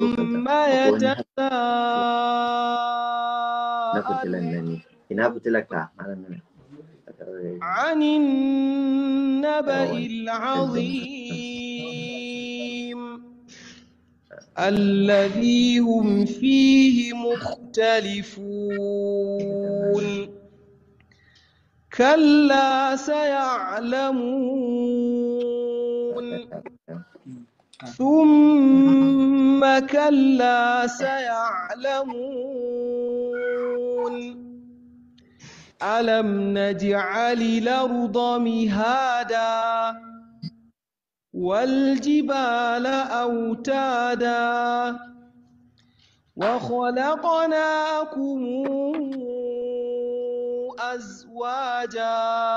ما يتساءلون عن النبأ العظيم الذي هم فيه مختلفون كلا سيعلمون ثم كلا سيعلمون ألم نجعل الأرض مهادا والجبال أوتادا وخلقناكم أزواجا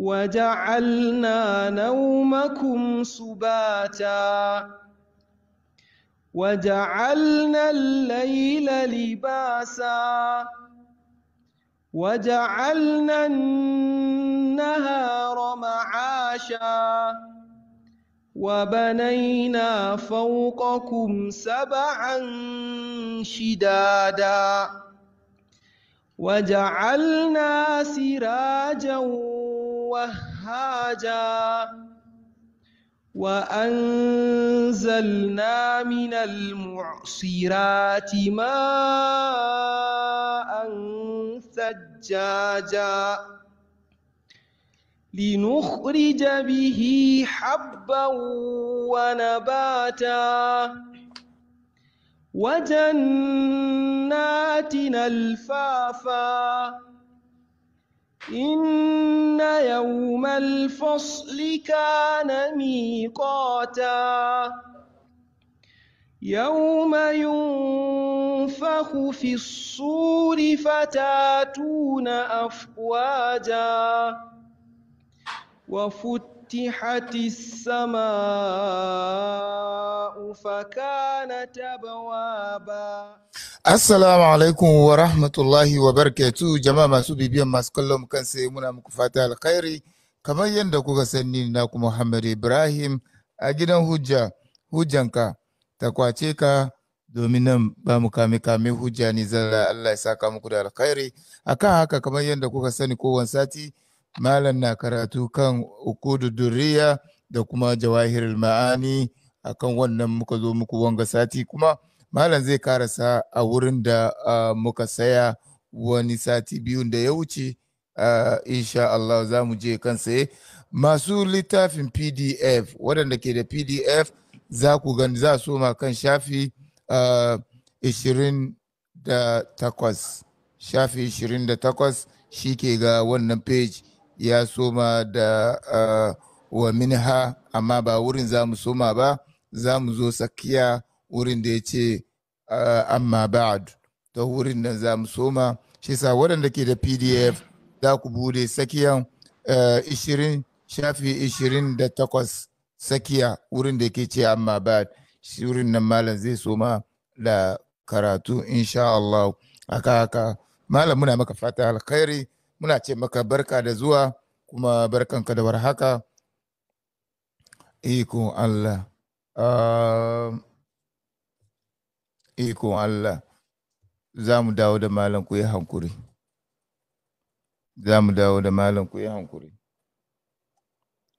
وجعلنا نومكم سباتا وجعلنا الليل لباسا وجعلنا النهار معاشا وبنينا فوقكم سبعا شدادا وجعلنا سراجا وهاجا وأنزلنا من المعصرات ماء ثجاجا لنخرج به حبا ونباتا وجناتنا الفافا إن يوم الفصل كان ميقاتا يوم ينفخ في الصور فتاتون أفواجا وفتحت السماء فكانت أبوابا Assalamu alaikum wa rahmatullahi wa barakatu jama'a masu bibiyan masu kallon kan sai muna muku fata alkhairi kamar yadda kuka sani na ku Muhammad Ibrahim a gidan hujja hujjanka ta kwace ka domin nan ba mu kame kame hujja ne zalla Allah ya saka muku da alkhairi akan haka kamar yadda kuka sani kowan sati malam na karatu kan ukudu duriya da kuma jawahirul ma'ani akan wannan muka zo muku wanga sati kuma malam zai karasa a wurin da muka saya wani sati biyun da ya wuce insha Allah za mu je kan saye masu littafin pdf waɗanda ke da pdf za ku gani za su ma kan shafi ishirin shafi ishirin shi ke ga wannan page ya soma da uh, wa minha amma ba wurin za mu soma ba za mu zo tsakiya wurin da ya ce amma ba'ad ta wurin nan za mu soma shi sa waɗanda ke da pdf za ku bude sakiyan eh, ishirin shafi ishirin da sakiya wurin da ke ce amma ba'ad shi wurin nan malam zai soma da karatu insha Allah aka haka malam muna maka fata alkhairi muna ce maka barka da zuwa kuma barkanka da warhaka iko Allah uh, ikon Allah za mu dawo da malam ku yi hankuri za mu dawo da malam ku yi hankuri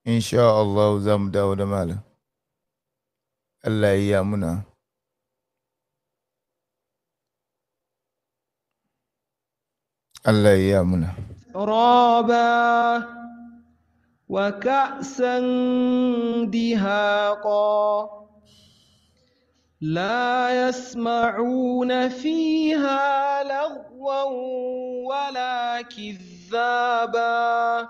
insha Allah za mu dawo da malam Allah ya muna Allah ya muna ka وكأسا دهاقا لا يسمعون فيها لغوا ولا كذابا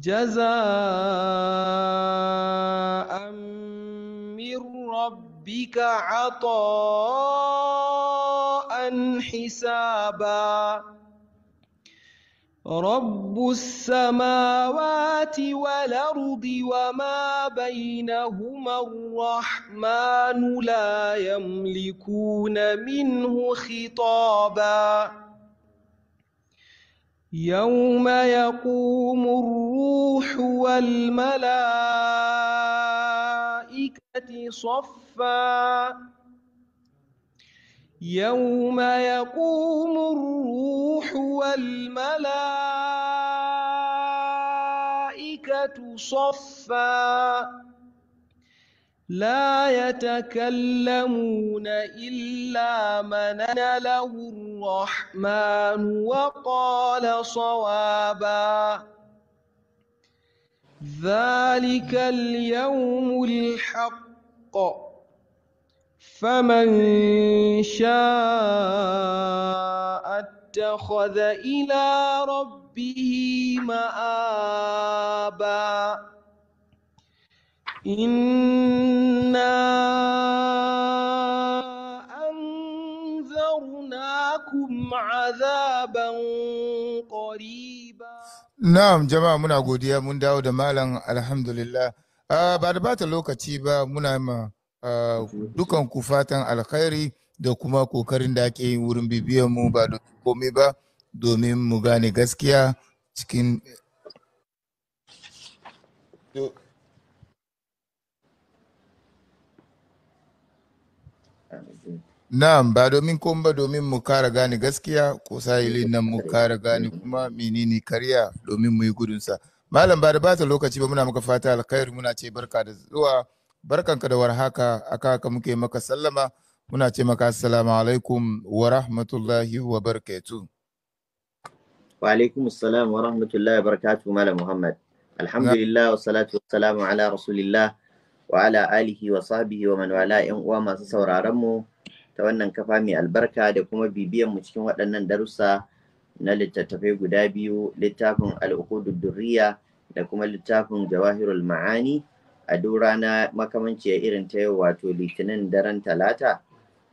جزاء من ربك عطاء حسابا رب السماوات والأرض وما بينهما الرحمن لا يملكون منه خطابا يوم يقوم الروح والملائكة صفا يوم يقوم الروح والملائكة صفا لا يتكلمون إلا من له الرحمن وقال صوابا ذلك اليوم الحق فمن شاء اتخذ الى ربه مابا انا انذرناكم عذابا قريبا نعم جماعه منا غوديا من داود مالا الحمد لله آه بعد بات اللوكة با منا Ah, dukan ku fatan alkhairi da kuma kokarin da ake yi wurin bibiyar mu ba domin komai ba domin mu gane gaskiya cikin Na'am ba domin komai ba domin mu kara gane gaskiya ko sahilin nan mu kara gane kuma menene karya domin mu yi gudunsa. Malam ba da bata lokaci ba muna maka fata alkhairi muna ce barka da zuwa. barkanka da warhaka aka kaka muke maka sallama muna ce maka assalamu alaikum wa rahmatullahi wa barkatu wa alaikum assalam wa rahmatullahi wa barakatu malam muhammad alhamdulillah wa salatu wa salamu ala rasulillah wa ala alihi wa sahbihi wa man wala yan uwa masu sauraron mu ta wannan kafa mai albarka da kuma bibiyan mu cikin waɗannan darussa na littattafai guda biyu littafin al'uqudud durriya da kuma littafin jawahirul ma'ani a duk rana ya irin ta yau wato litinin daren talata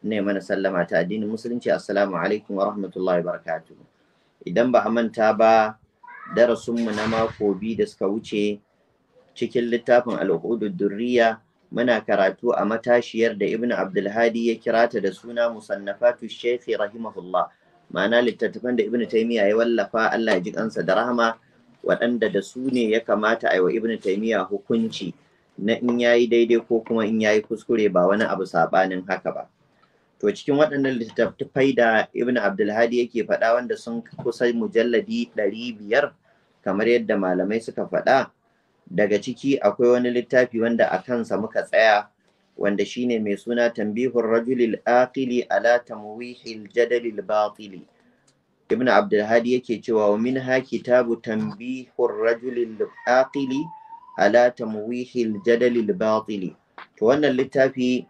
ne mana sallama ta addinin musulunci assalamu alaikum wa rahmatullahi idan ba a manta ba darasinmu na mako biyu da suka wuce cikin littafin al'udu durriya muna karatu a matashiyar da Ibn abdulhadi ya kira ta da suna musannafatu shefi rahimahullah ma'ana littattafan da Ibn taimiya ya wallafa allah ya ji kansa da rahama waɗanda da su ne ya kamata a yi wa ibnu taimiya hukunci na in ya yi daidai ko kuma in ya yi kuskure ba wani abu saɓanin haka ba to cikin waɗannan littattafai da ibn abdulhadi yake faɗa wanda sun kusa mujalladi ɗari biyar kamar yadda malamai suka faɗa daga ciki akwai wani littafi wanda a kansa muka tsaya wanda shine mai suna tambihun rajulil aqili ala tamwihil jadalil batili ibn abdulhadi yake cewa wa min ha kitabu tambihur rajulil aqili ala tamwihil jadalil batili to wannan littafi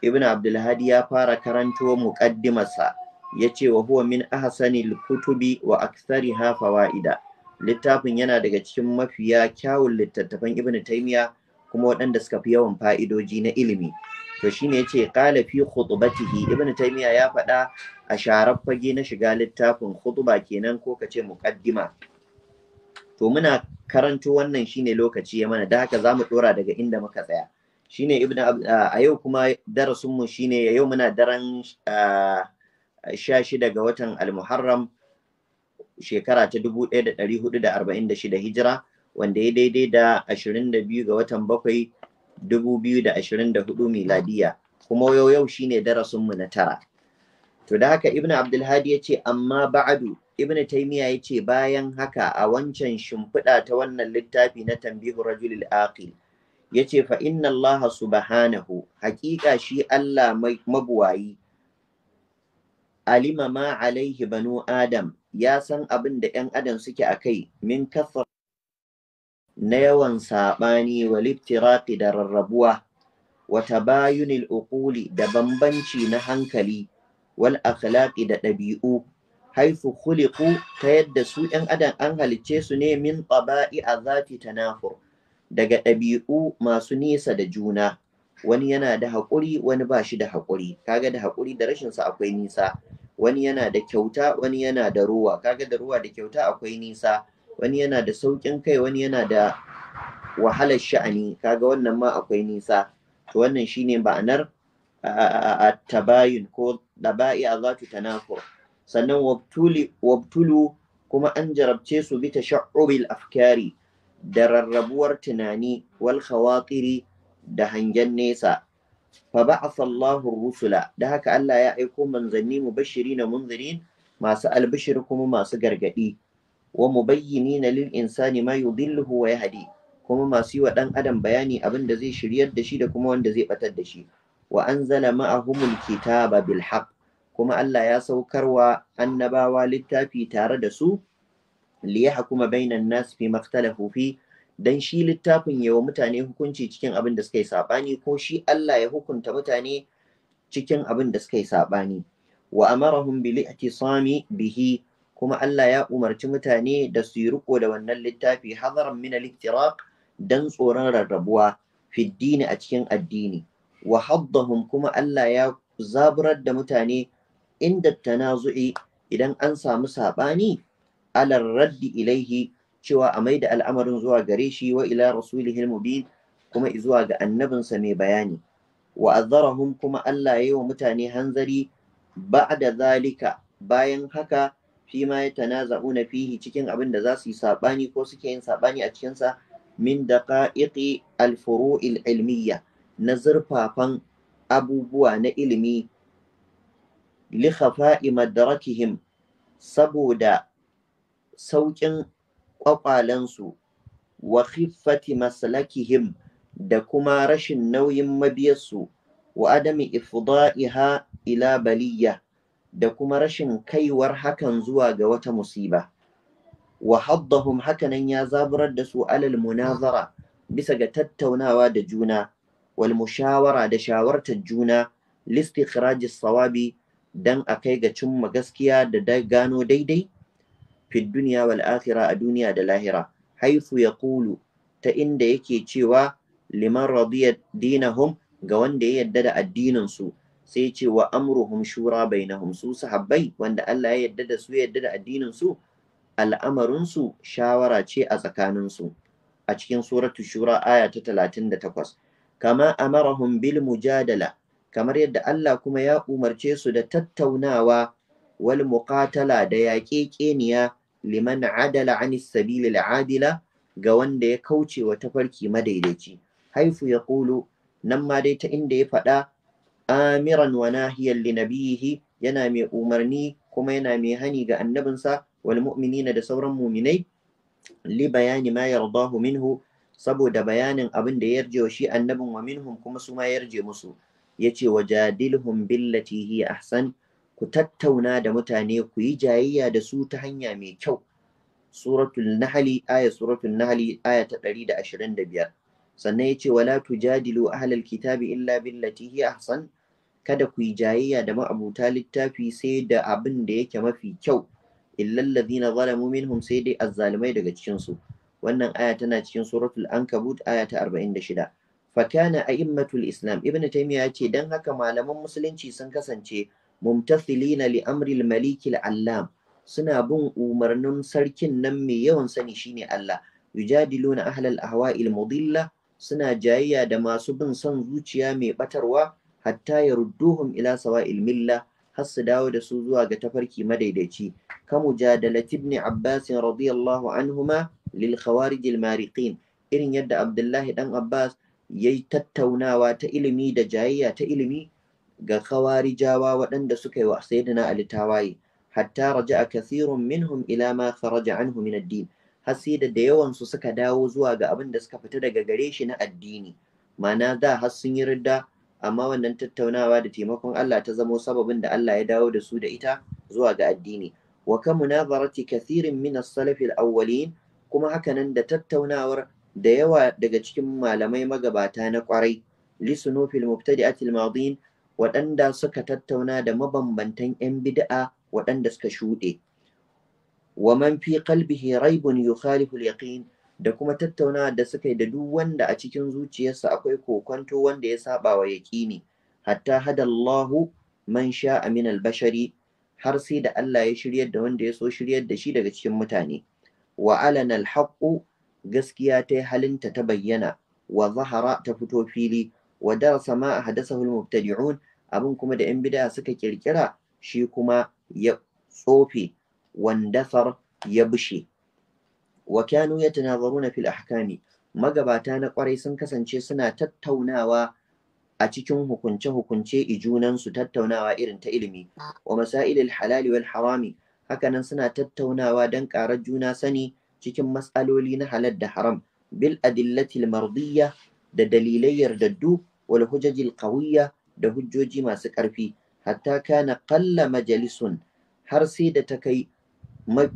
ibn abdulhadi ya fara karanto muqaddimarsa yace wa huwa min ahsanil kutubi wa aktsariha fawaida littafin yana daga cikin mafiya kyawun littattafan ibn taymiya kuma waɗanda suka fi yawan fa'idoji na ilimi to shine yace qala fi khutbatihi ibn taymiya ya faɗa a sharar fage na shiga littafin khutba kenan ko kace muqaddima to muna karanto wannan shine lokaci ya mana da haka za mu dora daga inda muka tsaya shine ibn a yau kuma darasin mu shine yau muna daren sha shida ga watan almuharram shekara ta dubu ɗaya da ɗari hudu da arba'in da shida hijira wanda ya daidai da ashirin da biyu ga watan bakwai dubu biyu da ashirin da hudu miladiya kuma yau yau shine darasin mu na tara to da haka ibn abdulhadi ya ce amma ba'adu ibnu taymiya ce bayan haka a wancan shimfiɗa ta wannan littafi na tambihu rajulil aqil yace fa inna allaha subhanahu haƙiƙa shi Allah mabuwayi alima ma alaihi banu adam ya san abin da ‘yan adam suke a kai min kafar na yawan saɓani wa da rarrabuwa wa tabayunil uquli da bambanci na hankali wal akhlaqi da ɗabi'u haifu kuliku ta yadda su ‘yan adam an halicce su ne min ƙaba'i a zati tanafur daga ɗabi'u masu nisa da juna wani yana da haƙuri wani ba shi da haƙuri kaga da haƙuri da rashin sa akwai nisa wani yana da kyauta wani yana da ruwa kaga da ruwa da kyauta akwai nisa wani yana da sauƙin kai wani yana da wahalar sha'ani kaga wannan ma akwai nisa to wannan shine ma'anar tabayun ko ɗaba'i a zatu tanafur sannan wabtulu kuma an jarabce su bi sha'ubil afkari da rarrabuwar tunani wal khawatiri da hangen nesa fa ba'atha Allahu rusula da haka Allah ya aiko manzanni na munzirin masu albishir kuma masu gargadi wa mubayyinina lil insani ma yudilluhu wa yahdi kuma masu yi wa dan adam bayani abin da zai shiryar da shi da kuma wanda zai batar da shi wa anzala ma'ahumul kitaba bil haqq kuma Allah ya saukarwa annabawa littafi tare da su kuma bainan nas fi maktalafu fi dan shi littafin yawa mutane hukunci cikin abin da suka yi sabani ko shi Allah ya hukunta mutane cikin abin da suka yi saɓani. wa amarahum bil i'tisami bihi kuma Allah ya umarci mutane da su yi riko da wannan littafi hadaran min al-iftiraq dan tsoron rarrabuwa fi a cikin addini wa haddahum kuma Allah ya zaburar da mutane inda tanazu'i idan an samu saɓani alar raddi ilaihi cewa a maida al'amarin zuwa gare shi wa ila rasulihil mubin kuma zuwa ga annabinsa mai bayani wa azzarahum kuma Allah ya yi wa mutane hanzari ba'da zalika bayan haka fi ma ya tanaza'una fihi cikin abin da za su yi saɓani ko suke yin saɓani a cikinsa min daqa'iqi al-furu'il ilmiyya na zurfafan abubuwa na ilimi li khafa'i madrakihim saboda sauƙin ƙwaƙwalansu, wa khiffati maslakihim da kuma rashin nauyin mabiyarsu wa adami ifda'iha ila baliya, da kuma rashin kaiwar hakan zuwa ga wata musiba wa haddahum hakanan ya zaburar da su alal munazara bisa ga tattaunawa da juna wal mushawara da shawartar juna listikhrajis sawabi dan a kai ga cimma gaskiya da gano daidai fi duniya wal akhira a duniya da lahira haifu ya kulu ta inda yake cewa liman radiya dinahum ga wanda ya yadda da addinin su sai ce wa amruhum shura bainahum su sahabbai wanda Allah ya yadda da su ya yadda da addinin su al'amarin su shawara ce a tsakanin su a cikin suratu shura aya ta 38 kama amarahum bil mujadala kamar yadda Allah kuma ya umarce su da tattaunawa wal muqatala da yaƙeƙeniya liman adala anis sabilil adila ga wanda ya kauce wa tafarki madaidaici haifu ya kulu, nan ma dai ta inda ya faɗa amiran wa nahiyan li nabiyihi yana mai umarni kuma yana mai hani ga annabinsa wal mu'minina da sauran muminai li bayani ma yardahu minhu saboda bayanin abin da ya yarje wa shi annabin wa minhum kuma su ma yarje musu yace wajadilhum billati hiya ahsan ku tattauna da mutane ku yi jayayya da su ta hanya mai kyau suratul nahli aya suratul nahli aya ta 125 sannan yace wala tujadilu ahlal kitabi illa billati hiya ahsan kada ku yi jayayya da ma'abuta littafi sai da abin da yake mafi kyau illal ladina zalamu minhum sai dai azzalumai daga cikin su wannan aya tana cikin suratul ankabut aya ta 46 fakana a'immatul islam ibn taymiya ya ce dan haka malaman musulunci sun kasance mumtathilina li amril malikil allam suna bin umarnin sarkin nan mai yawan sani shine Allah yujadiluna ahlal ahwa'il mudilla suna jayayya da masu bin son zuciya mai batarwa hatta yarudduhum ila sawa'il milla har su dawo da su zuwa ga tafarki madaidaici ka mujadalati ibn abbas radiyallahu anhuma lil khawarij al mariqin irin yadda abdullahi dan abbas ya yi tattaunawa ta ilimi da jayayya ta ilimi ga jawa waɗanda suka yi wa sayyidina Ali tawaye hatta a kathirun minhum ila ma kharaja anhu min ad-din Hasi da yawan su suka dawo zuwa ga abin da suka fita daga gare shi na addini ma'ana da har sun yi ridda amma wannan tattaunawa da taimakon Allah ta zamo sababin da Allah ya dawo da su da ita zuwa ga addini wa ka munazarati kathirin min as-salaf al-awwalin kuma hakanan da tattaunawar da yawa daga cikin malamai magabata na kwarai lisunu fil Atil waɗanda suka tattauna da mabambantan 'yan bida'a waɗanda suka shuɗe wa man fi qalbihi raibun yukhalifu al-yaqin da kuma tattauna da suka yi da duk wanda a cikin zuciyarsa akwai kokonto wanda ya saba wa yaƙini hatta hadallahu man sha'a min al-bashari har sai da Allah ya shiryar da wanda ya so shiryar da shi daga cikin mutane wa alana al gaskiya ta yi halinta ta bayyana wa zahara ta fito fili wa darasa ma a hadasahu mubtadi'un abin kuma da yan bid'a suka kirkira shi kuma ya tsofe wandasar ya bushe wa kanu yatanazaruna fil ahkami magabata na kwarai sun kasance suna tattaunawa a cikin hukunce-hukunce ijunansu tattaunawa irin ta ilimi wa masailil halali wal harami hakanan suna tattaunawa don ƙarar juna sani cikin matsaloli na halar da haram bil adillatil mardiyya da dalilai yardaddu wal hujajil qawiyya da hujjoji masu ƙarfi hatta kana qalla majalisun har sai da ta kai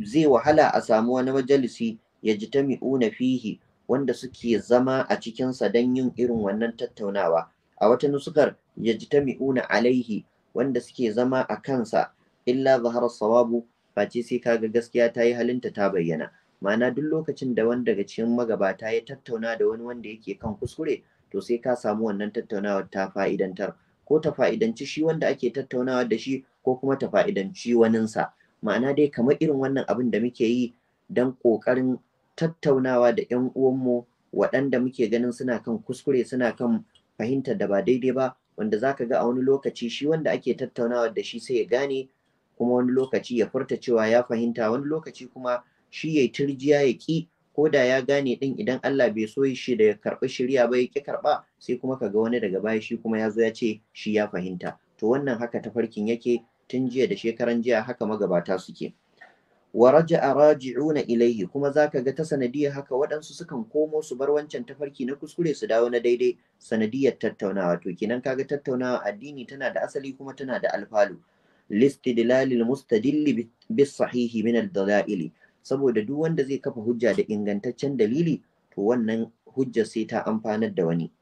zai wahala a samu wani majalisi ya ji ta mi'una fihi wanda suke zama a cikinsa don yin irin wannan tattaunawa a wata nusukar ya ji ta mi'una alaihi wanda suke zama a kansa illa zahar sawabu face sai kaga gaskiya ta yi halinta ta bayyana ma'ana duk lokacin da wani daga cikin magabata ya tattauna da wani wanda yake kan kuskure to sai ka samu wannan tattaunawar ta fa'idantar ko ta fa'idanci shi wanda ake tattaunawa da shi ko kuma ta fa'idanci waninsa ma'ana dai kamar irin wannan abin da muke yi don ƙoƙarin tattaunawa da 'yan uwanmu waɗanda muke ganin suna kan kuskure suna kan fahimtar da ba daidai ba wanda za ka ga a wani lokaci shi wanda ake tattaunawa da shi sai ya gane kuma wani lokaci ya furta cewa ya fahimta wani lokaci kuma shi ya turjiya ya ki ko da ya gane din idan Allah bai so shi da ya karɓi shirya ba ya karɓa sai kuma ka ga wani daga baya shi kuma ya zo ya ce shi ya fahimta to wannan haka tafarkin yake tun jiya da shekaran jiya haka magabata suke wa raja'a raji'una ilayhi kuma zaka ga ta sanadiyar haka waɗansu sukan komo su bar wancan tafarki na kuskure su dawo na daidai sanadiyar tattaunawa to kenan kaga tattaunawa addini tana da asali kuma tana da alfalu listidlalil mustadilli bis sahihi min al-dalaili saboda duk wanda zai kafa hujja da ingantaccen dalili to wannan hujjar sai ta amfanar da wani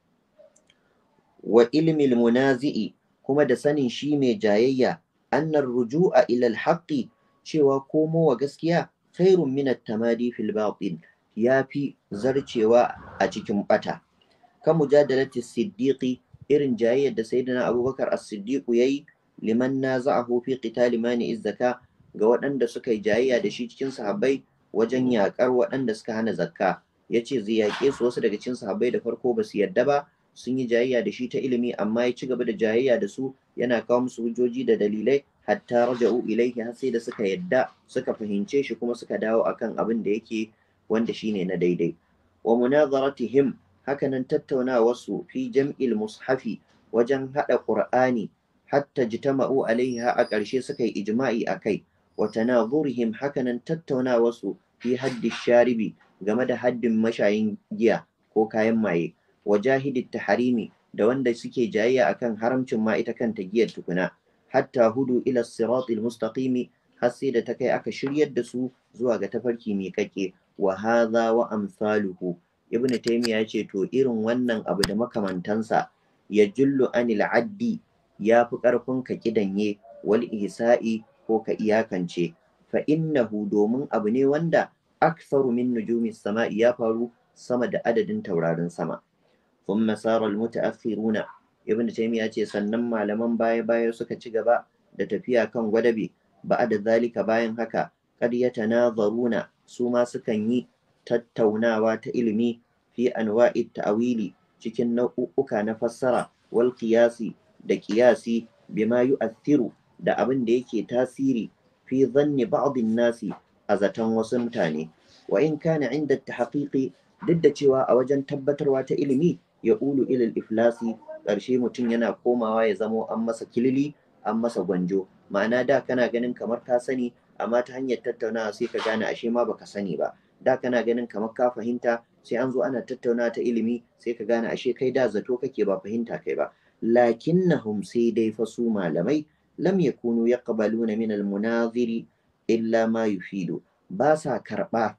wa ilmil munazi'i kuma da sanin shi mai jayayya annar ruju'a ilal haqqi cewa komowa gaskiya khairun min at-tamadi fil batil yafi zarcewa a cikin bata kan mujadalati siddiqi irin jayayyar da sayyidina abubakar as-siddiq yayi liman naza'ahu fi qitali mani izzaka ga waɗanda suka yi jayayya da shi cikin sahabbai wajen yaƙar waɗanda suka hana zakka ya ce zai yaƙe su wasu daga cikin sahabbai da farko ba su yadda ba sun yi jayayya da shi ta ilimi amma ya ci gaba da jayayya da su yana kawo musu hujjoji da dalilai hatta raja'u ilaihi har sai da suka yadda suka fahimce shi kuma suka dawo akan abin da yake wanda shine na daidai wa munazaratihim hakanan su fi jam'il mushafi wajen hada qur'ani hatta jitama'u alaiha a ƙarshe suka yi ijma'i akai وتناظرهم حكنا تتونا وسو في حد الشارب game da haddin mashayin giya ko kayan maye wa jahidit da wanda suke jayayya akan haramcin ma ita kanta giyar tukuna hatta hudu ila siratil mustaqimi har sai da ta kai aka shiryar da su zuwa ga tafarki mai kake wa hadha wa amsaluhu ibnu taymiya ya ce to irin wannan abu da makamantansa ya jullu anil addi ya fi karfin ka kidanye wal ihsa'i ko ka iyakance fa innahu domin abu ne wanda aktharu min nujumis sama'i ya faru sama da adadin taurarin sama kuma masara almutaakhiruna ibn taymiya ce sannan malaman baya baya suka ci gaba da tafiya kan gwadabe da zalika bayan haka qad yatanazaruna su ma sukan yi tattaunawa ta ilimi fi anwa'i ta'wili cikin nau'uka na fassara wal qiyasi da qiyasi bima yu'athiru da abin da yake tasiri fi zanni ba'din nasi a zaton wasu mutane wa in kana inda ta tahqiqi duk da cewa a wajen tabbatarwa ta ilimi ya ulu ilil iflasi ƙarshe mutum yana komawa ya zamo an masa kilili an masa gwanjo ma'ana da kana ganin kamar ka sani amma ta hanyar tattaunawa sai ka gane ashe ma baka sani ba da kana ganin kamar ka fahimta sai an zo ana tattaunawa ta ilimi sai ka gane ashe kai da zato kake ba fahimta kai ba lakinnahum sai dai fa su malamai lam يكونوا يقبلون min المناظر munaziri illa ma باسا ba sa karɓa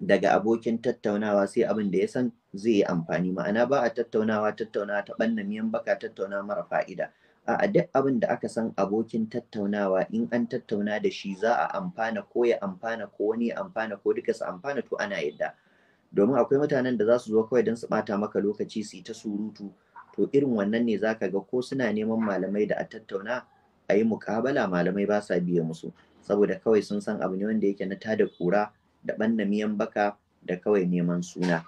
daga abokin tattaunawa sai abin da ya san zai yi amfani ma'ana ba a tattaunawa tattaunawa ta banna miyan baka tattauna mara fa'ida a duk abin da aka san abokin tattaunawa in an tattauna da shi za a amfana ko ya amfana ko wani ya amfana ko duka su amfana to ana yadda domin akwai mutanen da za su zo kawai don su ɓata maka lokaci su yi ta surutu to irin wannan ne zaka ga ko suna neman malamai da a tattauna a yi muƙabala malamai ba sa biye musu saboda kawai sun san abu ne wanda yake na tada kura da ɓanna miyan baka da kawai neman suna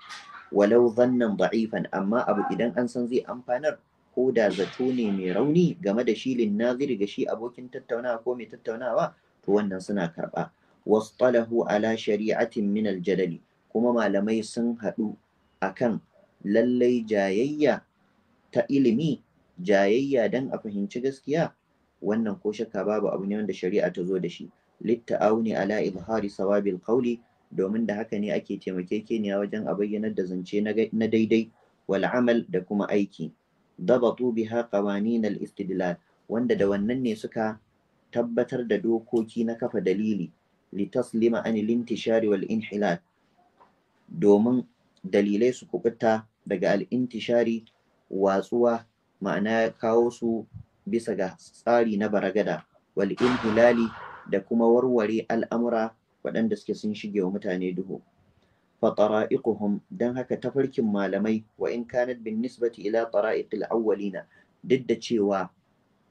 walau zannan da'ifan amma abu idan an san zai amfanar ko da zato ne mai rauni game da shi linnaziri ga shi abokin tattaunawa ko mai tattaunawa to wannan suna karɓa wasu ala shari'atin min aljadali kuma malamai sun haɗu akan lallai jayayya ta ilimi jayayya don a fahimci gaskiya wannan ko shakka babu abu ne wanda shari'a ta zo da shi litta'auni ala izhari sawabil qawli domin da haka ne ake taimakekeniya wajen a bayyanar da zance na daidai wal amal da kuma aiki dabatu biha qawanin al istidlal wanda da wannan ne suka tabbatar da dokoki na kafa dalili litaslima an lintishari wal inhilal domin dalilai su kubuta daga al intishari watsuwa ma'ana kawo su bisa ga tsari na baragada wal inhilali da kuma warware al'amura waɗanda suke sun shige wa mutane duhu fatara'iquhum dan haka tafarkin malamai wa in kanat bin nisbati ila tara'iqil awwalina duk da cewa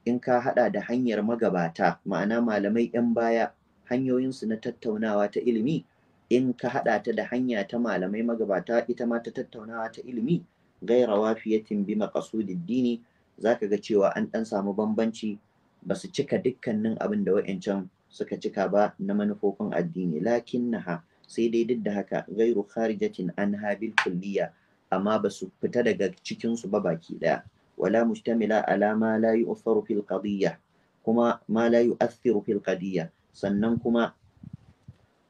in ka haɗa da hanyar magabata ma'ana malamai yan baya hanyoyinsu na tattaunawa ta ilimi in ka haɗa ta da hanya ta malamai magabata ita ma ta tattaunawa ta ilimi gaira wafiyatin bi maqasudid dini za ka ga cewa an ɗan samu bambanci ba su cika dukkanin abin da wa'yancan suka cika ba na manufofin addini lakin naha sai dai duk da haka gairu kharijatin an habil kulliya amma ba su fita daga cikin su ba baki ɗaya wala mustamila ala ma la yu'atharu fil qadiyya kuma ma la yu'athiru fil qadiyya sannan kuma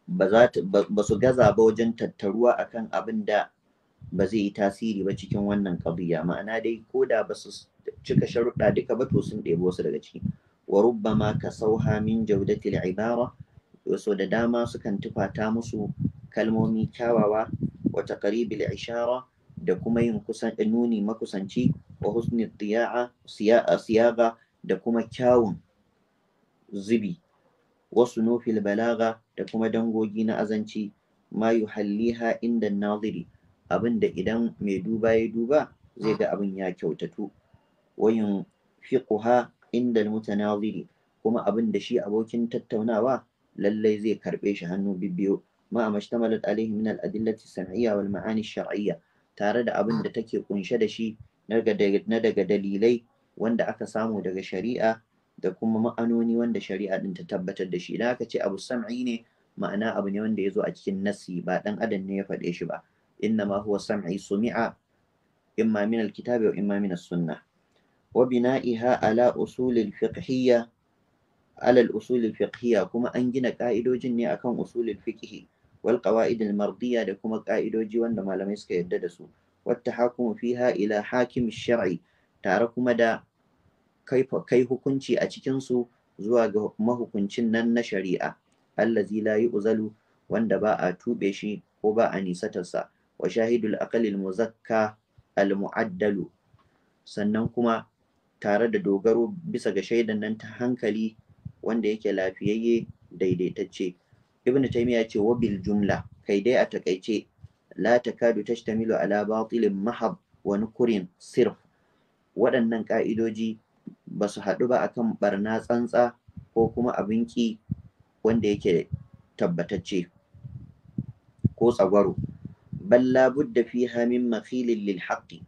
ba su gaza ba wajen tattaruwa akan abin da ba zai yi tasiri ba cikin wannan qadiyya ma'ana dai ko da ba su cika sharuɗa duka ba to sun ɗebo su daga ciki wa rubbama kasauha min jawdatil ibara wasu da dama sukan tufata musu kalmomi kyawawa wa taqribil ishara da kuma yin kusan nuni makusanci wa husnul diya'a siyaga da kuma kyawun zubi wasu nufil balaga da kuma dangogi na azanci ma yuhalliha inda naziri abin da idan mai duba ya duba zai ga abin ya kyautatu wa yunfiquha inda almutanaziri kuma abin da shi abokin tattaunawa lallai zai karbe shi hannu bibbiyo ma mashtamalat alaihi min al-adillati sam'iyya wal ma'anin shar'iyya tare da abin da take kunshe da shi na daga dalilai wanda aka samu daga shari'a da kuma ma'anoni wanda shari'a din ta tabbatar da shi idan aka ce abu sam'i ne ma'ana abu ne wanda ya zo a cikin nasi ba dan adam ne ya faɗe shi ba innama huwa sam'i sumi'a imma min alkitabi wa imma min as وبنائها على أصول الفقهية على الأصول الفقهية كما أنجنا قائدو جني أكون أصول الفقه والقواعد المرضية لكما قائدو جوان لما لم يسك يددسو والتحاكم فيها إلى حاكم الشرعي تاركم دا كيف كيف كنتي أتكنسو زواج ما هو na النشريعة الذي لا يؤذل wanda ba a tube shi ko ba a nisatarsa sannan kuma tare da dogaro bisa ga shaidan nan ta hankali wanda yake lafiyayye daidaitacce ibnu ya ce wa bil jumla kai dai a takaice la takadu tashtamilu ala batilin mahab wa nukurin sirf waɗannan ƙa'idoji ba su haɗu ba akan barna tsantsa ko kuma abin ki wanda yake tabbatacce ko tsagwaro Balla budda fiha min makhilin lil haqqi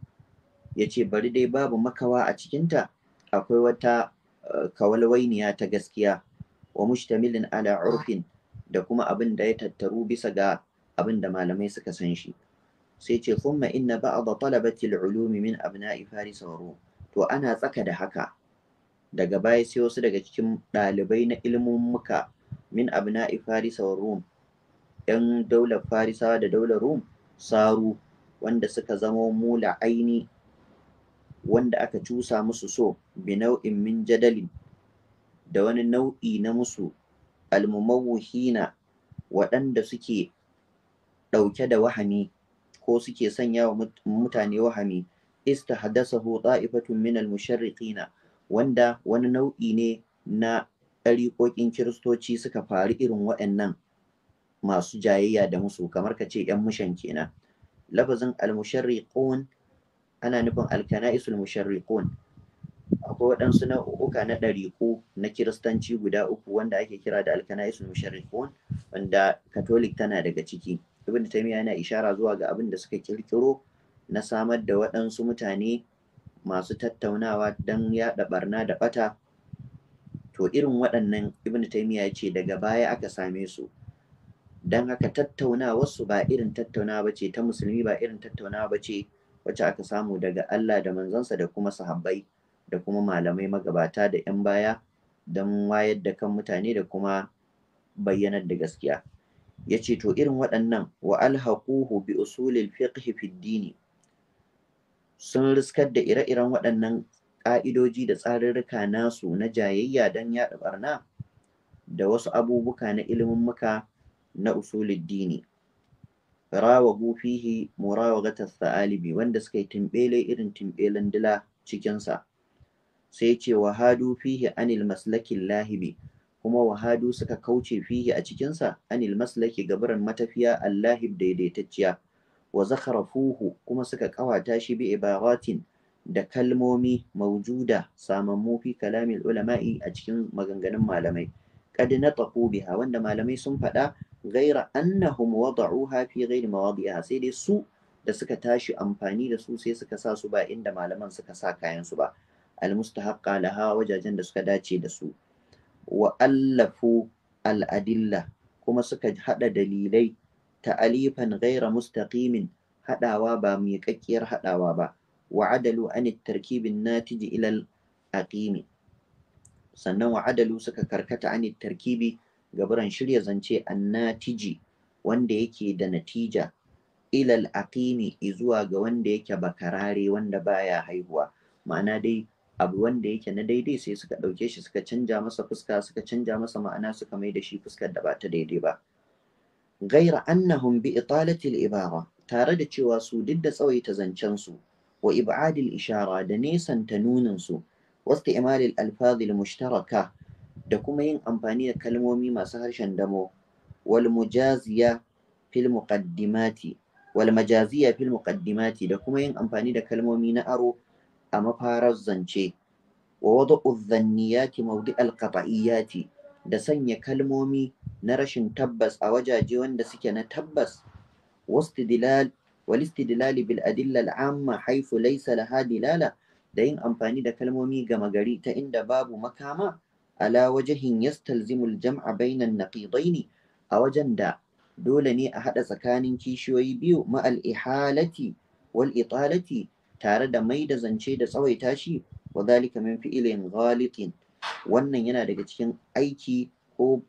ya ce bari dai babu makawa a cikinta akwai wata eh, kawalwainiya ta gaskiya wa mushtamilin ala urfin da kuma abin da ya tattaru bisa ga abin da malamai suka san shi sai ce kuma inna a talabati ulumi min abna'i faris wa rum to ana tsaka da haka daga baya sai wasu daga cikin ɗalibai na ilmummuka min abna'i faris wa rum yan daular farisawa da daular rum saru wanda suka zama mula aini wanda aka cusa musu so bi nau'in min jadalin da wani nau'i na musu almumawuhina waɗanda suke ɗauke da wahami ko suke sanya wa mutane wahami istahdasahu ta'ifatun min almusharriqina wanda wani nau'i ne na ɗariƙoƙin kiristoci suka faru irin waɗannan masu jayayya da musu kamar ka ce ‘yan mushan kenan lafazin almusharriqun ana nufin alkana'isul musharriqun akwai waɗansu nau'uka na ɗariƙu na kiristanci guda uku wanda ake kira da alkana'isul musharriqun wanda katolik tana daga ciki ibn taymiya yana ishara zuwa ga abin da suka kirkiro na samar da waɗansu mutane masu tattaunawa don yaɗa barna da ɓata to irin waɗannan ibn taymiya ce daga baya aka same su don haka su ba irin tattaunawa ba ce ta musulmi ba irin tattaunawa ba ce wacce aka samu daga Allah da manzonsa da kuma sahabbai da kuma malamai magabata da 'yan baya don wayar da kan mutane da kuma bayyanar da gaskiya ya ce to irin waɗannan wa alhaquhu bi usulil fiqhi fid dini sun riskar da ire-iren waɗannan ƙa'idoji da tsarurruka nasu na jayayya don yaɗa ɓarna da wasu abubuka na ilimin muka na usulid dini rawagu fihi murawagatar sa'alibi wanda suka yi tumbele irin tumbelen dila cikinsa sai ce wahadu fihi anil maslakin lahibi kuma wahadu suka kauce fihi a cikinsa anil maslaki gabaran matafiya allahib daidaitacciya wa zakharafuhu kuma suka kawata shi bi ibaratin da kalmomi maujuda samammu fi kalamil ulama'i a cikin maganganun malamai kadina nataqu wanda malamai sun faɗa ghaira annahum wada'uha fi ghairi mawadi'iha sai dai su da suka tashi amfani da su sai suka sa su ba inda malaman suka sa kayan su ba almustahaqqa laha wajajen da suka dace da su wa allafu al'adilla kuma suka hada dalilai ta alifan ghaira mustaqimin hadawa ba mai kakkiyar hadawa ba wa adalu an tarkibin natiji ilal aqimi sannan wa adalu suka karkata an tarkibi gabaran shirya zance annatiji wanda yake da natija ilal aqimi izuwa ga wanda yake bakarare wanda baya haihuwa ma'ana dai abu wanda yake na daidai sai suka ɗauke shi suka canja masa fuska suka canja masa ma'ana suka mai da shi fuskar da ba ta daidai ba Gaira, annahum bi italatil ibara tare da cewa su duk da tsawaita zancen su wa ib'adil ishara da nesanta nunin su wasta imalil alfazil mushtaraka da kuma yin amfani da kalmomi masu harshen damo wal mujaziya fil muqaddimati wal majaziya fil muqaddimati da kuma yin amfani da kalmomi na aro a mafarar zance wa wada'u dhanniyati mawdi' al da sanya kalmomi na rashin tabbas a wajaje wanda suke na tabbas wastidilal wal bil adilla al amma haythu laysa laha dilala da yin amfani da kalmomi gama gari ta inda babu makama ala wajahin yastalzimul jam'a bainan naqidaini a wajen da dole ne a haɗa tsakanin kishiyoyi biyu ma'al ihalati wal italati tare da mai da zance da tsawaita shi wa zalika min fi'ilin ghalitin wannan yana daga cikin aiki ko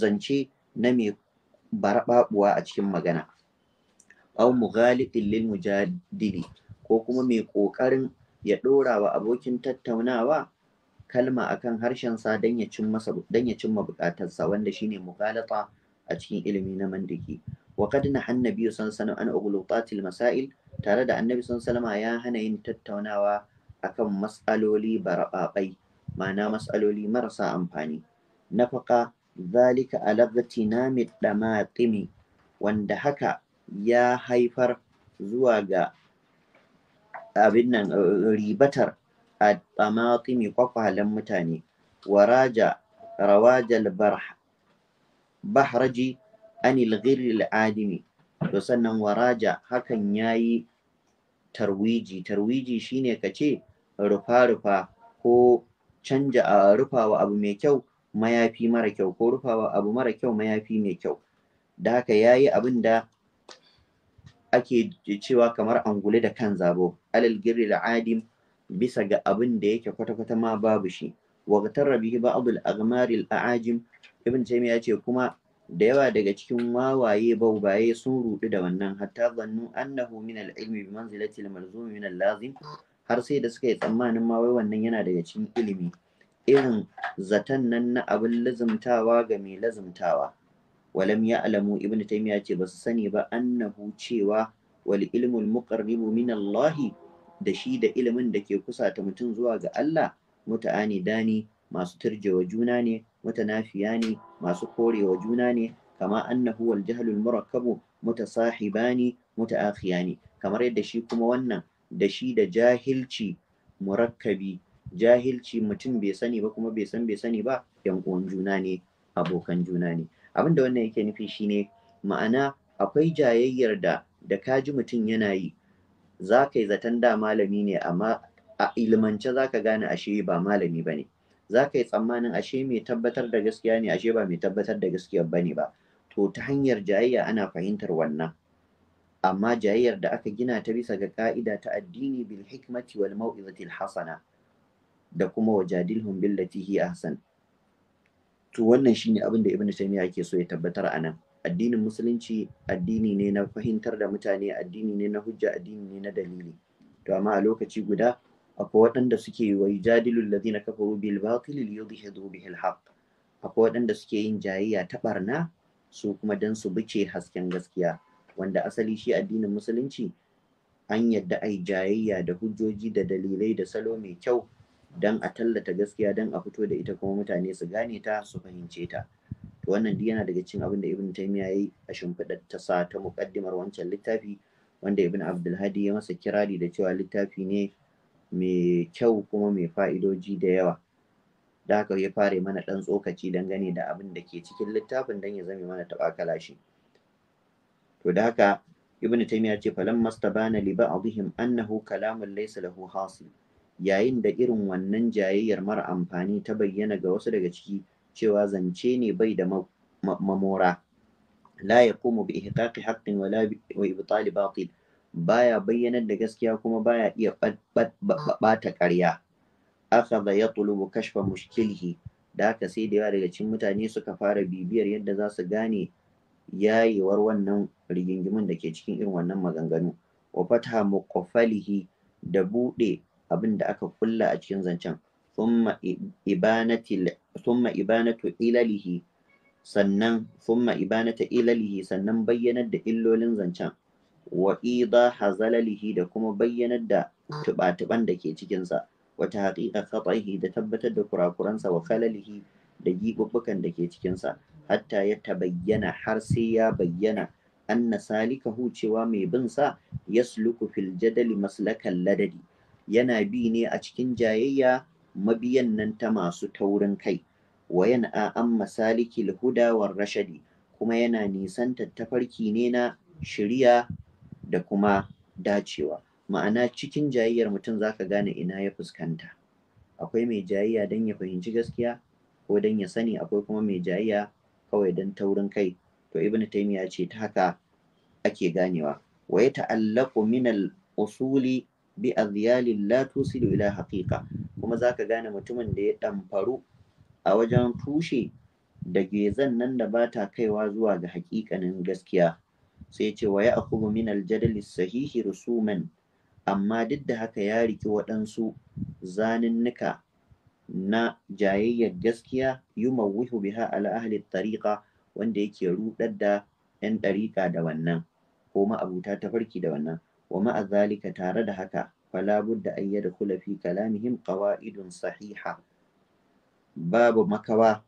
zance na mai barababuwa a cikin magana aw mughalitin lil mujadili ko kuma mai ƙoƙarin ya ɗora wa abokin tattaunawa kalma akan harshensa don ya masa don ya cimma bukatarsa wanda shine mughalata a cikin ilimi na mandiki wa qad naha annabi sallallahu alaihi an ughlutat masail tare da annabi sallallahu alaihi ya hana yin tattaunawa akan mas'aloli barababai ma'ana mas'aloli marasa amfani nafaka zalika alagtinami damatimi wanda haka ya haifar zuwa ga abin nan ribatar الطماطم قفها متاني وراجع رواج البرح bahraji anil ghirril adimi to sannan waraja hakan yayi tarwiji tarwiji shine kace rufa rufa ko canja a rufawa abu mai kyau mayafi mara kyau ko rufawa abu mara kyau mayafi mai kyau da haka yayi abin da ake cewa kamar angule da kan zabo alal al adim bisa ga abin da yake kwata-kwata ma babu shi wa tarra bihi al-aghmar al a'ajim ibn taymiya ce kuma da yawa daga cikin wawaye baubaye sun rudu da wannan hatta zannu annahu min al-ilmi bi manzilati al-malzum min al-lazim har sai da suka yi tsammanin ma wai wannan yana daga cikin ilimi irin zaton nan na abin lazumtawa ga mai lazumtawa walam ya'lamu ibn taymiya ce ba su sani ba annahu cewa wal ilmul al-muqarribu min Allah da shi da ilimin da ke kusa ta mutum zuwa ga Allah mutane dani masu turjewa juna ne mutanafiya ne masu korewa juna ne kama annahu wal jahlul murakkabu mutasahibani mutaakhiyani kamar yadda shi kuma wannan da shi da jahilci murakkabi jahilci mutum bai sani ba kuma bai san bai sani ba yan uwan juna ne abokan juna ne abin da wannan yake nufi shine ma'ana akwai jayayyar da da kaji mutum yana yi za ka yi zaton da malami ne amma a ilimance za ka gane ashe ba malami ba ne za ka yi tsammanin ashe mai tabbatar da gaskiya ne ashe ba mai tabbatar da gaskiya ba ne ba to ta hanyar jayayya ana fahimtar wannan amma jayayyar da aka gina ta bisa ga ka'ida ta addini bil hikmati wal mau'izatil hasana da kuma wajadilhum billati hi ahsan to wannan shine abin da ibnu taymiya yake so ya tabbatar a nan addinin musulunci addini ne na fahimtar da mutane addini ne na hujja addini ne na dalili to amma a lokaci guda akwai waɗanda suke wa jadilul ladina kafaru bil batil liyudhidu bihil haqq akwai waɗanda suke yin jayayya ta barna su kuma dan su bice hasken gaskiya wanda asali shi addinin musulunci an yadda ai jayayya da hujjoji da dalilai da salo mai kyau dan a tallata gaskiya dan a fito da ita kuma mutane su gane ta su fahimce ta wannan duk yana daga cikin abin da ibn taymiya yayi a shimfiɗar ta sa ta muƙaddimar wancan littafi wanda ibn abdulhadi ya masa kirari da cewa littafi ne mai kyau kuma mai fa'idoji da yawa da haka ya fare mana ɗan tsokaci dangane da abin da ke cikin littafin dan ya zame mana taɓa shi. to da haka ibn taymiya ce falan mastabana li ba'dihim annahu kalamun laysa lahu hasil yayin da irin wannan jayayyar mara amfani ta bayyana ga wasu daga ciki cewa zance ne bai da mamora la kuma bi ihqaqi haqqin wala wa ibtali batil baya bayyanar da gaskiya kuma baya iya bata ƙarya akhadha yatlubu kashfa mushkilihi da haka sai da yawa daga cikin mutane suka fara bibiyar yadda za su gane yayewar wannan rigingimin da ke cikin irin wannan maganganu wa mu muqaffalihi da buɗe abin da aka kulla a cikin zancen thumma ibanatil thumma ibanatu ilalihi sannan ilalihi sannan bayyanar da illolin zancen wa'iza ida hazalalihi da kuma bayyanar da tuba-tuban da ke cikinsa wata haƙiƙa khatahi da tabbatar da kurakuransa wa kalalihi da giɓuɓɓukan da ke cikinsa hatta ya tabayyana har sai ya bayyana anna salika hucewa mai bin sa ya fil jadali maslakan ladadi yana bi ne a cikin jayayya mabiyan nan ta masu taurin kai wa yan'a an masalikil huda war rashadi kuma yana nisan tattafarki ne na shirya da kuma dacewa ma'ana cikin jayayyar mutum zaka gane ina ya fuskanta akwai mai jayayya don ya fahimci gaskiya ko don ya sani akwai kuma mai jayayya kawai don taurin kai to ibn taymiya ce ta haka ake ganewa wa ya ta'allaqu min al usuli bi adhyalin la tusilu ila haqiqa kuma zaka gane mutumin da ya ɗamfaru a wajen tushe da gezan nan da ba ta kaiwa zuwa ga haƙiƙanin gaskiya sai ce wa ya akubu min aljadali sahihi rusuman amma duk da haka ya riki waɗansu zaninnika na jayayyar gaskiya yi mawuhu biha ala ahli tariqa wanda yake rudar da 'yan ɗariƙa da wannan ko ta farki da wannan wa ma'a zalika tare da haka fala budda an yadkhula fi kalamihim qawaidun sahiha babu makawa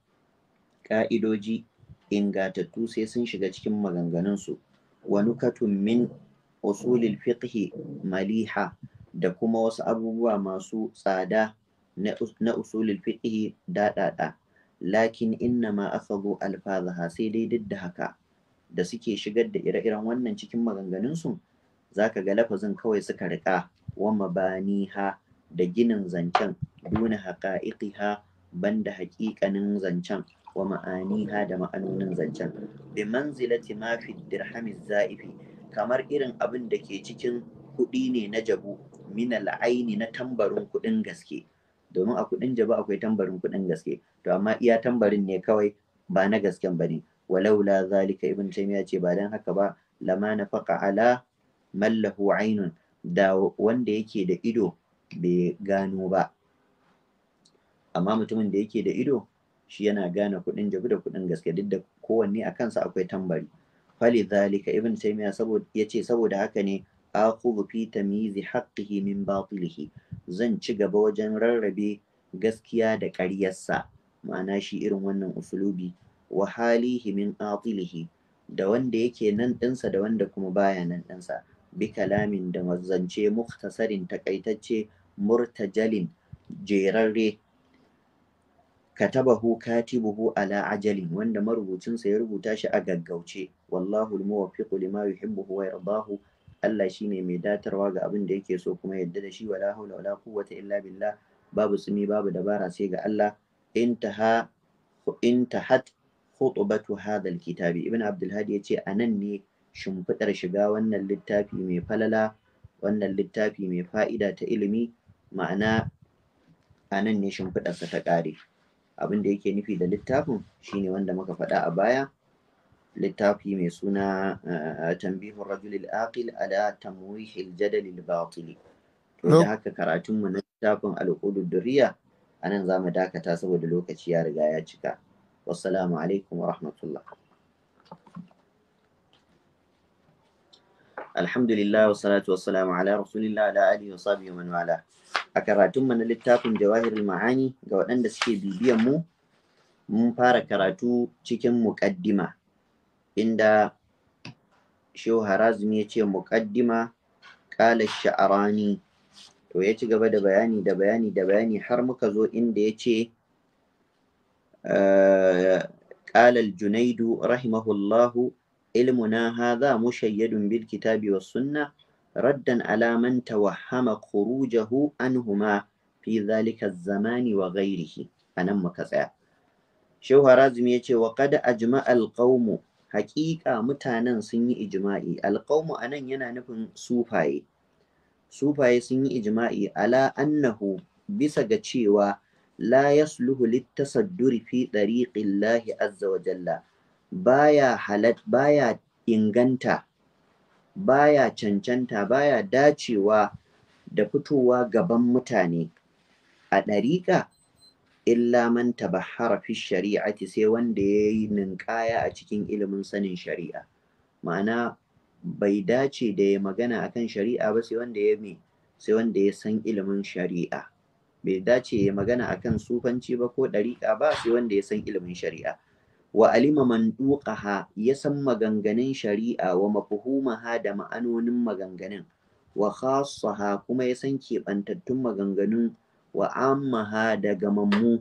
ka'idoji ingatattu sai sun shiga cikin maganganunsu wa nukatun min usulil fiqhi maliha da kuma wasu abubuwa masu tsada na usulil fiqhi daɗaɗa lakin inna ma asabu alfazaha sai dai da haka da suke shigar da ire-iren wannan cikin maganganunsu zaka ga lafazin kawai suka riƙa wa mabaniha da ginin zancen duna haƙa'iƙiha banda haƙiƙanin zancen wa ma'aniha da ma'anonin zancen bi manzilati ma fi dirhami za'ifi kamar irin abin da ke cikin kuɗi ne na jabu min al'aini na tambarin kuɗin gaske domin a kuɗin jabu akwai tambarin kuɗin gaske to amma iya tambarin ne kawai ba na gasken bane walaula zalika ibn taymiya ce ba dan haka ba lama nafaqa ala mallahu ainun da wanda yake da ido bai gano ba amma mutumin da yake da ido shi yana gane kuɗin jabu da kuɗin gaske duk da kowanne a kansa akwai tambari fali zalika ibn taymiya saboda yace saboda haka ne aqubu fi tamyizi haqqihi min batilihi zan ci gaba wajen rarrabe gaskiya da ƙaryarsa ma'ana shi irin wannan usulubi wa halihi min atilihi da wanda yake nan ɗinsa da wanda kuma baya nan ɗinsa bi kalamin da mazance muktasarin takaitacce murtajalin jerarre katabahu katibuhu ala ajalin wanda marubucinsa ya rubuta shi a gaggauce wallahu almuwaffiqu lima yuhibbu wa yardahu Allah shine mai datarwa ga abin da yake so kuma yadda da shi wala haula wala quwwata illa billah babu tsumi babu dabara sai ga Allah intaha intahat khutbatu hadha alkitabi ibn abdul hadi yace anan ne shimfiɗar shiga wannan littafi mai falala wannan littafi mai fa'ida ta ilimi ma'ana a nan ne shimfiɗarsa ta ƙare abin da yake nufi da littafin shine wanda muka faɗa a baya littafi mai suna eh, tambihun rajulil aqil ala tamwihil jadalil batili to da haka karatunmu na littafin alƙudurriya a nan za mu dakata saboda lokaci ya riga ya cika wassalamu alaikum wa rahmatullah alhamdulillah wa salatu ala rasulillah ala alihi wa sahbihi man a karatun mu na littafin jawahirul ma'ani ga waɗanda suke bibiyan mu mun fara karatu cikin mukaddima inda shehu harazmi ya ce muqaddima sha'arani to ya ci gaba da bayani da bayani da bayani har muka zo inda ya ce قال junaidu رحمه Ilmu na ilmuna hadha mushayyadun bil kitabi wa sunna raddan ala man tawahhama khurujahu anhuma fi dhalika zamani wa ghairihi anan muka tsaya Shehu Harazim ya ce wa qad ajma al haƙiƙa mutanen sun yi ijima'i. al anan yana nufin sufaye sufaye sun yi ijima'i. ala annahu bisa ga cewa la yasluhu littasadduri fi dariqillahi azza wa jalla baya halat baya inganta baya cancanta baya dacewa da fitowa gaban mutane a ɗariƙa illa man tabahara fi shari'ati sai wanda ya yi ninkaya a cikin ilimin sanin shari'a ma'ana bai dace da ya magana akan shari'a ba sai wanda ya mai sai wanda ya san ilimin shari'a bai dace ya magana akan sufanci ba ko ɗariƙa ba sai wanda ya san ilimin shari'a wa alima duqaha ya san maganganun shari'a wa mafhumaha da ma'anonin maganganun wa khassaha kuma ya san keɓantattun maganganun wa ammaha da gamammu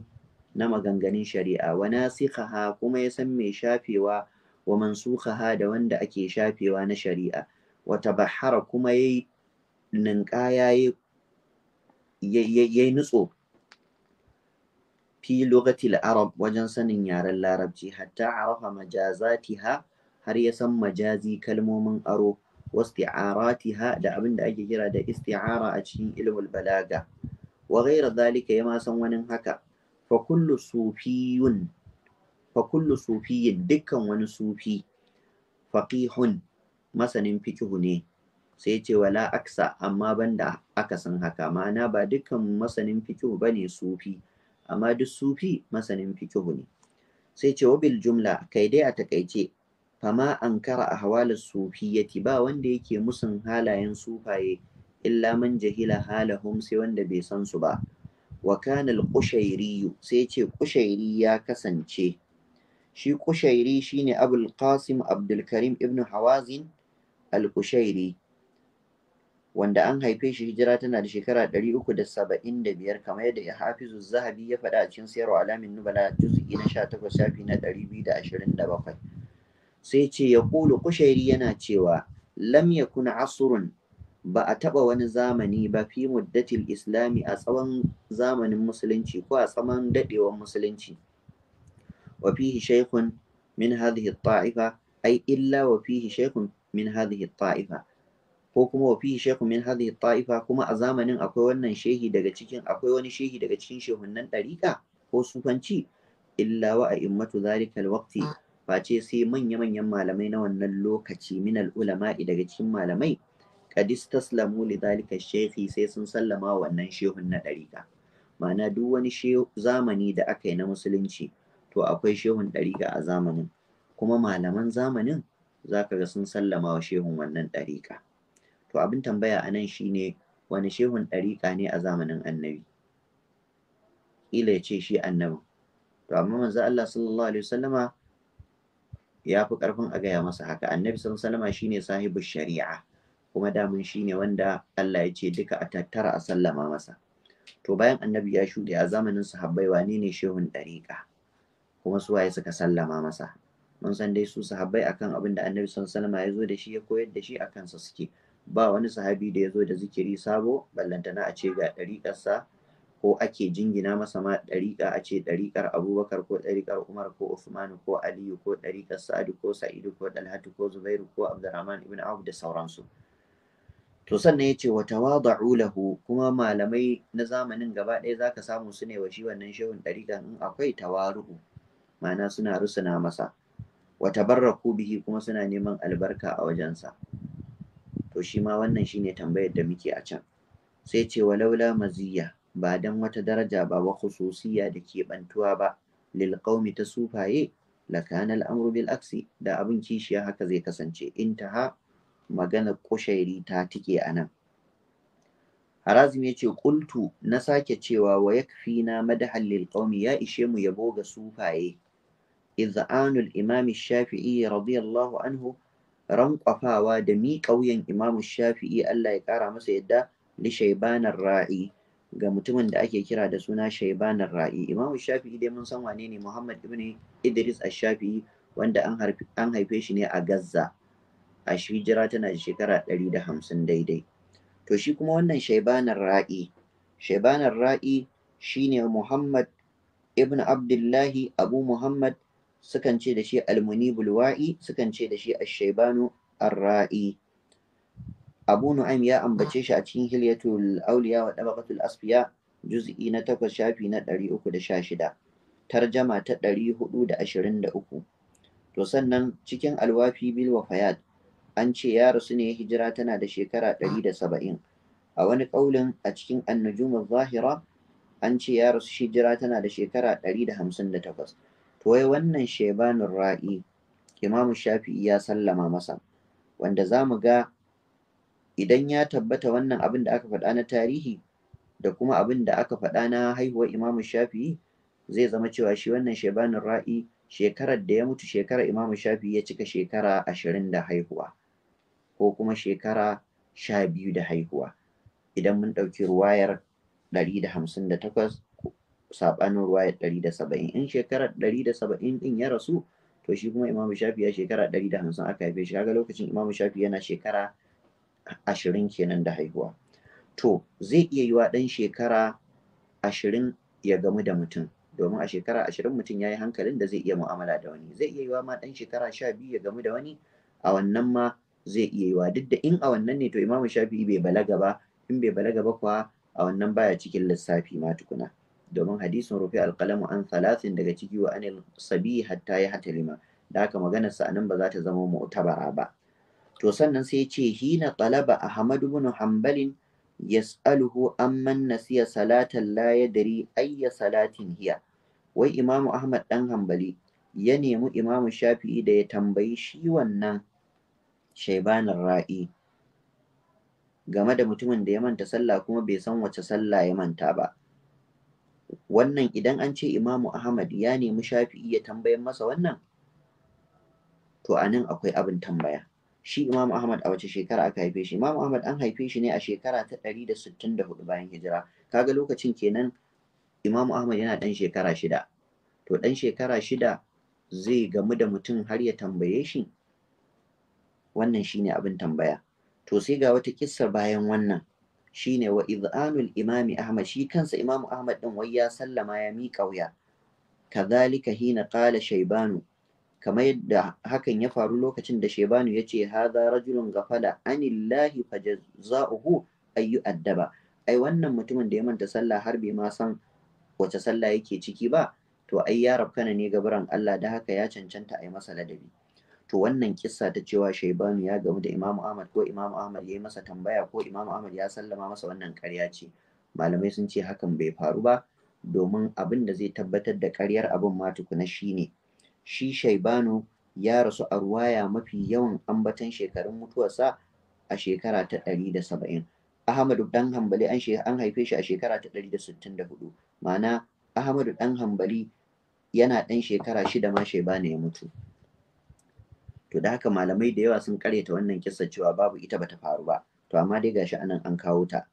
na maganganun shari'a wa nasikhaha kuma ya san mai shafewa wa mansukhaha da wanda ake shafewa na shari'a wa tabahara kuma yayi ninkaya yayi nutso fi lugatil arab wajen sanin yaren larabci hatta arafa majazatiha har ya san majazi kalmomin aro wasti'aratiha da abin da ake kira da isti'ara a cikin ilmul balaga wa ghaira zalika ya ma san wani haka fa kullu sufiyun fa sufiyin dukkan wani sufi faqihun masanin fikihu ne sai ce wala aksa amma banda aka san haka ma'ana ba dukkan masanin fikihu bane sufi amma duk sufi masanin fikihu ne sai ce wabil jumla kai dai a takaice fama ankara ahwalis sufiyyati ba wanda yake musun halayen sufaye illa man jahila halahum sai wanda bai san su ba wa kana al sai ce qushairi ya kasance shi qushairi shine abul qasim abdul karim ibn hawazin al-qushairi wanda an haife shi hijira tana da shekara 375 kamar yadda Hafizu Zahabi ya faɗa a cikin sayarwa alamin nubala juz'i na 18 shafi na 227 sai ce ya kulu kushairi yana cewa lam yakun asrun ba a taɓa wani zamani ba fi muddatil islami a tsawon zamanin musulunci ko a tsawon daɗewan musulunci wa fihi shaykhun min hadhihi ta'ifa ai illa wa fihi shaykhun min hadhihi ta'ifa ko kuma Wafi'i shehu min hadhihi ta'ifa kuma a zamanin akwai wannan shehi daga cikin akwai wani shehi daga cikin shehunnan ɗariƙa ko sufanci illa wa a'immatu zalika alwaqti ah. face sai manya-manyan malamai na wannan lokaci min ulama'i daga cikin malamai qad istaslamu li zalika shehi sai sun sallama wannan shehun na ɗariƙa ma'ana duk wani zamani da aka yi na musulunci to akwai shehun ɗariƙa a zamanin kuma malaman zamanin za ka ga sun sallama wa shehun wannan ɗariƙa To abin tambaya a nan shi wani shehun ɗariƙa ne a zamanin annabi? Ƙila ya ce shi annabin. To amma manzo Allah sallallahu alaihi wasallama ya fi ƙarfin a gaya masa haka. Annabi sallallahu alaihi shine sahibu shari'a kuma damun shine wanda Allah ya ce duka a tattara a sallama masa. To bayan annabi ya shuɗe a zamanin sahabbai wane ne shehun ɗariƙa? Kuma su waye suka sallama masa? Mun san dai su sahabbai akan abin da annabi sallallahu alaihi ya zo da shi ya koyar da shi a kansa suke. ba wani sahabi da ya zo da zikiri sabo ballantana a ce ga ɗariƙarsa ko ake jingina masa ma ɗariƙa a ce ɗariƙar abubakar ko ɗariƙar umar ko Usman ko aliyu ko ɗariƙar sa'adu ko sa'idu ko dalhatu ko zubairu ko abdurrahman ibn abu da sauransu to sannan ya ce wa tawadu lahu kuma malamai na zamanin gaba ɗaya zaka samu su ne wa shi wannan shehun ɗariƙan in akwai tawaru ma'ana suna rusuna masa wa tabarraku bihi kuma suna neman albarka a wajensa to shi ma wannan shi ne tambayar da muke a can sai ce Laula Maziyya ba dan wata daraja ba wa khususiyya da ke bantuwa ba lil qaumi ta sufaye lakanal amru bil aksi da abin kishiya haka zai kasance In ta ha magana kushairi ta tike a nan harazim ya ce kultu na sake cewa wa yakfi na madahal lil qaumi ya ishe mu yabo ga sufaye iz'anul imami shafi'i radiyallahu anhu rankwafawa da miƙa wuyan imamu shafi'i Allah ya ƙara masa yadda li shaibanar ra'i ga mutumin da ake kira da suna shaibanar ra'i imamu shafi'i dai mun san wane ne muhammad ibn idris ash-shafi'i wanda an haife shi ne a gazza a hijira tana da shekara 150 daidai to shi kuma wannan shaibanar ra'i shaibanar ra'i shine muhammad ibn abdullahi abu muhammad sukan ce da shi almunibul bulwa'i, sukan ce da shi ashaibanu arra'i abu nu'aym ya ambace shi a cikin hilyatul auliya wa dabaqatul asfiya juz'i na takwas shafi na 316 tarjama ta 423 to sannan cikin alwafi bil wafayat an ce ya rasu ne hijira tana da shekara 170 a wani kaulin a cikin annujum zahira an ce ya rasu hijira tana da shekara 158 wai wannan shebanin ra'i imamu shafi'i ya sallama masa wanda za mu ga idan ya tabbata wannan abin da aka faɗa na tarihi da kuma abin da aka faɗa na haihuwar imamu shafi'i zai zama cewa shi wannan shebanin ra'i shekarar da ya mutu shekarar imamu shafi'i ya cika shekara ashirin da haihuwa ko kuma shekara sha biyu da haihuwa idan mun ɗauki ruwayar ɗari da hamsin da takwas sabanin da saba'in in shekarar 170 din ya rasu to shi kuma imamu shafi ya shekara 150 aka haife shi kaga lokacin imamu shafi yana shekara ashirin kenan da haihuwa to zai iya yiwa dan shekara 20 ya gamu da mutum domin a shekara 20 mutum ya yi hankalin da zai iya mu'amala da wani zai iya yiwa ma dan shekara 12 ya gamu da wani a wannan ma zai iya yiwa duk da in a wannan ne to imamu shafi bai balaga ba in bai balaga ba kuwa a wannan baya cikin lissafi ma tukuna domin hadisin rufe alƙalamu an salasin daga ciki wa anil sabi hatta ya hata lima da haka maganar sa nan ba za ta zama mu'tabara ba to sannan sai ce hina talaba ahmad ibn hanbalin yas'aluhu amman nasiya salatan la yadri ayya salatin hiya wai imamu ahmad dan hanbali ya nemi imamu shafi'i da ya tambayi shi wannan shaibanin ra'i game da mutumin da ya manta sallah kuma bai san wace sallah ya manta ba wannan idan an ce imamu ahmad ya nemi shafi'i ya tambayan masa wannan to a nan akwai abin tambaya shi imamu ahmad a wace shekara aka haife shi imamu ahmad an haife shi ne a shekara ta ɗari da da sittin 164 bayan hijira Ka ga lokacin kenan imamu ahmad yana ɗan shekara shida to ɗan shekara shida zai gamu da mutum har ya tambaye shi wannan shine abin tambaya to sai ga wata kissa bayan wannan shine wa iz'anul imami ahmad shi kansa imamu ahmad din wai ya sallama ya miƙa wuya kadhalika hina qala shaybanu kamar yadda hakan ya faru lokacin da shaybanu ya ce rajulun gafala anillahi fajazahu ayyu addaba ai wannan mutumin da ya manta sallah har bai ma san wace sallah yake ciki ba to ai ya rabkana ne gaburan Allah da haka ya cancanta ai masa ladabi to wannan kisa ta cewa shaibanu ya gamu da imamu ahmad ko imamu ahmad ya yi masa tambaya ko imamu ahmad ya sallama masa wannan karya ce malamai sun ce hakan bai faru ba domin abin da zai tabbatar da karyar abin ma tukuna shine shi shaibanu ya rasu a ruwaya mafi yawan ambatan shekarun mutuwarsa a shekara ta ɗari da saba'in ahmadu dan hambali an haife shi a shekara ta ɗari da sittin da hudu ma'ana ahmadu dan hambali yana ɗan shekara shida ma shaibanu ya mutu to da haka malamai da yawa sun karyata wannan kissa cewa babu ita bata faru ba to amma dai gashi anan an kawo ta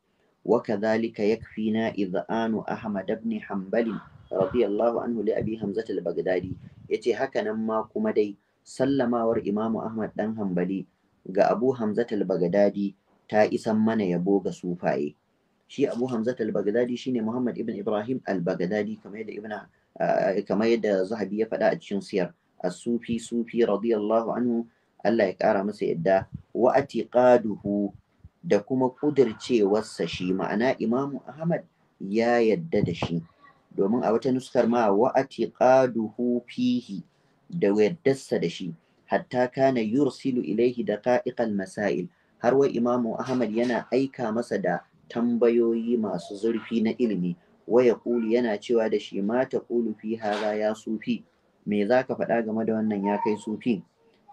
wa kadhalika yakfina idhanu ahmad ibn hanbali radiyallahu anhu li abi hamzat al-baghdadi yace haka nan ma kuma dai sallamawar imamu ahmad dan hanbali ga abu hamzat al-baghdadi ta isan mana yabo ga sufaye shi abu hamzat al-baghdadi shine muhammad ibn ibrahim al-baghdadi kamar yadda ibn eh, kamar yadda zahabi ya faɗa a cikin siyar as-sufi sufi radiyallahu anhu Allah ya ƙara masa yadda wa atiqaduhu da kuma kudircewarsa shi ma'ana imamu Ahmad ya yadda da shi domin a wata nuskar ma wa atiqaduhu fihi da yaddarsa da shi hatta kana yursilu ilaihi daqa'iqal masail har wai imamu Ahmad yana aika masa da tambayoyi masu zurfi na ilimi waya kulu yana cewa da shi mata ta kulu fi hara ya sufi me za ka faɗa game da wannan ya kai sufi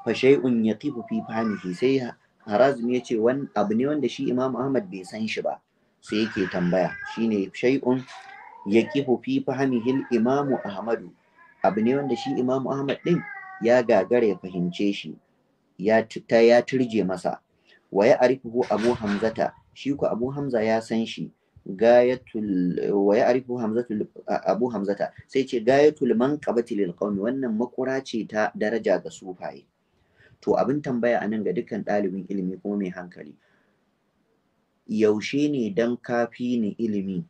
fa shay'un yaqifu fi fahmihi sai harazm ya ce abu ne wanda shi imam ahmad bai san shi ba sai yake tambaya shine shay'un yaqifu fi fahmihi al-imam ahmadu abu ne wanda shi imam ahmad din ya gagara ya fahimce shi ya ta ya turje masa waya arifuhu abu hamzata shi ko abu hamza ya san shi gayatul wa ya'rifu hamzatul abu hamzata sai ce gayatul manqabati lil qaumi wannan makura ce ta daraja ga sufaye to abin tambaya anan ga dukkan ɗalibin ilimi kuma mai hankali yaushe ne dan kafi ni ilimi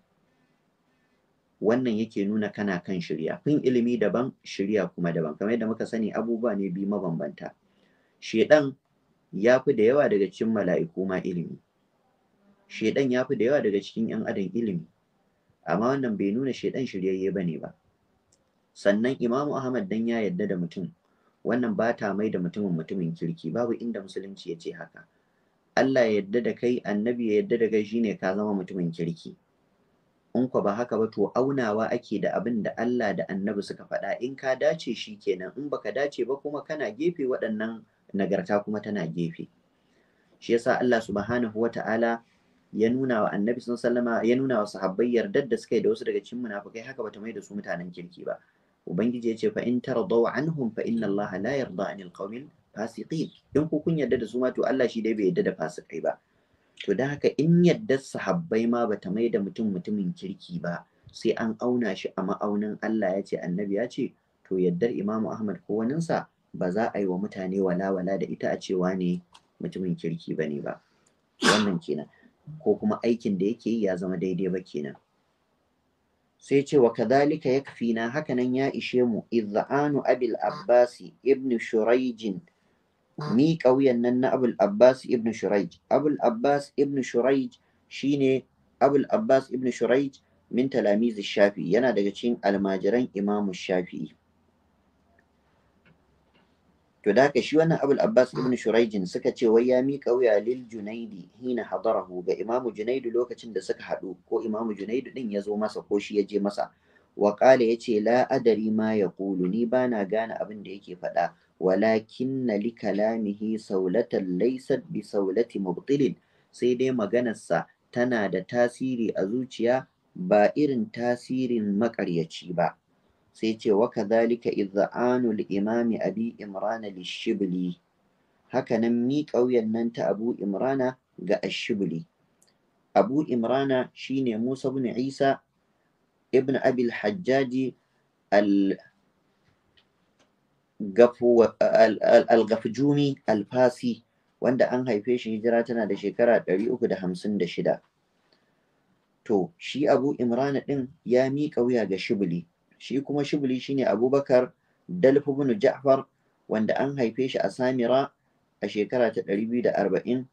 wannan yake nuna kana kan shirya fin ilimi daban shirya kuma daban kamar yadda muka sani abubuwa ne bi mabambanta shedan ya fi da yawa daga cikin mala'iku ma ilimi shedan ya fi da yawa daga cikin yan adam ilimi amma wannan bai nuna shedan shiryayye ne ba sannan imamu ahmad dan ya yadda da mutum wannan ba ta mai da mutumin mutumin kirki babu inda musulunci ya ce haka Allah ya yadda da kai annabi ya yadda da kai shine ka zama mutumin kirki in kwa ba haka ba to aunawa ake da abin da Allah da annabi suka faɗa in ka dace shi kenan in baka dace ba kuma kana gefe waɗannan nagarta kuma tana gefe shi yasa Allah subhanahu wa ya nuna wa annabi sun sallama ya nuna wa sahabbai yardar da suka yi da wasu daga cikin munafukai haka bata mai da su mutanen kirki ba ubangiji ya ce fa in tardaw anhum fa inna allaha la yarda anil qawmil fasiqin in ku kun yarda da su ma to Allah shi dai bai yarda da fasikai ba to da haka in yarda sahabbai ma bata mai da mutum mutumin kirki ba sai an auna shi a ma'aunin Allah ya ce annabi ya ce to yaddar imamu ahmad ko waninsa ba za a yi wa mutane walawala da ita a cewa ne mutumin kirki bane ba wannan kenan ko kuma aikin da yake yi ya zama daidai ba kenan sai ce wa kadhalika yakfina hakanan ya ishe mu idza'anu abil abbas ibn shuraijin ni ƙauyen nan na abul abbas ibn shuraij abul abbas ibn shuraij shine abul abbas ibn shuraij min talamizi shafi yana daga cikin almajiran imamu shafi'i to da haka shi wannan abul abbas mm. ibn shuraijin suka ce wai ya mika wuya lil junaidi hina hadarahu ga imamu junaidu lokacin da suka haɗu ko imamu junaidu din ya zo masa ko shi ya je masa wa qala yace la adari ma yaqulu ni bana gane abin da yake faɗa walakin na li kalamihi saulatan laysat bi saulati mubtilin sai dai maganarsa tana da tasiri a zuciya ba irin tasirin maƙaryaci ba sai ce wa kadhalika idza'anul imami abi imrana lishibli hakanan mi ƙauyen nan ta abu imrana ga ashibli abu imrana shine musa ibn isa ibn abil hajjaji al al-gafjumi al-fasi wanda an haife shi hijira tana da shekara 356 to shi abu imrana din ya miƙa wuya ga shibli shi kuma shibli shine abubakar dalfi bin ja'far wanda an haife shi a samira a shekara ta ɗari biyu da da arba'in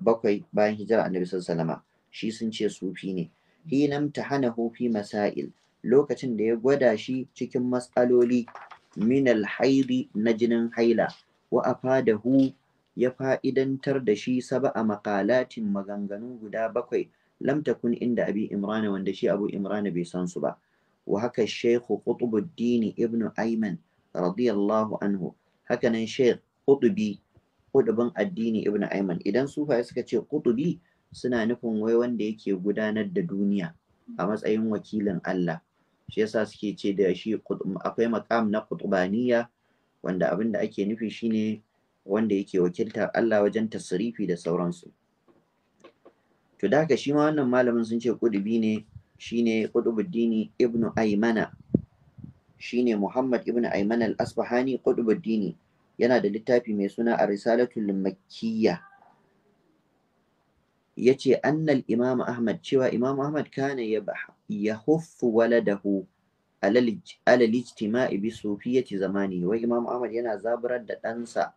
bakwai, bayan hijira annabi salama. shi sun ce sufi ne hinam hana Hufi masail lokacin da ya gwada shi cikin matsaloli minal haidi na jinin haila wa afadahu ya fa'idantar da shi saba a makalatin maganganu guda bakwai lam takun inda abi imrana wanda shi abu imrana bai san su ba Wa وهكا الشيخ قطب الدين ابن أيمن anhu, hakanan عنه هكذا الشيخ addini قطبن الدين Idan su إذا suka ce قطبي suna nufin wai wanda yake gudanar da duniya a matsayin wakilin Allah shi yasa suke ce da shi akwai makam na kutubaniya wanda abin da ake nufi shine wanda yake wakiltar Allah wajen tasrifi da sauransu to da haka shi ma wannan malamin sun ce kudubi ne shine ƙudubuddini ibn shine Muhammad ibn aimana al-Asbahani yana da littafi mai suna a risalatul Ya yace annal Imam Ahmad cewa Imam Ahmad kana yahuffu waladahu alal ijtima'i bi sufiyati zamani wai Imam Ahmad yana zaburar da ɗansa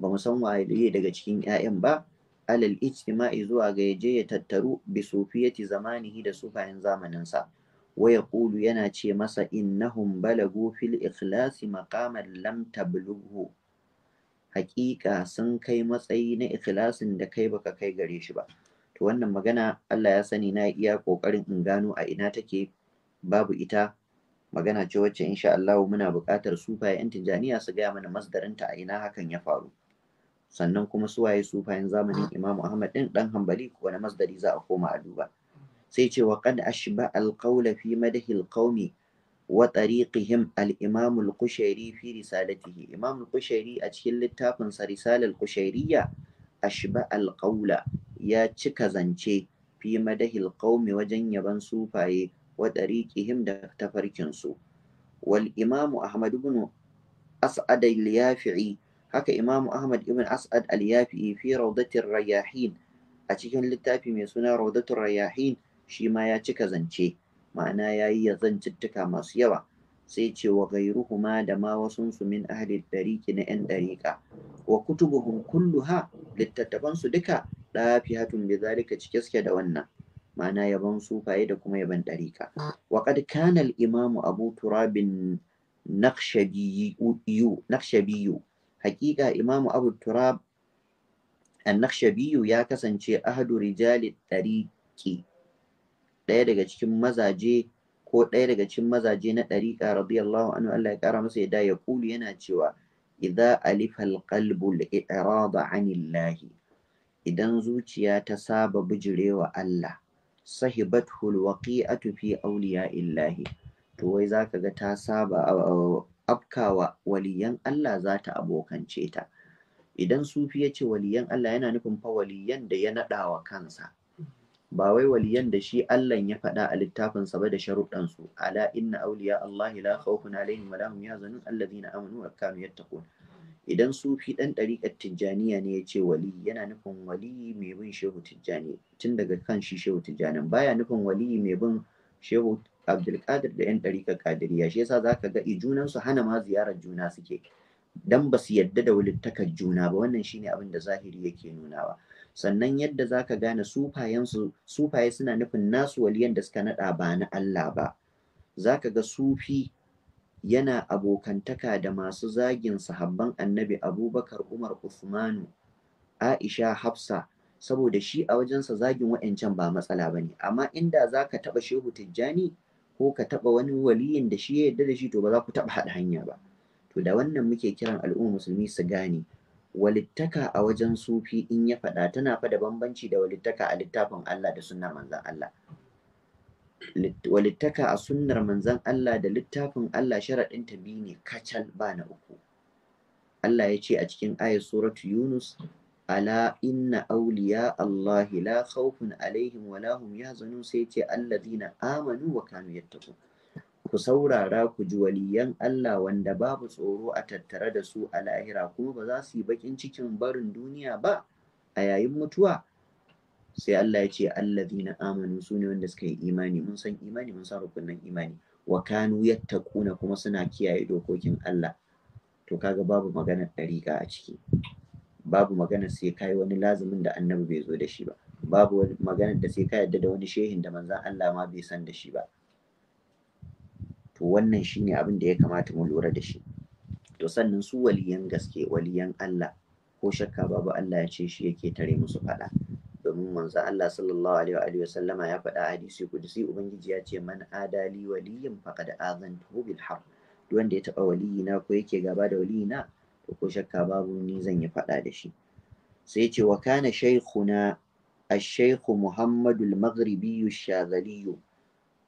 ba mu san waye daga cikin 'ya'yan ba alal ijtima'i zuwa ga yaje ya tattaru bi sufiyati zamanihi da sufayen zamaninsa wa yaqulu yana ce masa innahum balagu fil ikhlasi maqaman lam tablughu haƙiƙa sun kai matsayi na ikhlasin da kai baka kai gare shi ba to wannan magana Allah ya sani na iya kokarin in gano a ina take babu ita magana ce wacce insha Allah muna buƙatar sufaye 'yan Tijjaniya su gaya mana masdarinta a ina hakan ya faru sannan kuma su suwaye sufayen zamanin ah. Imam Ahmad din dan Hanbali ko na masdari za a koma a duba sai ce wa qad ashba al-qawla fi madhi al wa tariqihim al-Imam al-Qushairi fi risalatihi Imam al-Qushairi a cikin littafin sa Risalal Qushairiyya ashba al-qawla ya cika zance fi madahi al wajen yaban sufaye wa tariqihim da tafarkin su wal Imam Ahmad ibn As'ad al-Yafi'i haka imamu ahmad ibn as'ad al-yafi fi raudatir rayahin a cikin littafi mai suna raudatur rayahin shi ma ya cika zance ma'ana ya yi zancittuka masu yawa sai ce wa gairuhuma da ma su min ahli dariki na 'yan dariƙa wa kutubuhum kulluha littattafansu duka dafihatun bi zalika cike suke da wannan ma'ana yaban sufaye da kuma yaban ɗarika. wa qad kana al-imamu abu turabin naqshabiyyu Haƙiƙa imamu abu turab annakshabiyu ya kasance ahadu rijali ɗariƙi ɗaya daga cikin mazaje ko ɗaya daga cikin mazaje na ɗariƙa radiyallahu anhu Allah ya ƙara masa yadda ya kulu yana cewa idza alifa alqalbu al-i'rada anillahi idan zuciya ta saba bijirewa Allah sahibat hulwaqi'atu fi auliya illahi to wai zaka ga ta saba afkawa waliyan Allah za ta abokance ta idan sufi ya ce waliyan Allah yana nufin fa waliyan da ya naɗa wa kansa ba wai waliyan da shi Allah ya faɗa a littafin littafinsa ba da sharuɗan su ala inna awliya Allah la khawfun alaihim wa lahum yahzanun alladhina amanu wa kanu yattaqun idan sufi dan ɗariƙar tijjaniya ne ya ce wali yana nufin wali mai bin shehu tijjani tun daga kan shi shehu tijjanin baya nufin wali mai bin shehu Abdulkadir da 'yan ɗarika Kadiriya shi yasa zaka ga i junansu hana ma ziyarar juna suke dan ba su yadda da wulittakar juna ba wannan shine abin da zahiri yake nunawa sannan yadda zaka gane sufayen sufaye suna nufin nasu waliyan da suka naɗa ba na Allah ba zaka ga sufi yana abokantaka da masu zagin sahabban annabi Abubakar Umar usmanu Aisha Hafsa saboda shi a wajensa zagin wa'ancan ba matsala bane amma inda zaka taɓa shehu Tijjani ko ka taɓa wani waliyin da shi ya yarda da shi to ba za ku taɓa haɗa hanya ba to da wannan muke kiran al'umma musulmi su gane walittaka a wajen sufi in ya faɗa tana faɗa bambanci da walittaka a littafin Allah da sunnar manzon Allah walittaka a sunnar manzon Allah da littafin Allah sharaɗin ta biyu ne kacal ba na uku Allah ya ce a cikin ayat suratu Yunus ala inna auliya, Allah la khawfun alaihim wa ya yahzanun sai ce allazina amanu wa ku saurara ku ji waliyan Allah wanda babu tsoro a tattare da su a lahira kuma ba za su yi bakin cikin barin duniya ba a yayin mutuwa sai Allah ya ce allazina amanu su ne wanda suka yi imani mun san imani mun san rukunin imani wa kanu yattaquna kuma suna kiyaye dokokin Allah to kaga babu maganar dariƙa a ciki babu magana sai kai wani lazumin da annabi bai zo da shi ba babu magana da sai ka yadda da wani shehin da manzan Allah ma bai san da shi ba to wannan shine abin da ya kamata mu lura da shi to sannan su waliyan gaske waliyan Allah ko shakka babu Allah ya ce shi yake tare musu faɗa domin manzo Allah sallallahu alaihi wa sallama ya faɗa hadisi kudusi ubangiji ya ce man adali waliyin faqad azantuhu bil harb duk wanda ya taɓa waliyina ko yake gaba da waliyina uku shakka babu ni zan yi faɗa da shi sai ya ce wa kana shaikhuna ashaikhu muhammadul maghribiyyu shazaliyu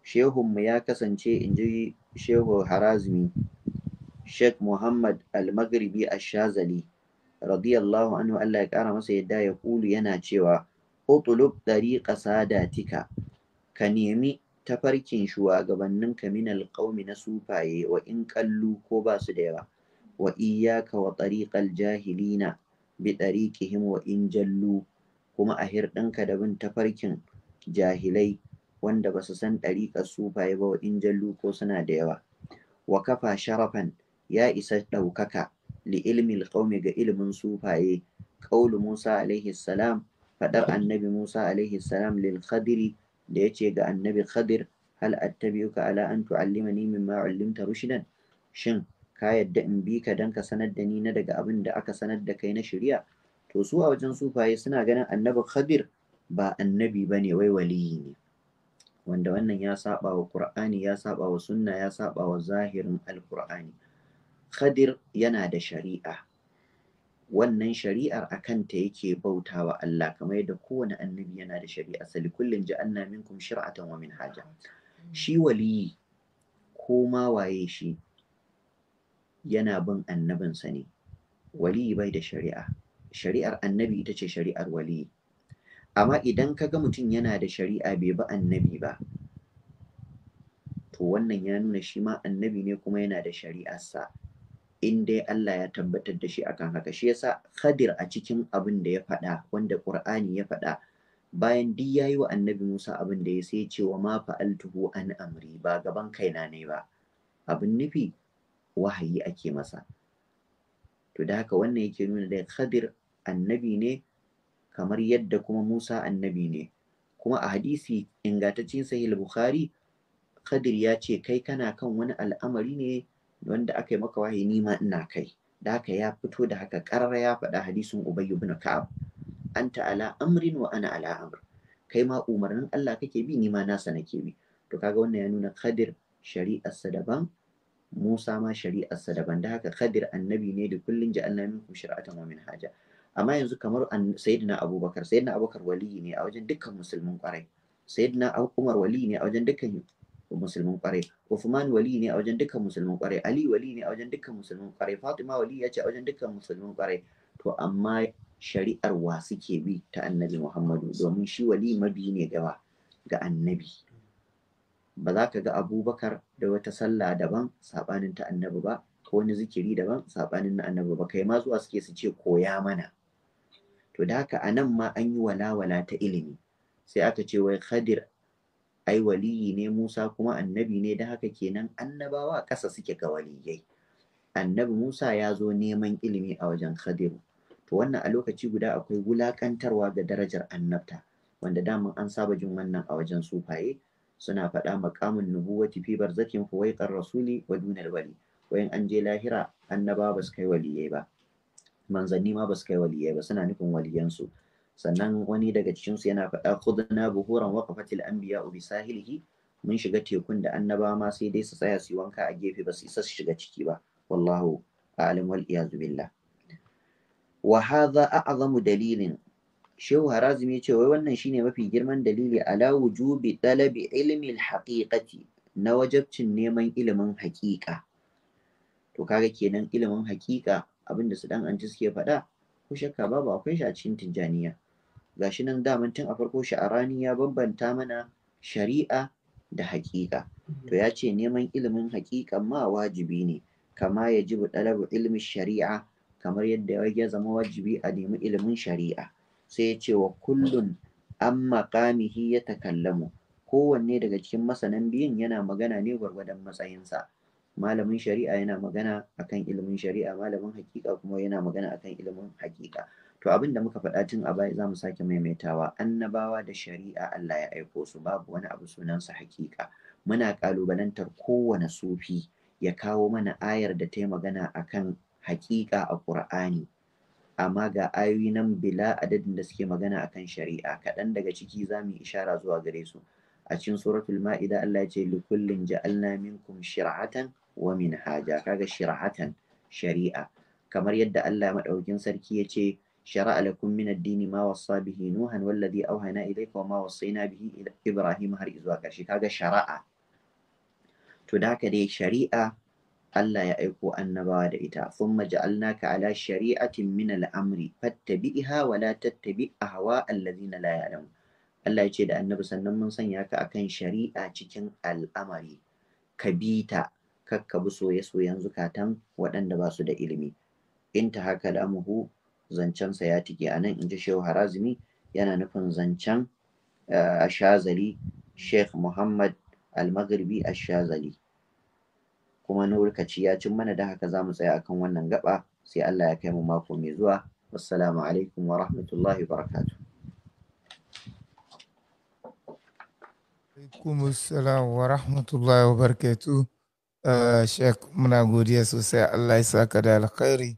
shehun mu ya kasance in ji shehu harazmi sheikh muhammad al-maghribi ashazali radiyallahu anhu Allah ya kara masa yadda ya kulu yana cewa utulub dariqa sadatika ka nemi tafarkin ka min alƙaumi na sufaye wa in kallu ko ba su da yawa wa iyyaka wa tariqal jahilina bi tariqihim wa in jallu kuma a hirɗinka da bin tafarkin jahilai wanda basu su san ɗariƙar sufaye ba wa in jallu ko suna da yawa wa kafa sharafan ya isa ɗaukaka li ilmi qaumi ga ilimin sufaye qaulu Musa alaihi faɗar annabi Musa alaihi salam lil khadiri da yace ga annabi khadir hal attabi'uka ala an tu'allimani mimma 'allimta rushdan shin ka yadda in bi ka dan ka sanar da ni na daga abin da aka sanar da kai na shari'a to su a wajen sufaye suna ganin annabi khadir ba annabi ba ne wai waliyi ne wanda wannan ya saba wa qur'ani ya saba wa sunna ya saba wa zahirin alqur'ani khadir yana da shari'a wannan shari'ar a kanta yake bautawa Allah kamar yadda kowane annabi yana da shari'a sali kullum ja'anna minkum shir'atan wa minhaja shi waliyi ko ma waye shi yana bin annabinsa ne wali bai da shari'a shari'ar annabi ita ce shari'ar wali amma idan ka ga mutum yana da shari'a bai bi annabi ba to wannan ya nuna shi ma annabi ne kuma yana da shari'arsa in dai Allah ya tabbatar da shi akan haka shi yasa Khadir a cikin abin da ya faɗa wanda ƙur'ani ya faɗa bayan duk yi wa annabi Musa abin da ya sai ce wa ma fa'altuhu an amri ba gaban kaina ne ba abin nufi wahayi ake masa to da haka wannan yake nuna da khadir annabi ne kamar yadda kuma musa annabi ne kuma a hadisi ingantaccen sahih bukhari khadir ya ce kai kana kan wani al'amari ne wanda aka yi maka wahayi nima ina kai da haka ya fito da haka karara ya faɗa hadisin ubayy ibn ka'ab anta ala amrin wa ana ala amr kai ma umarnin Allah kake bi nima nasa nake bi to kaga wannan ya nuna khadir shari'arsa daban Musa ma shari'arsa daban da haka Khadir annabi ne da kullun ja'alna minkum shari'atan wa minhaja amma yanzu kamar sayyidina Abubakar sayyidina Abubakar wali ne a wajen dukkan musulmin kwarai sayyidina Umar wali ne a wajen dukkan musulmin kwarai Uthman wali ne a wajen dukkan musulmin kwarai Ali wali ne a wajen dukkan musulmin kwarai Fatima wali ya ce a wajen dukkan musulmin kwarai to amma shari'ar wa suke bi ta annabi Muhammadu domin shi wali mabi ne gaba ga annabi ba za ka ga abubakar da wata sallah daban saɓanin ta annabi ba ko wani zikiri daban saɓanin na annabi ba kai ma zuwa suke su ce koya mana to da haka a nan ma an yi walawala ta ilimi sai aka ce wai khadir ai waliyi ne musa kuma annabi ne da haka kenan annabawa ƙasa suke ga waliyai annabi musa ya zo neman ilimi a wajen khadiru to wannan a lokaci guda akwai wulaƙantarwa ga darajar annabta wanda daman an saba jin wannan a wajen sufaye suna faɗa makamin nubuwati fi barzakin fuwaiqar rasuli wa dunal wali wayan an je lahira annaba ba su kai waliye ba manzanni ma ba su kai waliyai ba suna nufin waliyansu sannan wani daga cikin su yana faɗa khudna buhuran al anbiya bi sahilihi mun shiga tekun da annaba ma sai dai su tsaya su wanka a gefe ba su isa su shiga ciki ba wallahu a'lam wal iyad billah wa hadha a'zamu dalilin Shehu Harazim ya ce wai wannan shine mafi girman dalili ala wujubi talabi ilmi haƙiƙati na wajabcin neman ilimin haƙiƙa. To kaga kenan ilimin haƙiƙa abinda su dan anti suke faɗa ko shakka babu akwai shi a cikin Tijjaniya. Gashi nan daman tun a farko sha'arani ya bambanta mana shari'a da haƙiƙa. To ya ce neman ilimin haƙiƙa ma wajibi ne kama ya yajibu talabu ilmi shari'a kamar yadda ya zama wajibi a nemi ilimin shari'a. sai ya ce wa kullun an maƙamihi ya takallamu kowanne daga cikin masanan biyun yana magana ne gwargwadon matsayinsa malamin shari'a yana magana akan ilimin shari'a malamin hakika kuma yana magana akan ilimin hakika to abin da muka faɗa tun a baya za mu sake maimaitawa annabawa da shari'a Allah ya aiko su babu wani abu sunansa hakika muna ƙalubalantar kowane sufi ya kawo mana ayar da ta yi magana akan hakika a Ƙur'ani amma ga ayoyi nan bila adadin da suke magana akan shari'a kaɗan daga ciki za mu ishara zuwa gare su a cikin suratul ma'ida Allah ya ce li kullin ja'alna minkum shir'atan wa minhaja kaga shir'atan shari'a kamar yadda Allah madaukin sarki ya ce shara'a lakum min ad-din ma wassa bihi nuhan wallazi awhana ilayka wa ma wassayna bihi ibrahim har zuwa karshe kaga shara'a to da haka dai shari'a Allah ya aiko annabawa da ita thumma ja'alnaka ala shari'atin min al-amri fattabi'ha wa la tattabi' ahwa allazina la ya'lam Allah ya ce da annabi sannan mun sanya ka akan shari'a cikin al'amari ka bi ta kakka bi soye-soyen zukatan waɗanda ba su da ilimi in ta haka lamuhu sa ya tike anan in ji shehu harazimi yana nufin zancen eh, a shazali sheikh muhammad almagribi a shazali kuma na lokaci ya cin mana da haka za mu tsaya akan wannan gaba sai Allah ya kai mu mako mai zuwa wassalamu alaikum wa rahmatullahi wa barakatuh alaikum assalam wa rahmatullahi wa barakatuh eh, shek muna godiya sosai Allah ya sa ka da alkhairi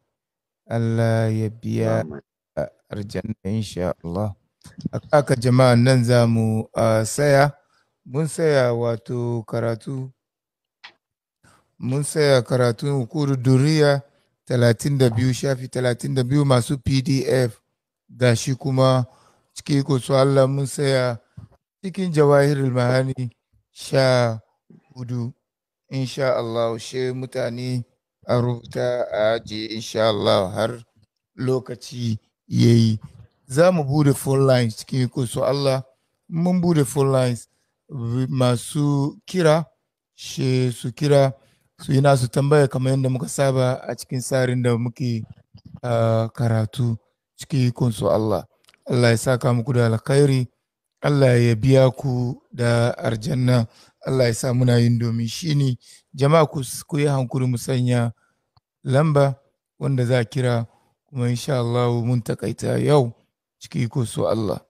Allah ya biya arjanna insha Allah aka jama'a nan za mu eh, saya mun saya wato karatu mun saya karatun hukuru duriya 32 shafi 32 masu pdf ga shi kuma ciki ko su Allah mun saya cikin jawahirul mahani sha hudu insha Allah she mutane a rubuta a ajiye insha Allah har lokaci ya yi za mu bude phone lines cikin ko su Allah mun bude phone lines masu kira she su kira su yi nasu tambaya kamar yadda muka saba a cikin tsarin da muke karatu cikin ikonsu Allah. Allah ya saka muku da alkhairi, Allah ya biya ku da arjanna, Allah ya sa muna yin domin shi ne jama'a ku yi hankuri mu sanya lamba wanda za kira kuma insha Allah mun takaita yau cikin ikonsu Allah.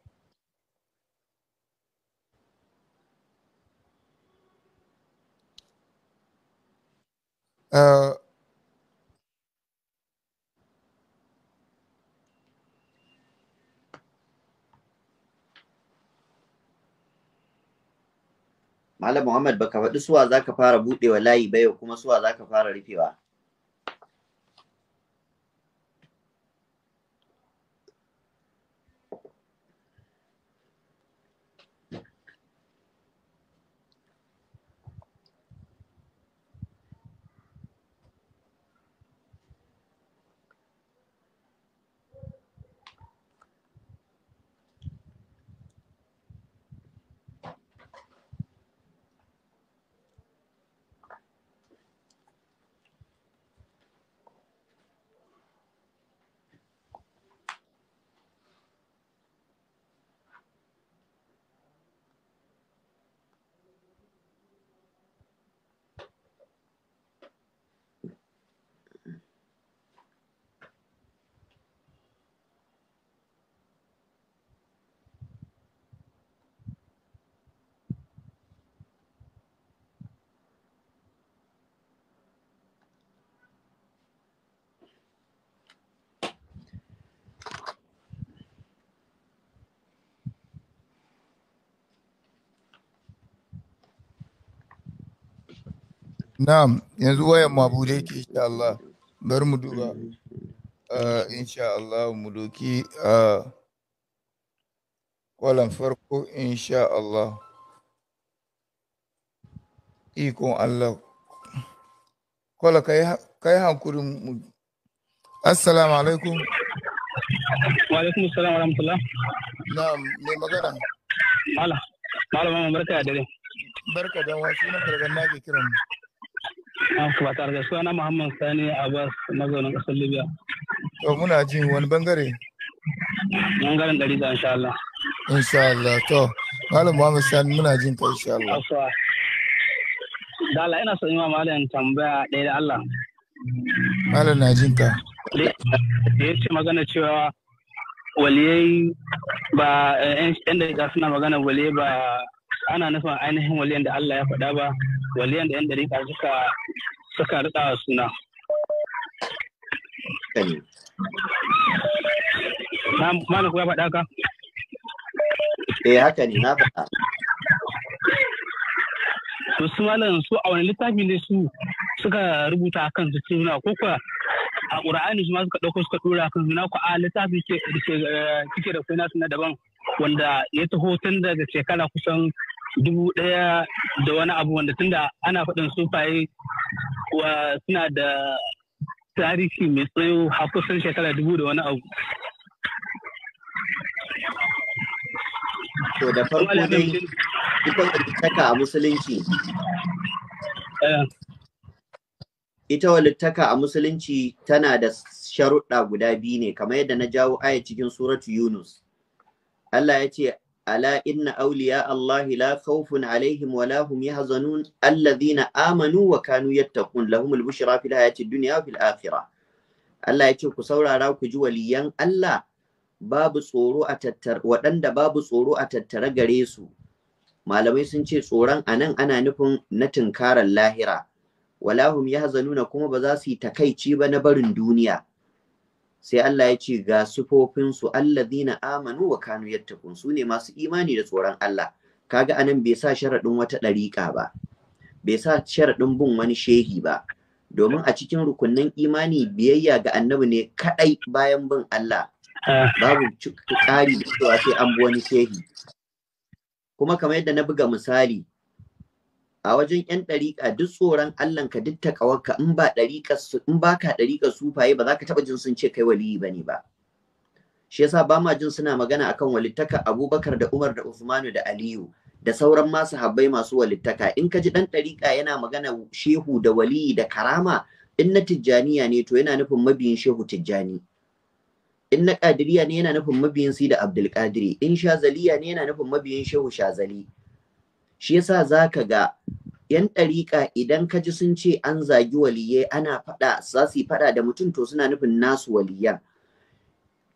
Malam Muhammad baka faɗi suwa za ka fara buɗewa layi ba yau kuma suwa za ka fara rufewa. Na'am, yanzu wayan bude ke insha Allah. bar mu duba. Uh, insha Allah mu doki uh, kwalan farko insha Allah. Ikon Allah. Kwala kai yi mu. Assalamu alaikum. Wa alaikum salam wa rahmatullah. Na'am, mai magana. Mala, mama barka da dare. Barka da wasu na kargan nake kiran mu. an kuma tare da suna Muhammad Sani Abbas mazaunin ƙasar Libya. To muna jin wani bangare? Bangaren ɗari da insha Allah. Insha Allah to Malam Muhammad Sani muna jin ta insha Allah. Aswa. Da Allah ina son yi wa malam tambaya ɗaya da Allah. Malam na jin ka. Da ya ce magana cewa waliyai ba 'yan eh, da suna magana waliyai ba ana nufin ainihin waliyan da Allah ya faɗa ba waliyan da 'yan ɗariƙa suka suka riƙa suna. Mana kuwa faɗa ka? Eh haka ne na faɗa. Wasu malam su a wani littafi ne su suka rubuta a kansu suna ko kuwa a ƙura'ani su ma suka ɗauko suka ɗora a kansu na ku a littafi ke da kuna eh, suna daban wanda ya taho tun daga shekara kusan dubu ɗaya da wani abu wanda tunda ana faɗin sufaye wa suna da tarihi mai tsayo har kusan shekara dubu da wani abu. To da farko dai ita littaka a musulunci. Eh. Ita walittaka a musulunci tana da sharuɗa guda biyu ne kamar yadda na jawo aya cikin suratu Yunus. Allah ya ce ألا إن أولياء الله لا خوف عليهم ولا هم يحزنون الذين آمنوا وكانوا يتقون لهم البشرى في الحياة الدنيا وفي الآخرة الله يتشوف كسورة راوك جوليا الله babu tsoro a tattar waɗanda babu tsoro a tattare gare su malamai sun ce tsoron anan ana nufin na tunkarar lahira walahum ya hazanuna kuma ba za su yi takaici ba na barin duniya sai Allah ya ce ga sufofinsu allazina amanu wa kanu yattaqun su ne masu imani da tsoron Allah kaga anan bai sa sharaɗin wata ɗariƙa ba bai sa sharaɗin bin wani shehi ba domin a cikin rukunnan imani biyayya ga annabi ne kadai bayan bin Allah babu ƙari da cewa sai an bi wani shehi kuma kamar yadda na buga misali a wajen yan ɗariƙa duk tsoron Allah ka duk takawarka in ba ɗariƙa in ba ka ɗariƙa sufaye ba za ka taɓa jin sun ce kai waliyi ba ne ba shi yasa ba ma jin suna magana akan walittaka Abubakar da Umar da Usmanu da Aliyu da sauran masu habbai masu walittaka in ka ji ɗan ɗariƙa yana magana shehu da waliyi da karama in na tijjaniya ne to yana nufin mabiyin shehu tijjani in na ƙadiriya ne yana nufin mabiyin Abdul abdulkadiri in shazaliya ne yana nufin mabiyin shehu shazali shi yasa zaka ga yan ɗariƙa idan ka ji sun ce an zagi waliyai ana faɗa za su yi faɗa da mutum to suna nufin nasu waliyan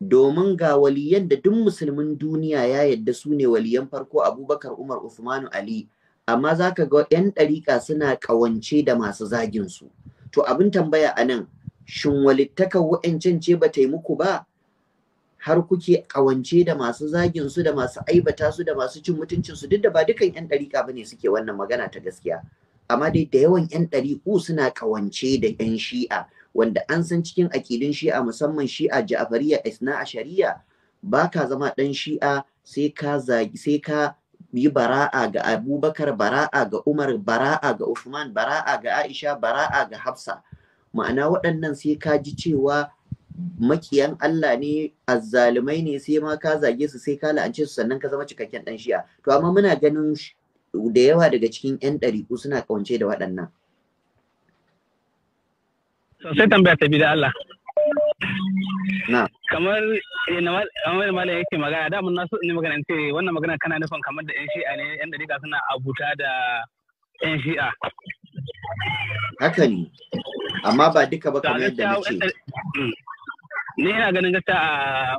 domin ga waliyan da duk musulmin duniya ya yadda su ne waliyan farko abubakar umar usmanu ali amma za ka ga 'yan ɗariƙa suna ƙawance da masu zagin su to abin tambaya anan, shin walittaka wa'ancan ce ba ta yi muku ba har kuke kawance da masu zagin su da masu aibata su da masu cin mutuncin su duk da ba dukan yan dariƙa bane suke wannan magana ta gaskiya amma dai da yawan yan dariƙu suna kawance da yan shi'a wanda an san cikin akidun shi'a musamman shi'a ja'fariya isna a shari'a ba ka zama ɗan shi'a sai ka zagi sai ka yi bara'a ga abubakar bara'a ga umar bara'a ga usman bara'a ga aisha bara'a ga hafsa ma'ana waɗannan sai ka ji cewa makiyan Allah ne azzalumai ne sai ma ka zage su sai ka la'ance su sannan ka zama cikakken dan shi'a to amma muna ganin da yawa daga cikin yan ɗariƙu suna kawance da waɗannan sai tambaya ta bi da Allah kamar eh, kamar malam yake magana da mun nasu ne magana ce wannan magana kana nufin kamar da yan shi'a ne yan dariƙa suna abuta da yan shi'a haka ne amma ba duka ba kamar yadda na ne yana ganin gaskiya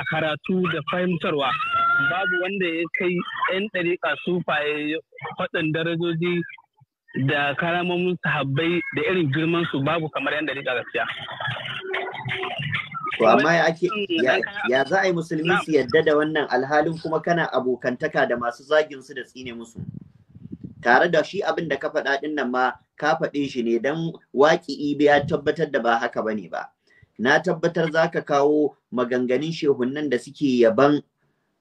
a karatu da fahimtarwa babu wanda ya kai 'yan ɗariƙa sufaye faɗin darajoji da karamomin sahabbai da irin girman su babu kamar 'yan ɗariƙa gaskiya. To amma ya ake ya za a yi musulmi su yadda da wannan alhalin kuma kana abokantaka da masu zagin su da tsine musu. Tare da shi abin da ka faɗa ɗin nan ma ka faɗe shi ne don waƙi ya tabbatar da ba haka bane ba. na tabbatar za ka kawo maganganun shehunnan da suke yaban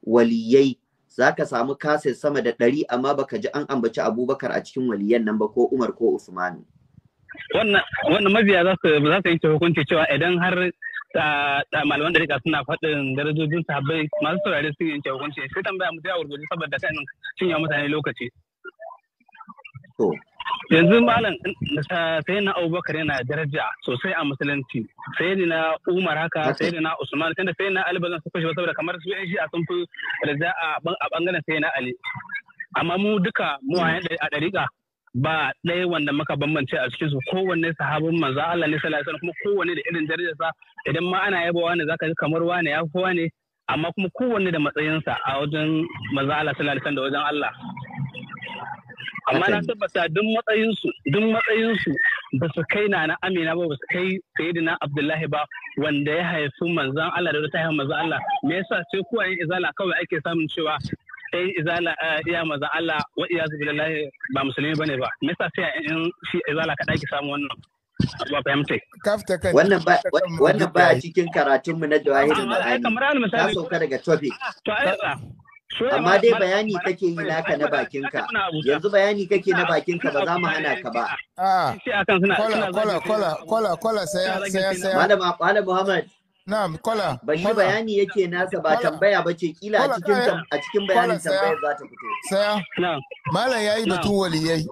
waliyai za ka samu kasa sama da ɗari amma baka ji an ambaci abubakar a cikin waliyan nan ba ko umar ko usmanu wannan mabiya za su za su ta hukunci cewa idan har malaman da rika suna faɗin darajojin sahabbai masu saurare sun yi ta hukunci sai tambaya mu ya gurgurji saboda kan cinye mutane lokaci to yanzu malam eh, sai na abubakar yana daraja sosai a musulunci sai na umar haka sai na usman tunda sai na ali bazan suka shi saboda kamar su yan shi'a sun fi raja a bangaren sai na ali amma mu duka mu a dariƙa ba ɗaya wanda muka bambance a cikinsu kowanne sahabin manzo Allah ne sallallahu alaihi kuma kowanne da irin darajarsa idan ma ana yaba ne zaka ji kamar wani ya fi ne, amma kuma kowanne da matsayinsa a wajen manzo Allah sallallahu alaihi da wajen Allah amma na tabbata duk matsayinsu duk matsayinsu ba su kai na na amina ba ba su kai sayyidina abdullahi ba wanda ya haifi manzan Allah da ta haifi manzan Allah me yasa sai ko ayin izala kawai ake samun cewa sai izala iya manzan Allah wa iya zubillahi ba musulmi bane ba me yasa sai in shi izala kaɗai ake samu wannan Wannan ba a cikin karatunmu na jawahirin ma'ani. Ta sauka daga topic. amma dai bayani kake yi naka na bakinka yanzu bayani kake na bakinka ba za mu hana ka ba kola kola kola kola kola saya saya saya malam malam muhammad na'am kola ba shi bayani yake nasa ba tambaya ba ce kila a cikin a cikin bayanin tambayar za ta fito saya na'am malam yayi batun yayi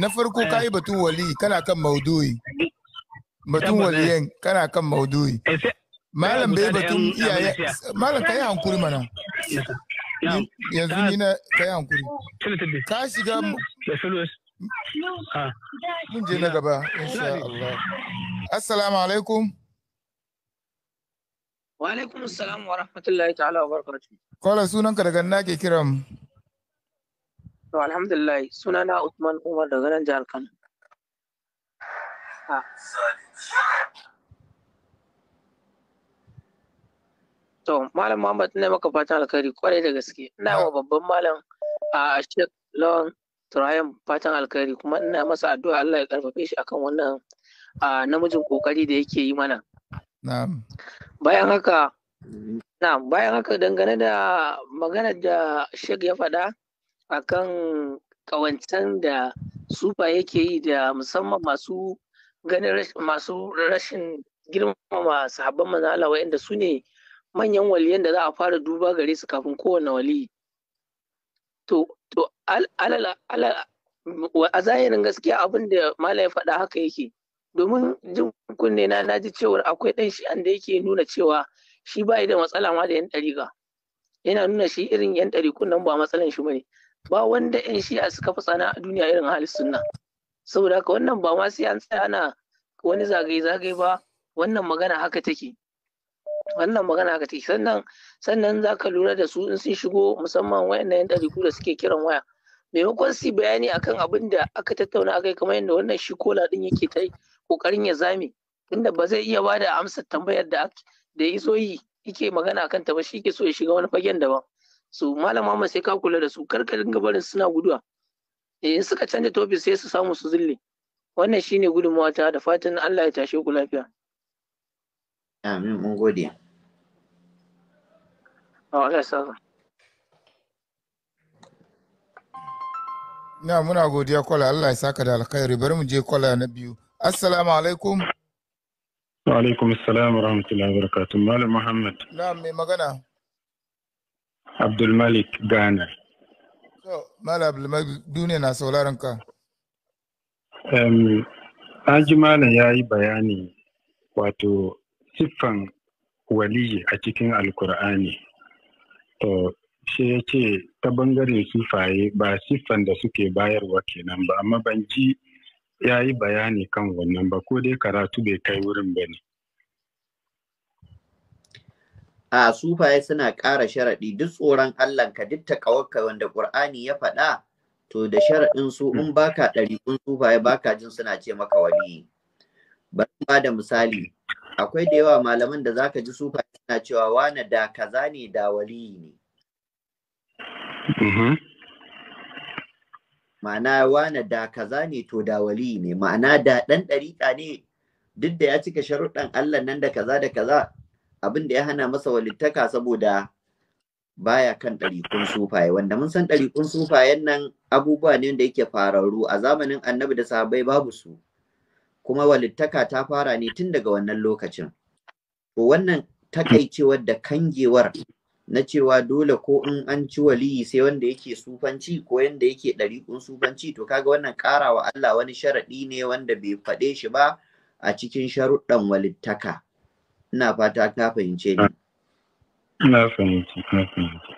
na farko kai batun wali kana kan maudu'i batun waliyan kana kan maudu'i malam bai batun iyaye malam kai hankuri mana yanzu ni na kai hankuri ka shiga da mun je na gaba insha Allah assalamu alaikum wa alaikum assalam wa rahmatullahi ta'ala wa barakatuh kola sunan ka daga na ke kiran to alhamdulillah sunana Usman Umar daga nan jihar Kano To, Malam Muhammad ina maka fatan alkhairi kwarai da gaske. Ina wa babban malam a Sheikh Lawan Turayen fatan alkhairi kuma ina masa addu'a Allah ya karfafe shi akan wannan namijin kokari da yake yi mana. Bayan haka, na bayan haka dangane da maganar da Sheikh ya faɗa akan kawancan da sufa yake yi da musamman masu ganin masu rashin girmama sahabban Allah wa'anda su ne manyan waliyan da za a fara duba gare su kafin kowane waliyi to to a zahirin gaskiya abin da malam ya faɗa haka yake domin jin kunne na ji cewar akwai ɗan shi'an da yake nuna cewa shi ba da matsala ma da yan ɗariƙa yana nuna shi irin yan ɗariƙun nan ba matsalan shi bane ba wanda yan shi'a suka fi tsana a duniya irin halin sunna saboda haka wannan ba ma sai an tsaya ana wani zagaye-zagaye ba wannan magana haka take wannan magana ka sannan sannan za ka lura da su in sun shigo musamman wayannan yan ɗariku da suke kiran waya maimakon su bayani akan abin da aka tattauna kai, kamar yadda wannan shi kola din yake ta kokarin ya zame tunda ba zai iya ba da amsar tambayar da ya iso yi yake magana akan ta ba shi ke so ya shiga wani fagen daban su malama ma sai ka kula da su kar ka dinga barin suna guduwa eh, in suka canja tofi sai su samu su zille wannan shine gudunmawa ta da fatan Allah ya tashe ku lafiya amin mun gode Na muna godiya kwala Allah ya saka da alkhairi bari mu je kwala na biyu. Assalamu alaikum. Wa alaikum assalam wa rahmatullahi wa barakatuh. Malam Muhammad. Na mai magana. Abdul Malik Ghana. So, Malam Abdul Malik duniya na sauraron ka. Um, Haji Malam ya yi bayani wato siffan waliyi a cikin Alkur'ani. to sai ya ce ta bangaren sufaye ba siffan da suke bayarwa kenan ba amma ban ji ya yi bayani kan wannan ba ko dai karatu bai kai wurin ba ne. A sufaye suna ƙara sharaɗi duk tsoron ka duk ta taƙawarka wanda ƙur'ani ya faɗa to da sharaɗin su in baka ɗari kun sufaye baka jin suna ce maka wali. Bari ba da misali akwai da yawa malaman da zaka ji sufaye suna cewa wane da kaza ne da wali ne mm-hmm. ma'ana wane da kaza ne to da wali ne ma'ana da ɗan ɗariƙa ne duk da ya cika sharuɗan Allah nan da kaza da kaza abin da ya hana masa walittaka saboda baya kan ɗariƙun sufaye wanda mun san ɗariƙun sufayen nan abubuwa ne da yake fararu, a zamanin annabi da sahabbai babu su. kuma walittaka ta fara ne tun daga wannan lokacin to wannan takaicewar da kangewar na cewa dole ko in an ci waliyi sai wanda yake sufanci ko yanda yake ɗariƙun sufanci to kaga wannan ƙarawa Allah wani sharaɗi ne wanda bai faɗe shi ba a cikin sharuɗɗan walittaka ina fata ka fahimce ni na fahimci na fahimci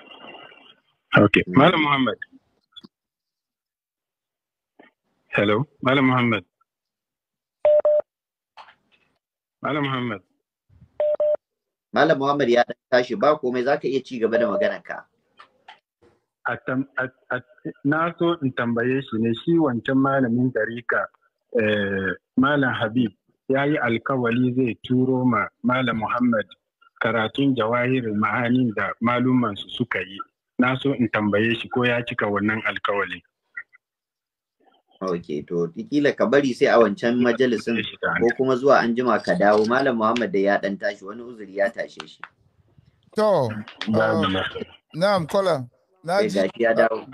okay malam muhammad hello malam muhammad Malam Muhammad. Malam Muhammad ya tashi ba komai za ka iya ci gaba da maganarka. Na so in tambaye shi ne shi wancan malamin darika eh, Malam Habib ya yi alkawali zai turo ma Malam Muhammad karatun jawahirin ma'anin da malumansu suka yi. Na so in tambaye shi ko ya cika wannan alkawalin. Ok, to kila ka bari sai a wancan majalisin ko kuma zuwa an jima ka dawo Malam Muhammad da ya dan tashi wani uzuri ya tashe shi. To, um, na'am kola. Naji ya dawo.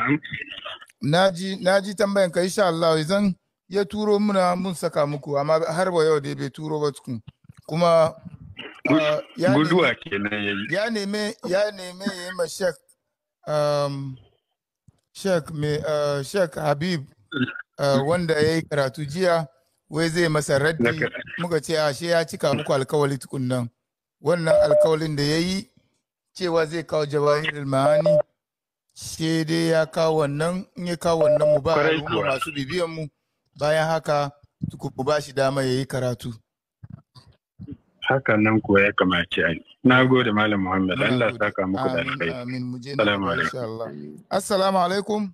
Naji naji tambayan ka insha Allah idan ya turo muna mun saka muku amma har ba yau da bai turo ba tukun. Kuma guduwa uh, kenan yayi. Ya neme ya neme yayi ma Sheikh um Sheikh me uh, Sheikh Habib Eh, wanda ya yi karatu jiya wai zai masa raddi muka ce ashe ah, ya cika muku alkawali nan wannan alkawalin da ya yi cewa zai kawo jawahirul ma'ani she dai ya kawo wannan in ya kawo wannan mu ba al'umma masu bibiyan mu bayan haka tukuku ba shi dama ya yi karatu haka nan kuwa ya kamace a na gode malam muhammad allah saka muku da alkhairi assalamu alaikum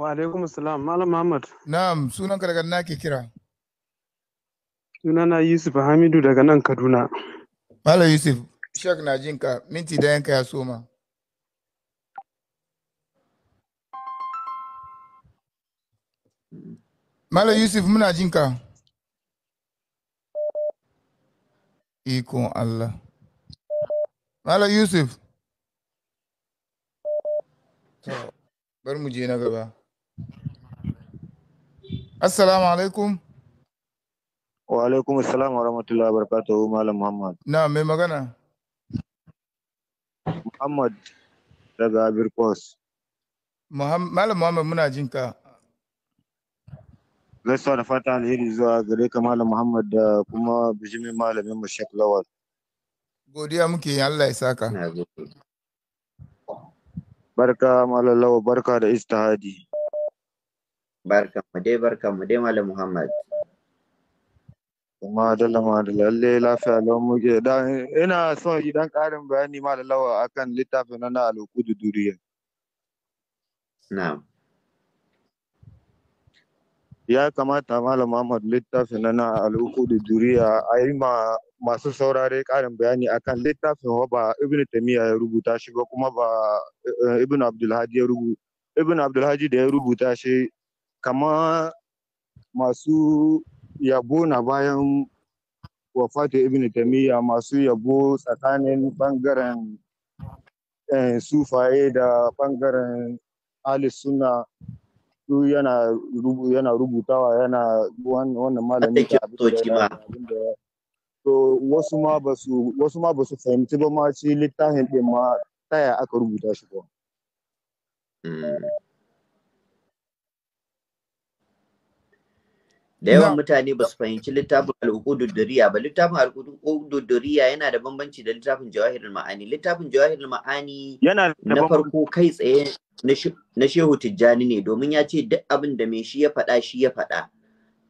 Wa alaikum salam Malam Muhammad. Na'am, sunan ka daga nake kira. Sunana Yusuf Hamidu daga nan Kaduna. Malam Yusuf, shek na jin ka minti da yanka ya soma. Malam Yusuf muna jin ka. Ikon Allah. Malam Yusuf. Bar mu je na gaba. Assalamu alaikum. Wa alaikum assalam wa rahmatullahi wa barakatuhu Malam Muhammad. Na mai magana? Muhammad daga Birkos. Malam Muhammad muna jin ka. Gaisuwa da fata alheri zuwa gare ka Malam Muhammad da kuma bijimin malamin mu Sheikh Lawal. Godiya muke yi Allah ya saka. Barka Malam Lawal barka da istihadi. Barkan mu dai barkan mu dai Malam Muhammad. Kuma dalla ma da lalle lafiya lau muke dan ina son yi dan karin bayani ma da lawa akan littafin na na alƙudu duriya. Na'am. Ya kamata Malam Muhammad littafin na na alƙudu duriya a yi ma masu saurare karin bayani akan littafin ba Ibn Taymiyyah ya rubuta shi ba kuma ba eh, Ibn Abdulhadi ya rubuta Ibn Abdulhadi da ya rubuta shi kamar masu yabo na bayan wafatu ibn tamiya masu yabo tsakanin bangaren eh, sufaye da bangaren alis suna su yana rubutawa yana wannan malamin da abin da to wasu ma ba su wasu ma ba su fahimci ba ma ci littafin ɗin ma taya aka rubuta shi ba hmm. da yawan mutane ba su fahimci littafin al'uqudud duriya ba littafin al'uqudud duriya yana da bambanci da littafin jawahirul ma'ani littafin jawahirul ma'ani na farko kai tsaye na shehu tijjani ne domin ya ce duk abin da mai shi ya faɗa shi ya faɗa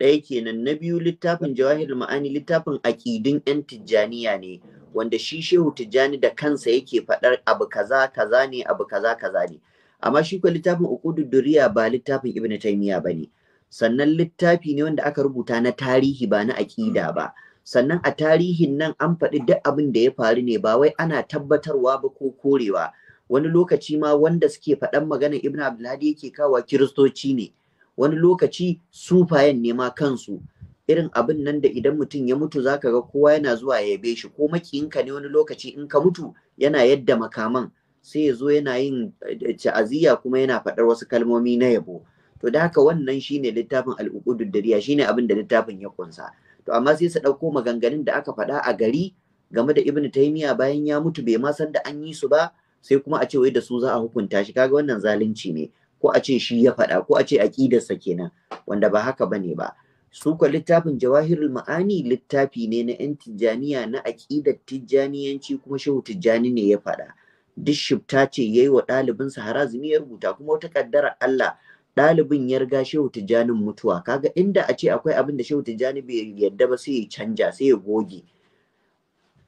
ɗaya kenan na biyu littafin jawahirul ma'ani littafin aƙidin yan tijjaniya ne wanda shi shehu tijjani da kansa yake faɗar abu kaza kaza ne abu kaza kaza ne amma shi ko littafin uqudud duriya ba littafin ibnu taymiya bane sannan littafi ne wanda aka rubuta na tarihi ba na aƙida mm. ba sannan a tarihin nan an faɗi duk abin da ya faru ne ba wai ana tabbatarwa ba ko korewa wani lokaci ma wanda suke faɗan magana ibn abdulhadi yake kawa kiristoci ne wani lokaci sufayen ne ma kansu irin abin nan da idan mutum ya mutu zaka ga kowa yana zuwa ya yabe shi ko makiyinka ne wani lokaci in ka mutu yana yadda makaman sai ya zo yana yin eh, eh, ta'aziyya kuma yana faɗar wasu kalmomi na yabo to da haka wannan shine littafin al'uqudud dariya shine abin da littafin ya kunsa to amma sai su ɗauko maganganun da aka faɗa a gari game da ibnu taymiya bayan ya mutu bai ma san da an yi su ba sai kuma a ce wai da su za a hukunta shi kaga wannan zalunci ne ko a ce shi ya faɗa ko a ce aƙidarsa kenan wanda ba haka bane ba su kwa littafin jawahirul ma'ani littafi ne na 'yan tijjaniya na aƙidar tijjaniyanci kuma shehu tijjani ne ya faɗa duk shifta ce ya yi wa ɗalibinsa harazumi ya rubuta kuma wata ƙaddarar Allah ɗalibin ya riga shehu tijjanin mutuwa kaga inda a ce akwai abin da shehu tijjani bai yarda ba sai ya canja sai ya goge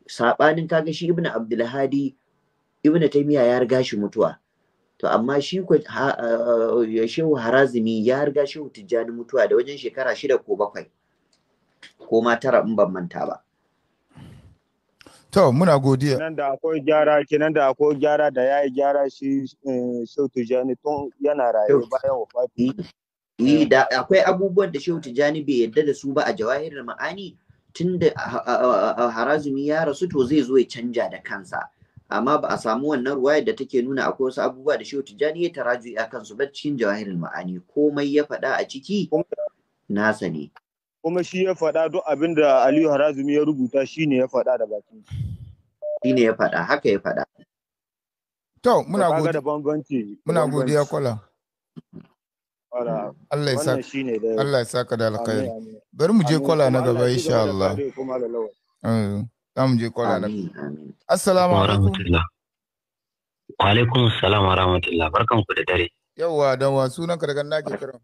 saɓanin kaga shi ibnu abdulhadi ibnu miya ya riga shi mutuwa to amma shi ko eh, shehu harazimi ya riga shehu tijjani mutuwa da wajen shekara shida ko bakwai ko ma tara in ban manta ba To muna godiya. Nan da akwai gyara kenan da akwai gyara da ya yi gyara shi eh, Shehu Tijjani tun yana raye bayan wafati. Eh da akwai abubuwan da Shehu Tijjani bai yarda da su ba a jawahir ma'ani tun da harazumi ya rasu to zai zo ya canja da kansa. Amma ba a samu wannan ruwayar da take nuna akwai wasu abubuwa da Shehu Tijjani ya taraju a kansu ba cikin jawahir ma'ani komai ya faɗa a ciki nasa ne. kuma shi ya faɗa duk abin da Aliyu Harazumi ya rubuta shi ne ya faɗa da bakin shi ne ya faɗa haka ya faɗa to muna godiya muna ya kwala Allah ya saka da alkhairi bari mu je kwala na gaba insha Allah eh, za mu je kwala na assalamu alaikum wa alaikum assalam wa rahmatullah barkanku da dare yawwa dan wa sunan ka daga nake kiran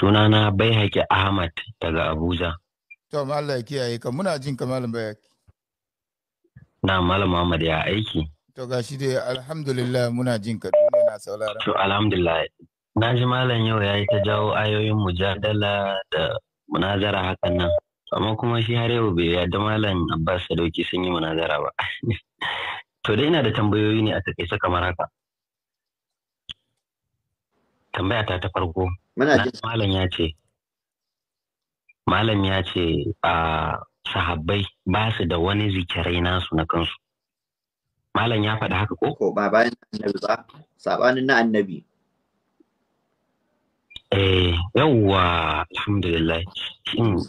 sunana bai haƙi ahmad daga abuja to Allah ya kiyaye ka muna jin ka malam bai na malam ahmad ya aiki to ga shi dai alhamdulillah muna jin ka duniya na sauraron. to alhamdulillah na ji malam yau ya yi ta jawo ayoyin mujadala da munazara hakan nan amma kuma shi har yau bai yadda malam abbas da doki sun yi munazara ba to dai ina da tambayoyi ne a takaice kamar haka tambaya ta ta farko Muna Malam ya ce, Malam ya ce a sahabbai ba su da wani zikirai nasu na kansu. Malam ya faɗi haka ko? Ko ba bayan annabi ba, sabanin na annabi. Eh, yawwa, alhamdulillah. Shin,